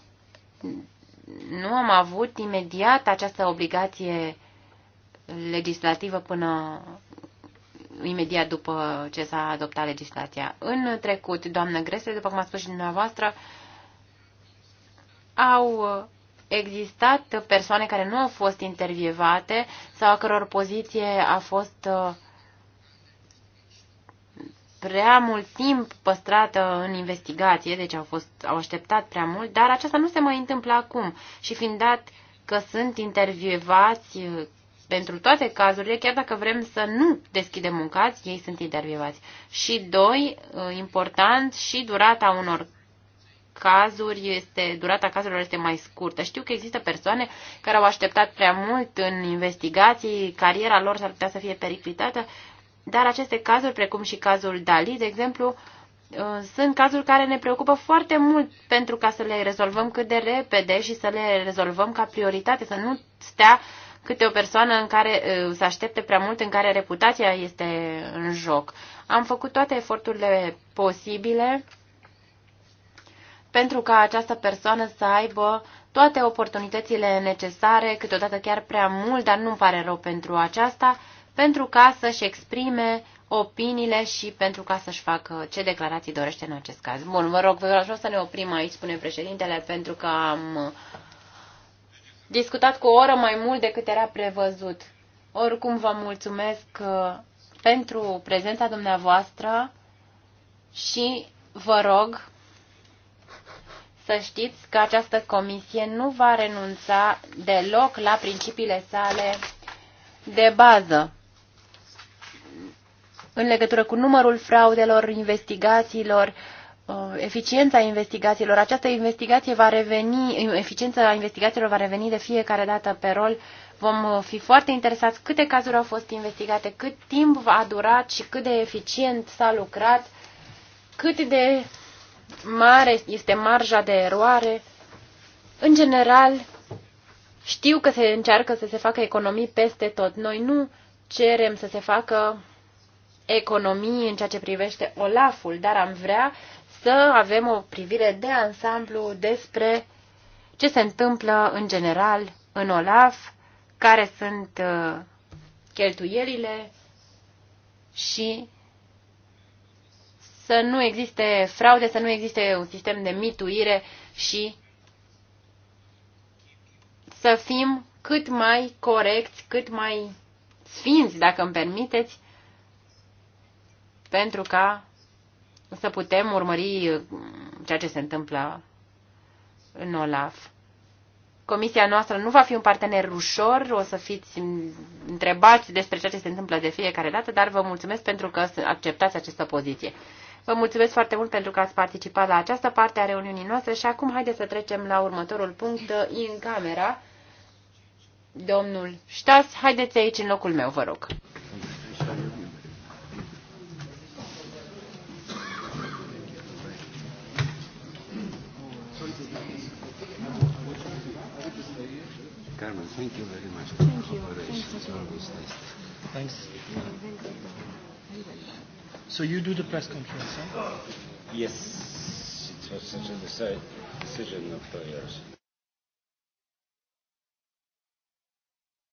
nu am avut imediat această obligație legislativă până imediat după ce s-a adoptat legislația. În trecut, doamnă Gresle, după cum a spus și dumneavoastră, au existat persoane care nu au fost intervievate sau a căror poziție a fost uh, prea mult timp păstrată în investigație, deci au, fost, au așteptat prea mult, dar aceasta nu se mai întâmplă acum. Și fiind dat că sunt intervievați pentru toate cazurile, chiar dacă vrem să nu deschidem un caz, ei sunt intervievați. Și doi, uh, important, și durata unor cazuri este, durata cazurilor este mai scurtă. Știu că există persoane care au așteptat prea mult în investigații, cariera lor s-ar putea să fie periclitată, dar aceste cazuri, precum și cazul Dali, de exemplu, uh, sunt cazuri care ne preocupă foarte mult pentru ca să le rezolvăm cât de repede și să le rezolvăm ca prioritate, să nu stea câte o persoană în care uh, se aștepte prea mult, în care reputația este în joc. Am făcut toate eforturile posibile pentru ca această persoană să aibă toate oportunitățile necesare, câteodată chiar prea mult, dar nu-mi pare rău pentru aceasta, pentru ca să-și exprime opiniile și pentru ca să-și facă ce declarații dorește în acest caz. Bun, vă rog, vă rog să ne oprim aici, spune președintele, pentru că am discutat cu o oră mai mult decât era prevăzut. Oricum vă mulțumesc uh, pentru prezența dumneavoastră și vă rog să știți că această comisie nu va renunța deloc la principiile sale de bază în legătură cu numărul fraudelor, investigațiilor, uh, Uh, eficiența investigațiilor. Această investigație va reveni, eficiența investigațiilor va reveni de fiecare dată pe rol. Vom uh, fi foarte interesați câte cazuri au fost investigate, cât timp a durat și cât de eficient s-a lucrat, cât de mare este marja de eroare. În general, știu că se încearcă să se facă economii peste tot. Noi nu cerem să se facă economii în ceea ce privește Olaful, dar am vrea să avem o privire de ansamblu despre ce se întâmplă în general în OLAF, care sunt uh, cheltuielile și să nu existe fraude, să nu existe un sistem de mituire și să fim cât mai corecți, cât mai sfinți, dacă îmi permiteți, pentru ca să putem urmări uh, ceea ce se întâmplă în OLAF. Comisia noastră nu va fi un partener ușor, o să fiți întrebați despre ceea ce se întâmplă de fiecare dată, dar vă mulțumesc pentru că acceptați această poziție. Vă mulțumesc foarte mult pentru că ați participat la această parte a reuniunii noastre și acum haideți să trecem la următorul punct în uh, camera. Domnul Ștas, haideți aici în locul meu, vă rog. Carmen, thank you very much for thank your You. Thanks. Always nice. Thanks. So you do the press conference, huh? Yes, it was such a deci-, decision of yours.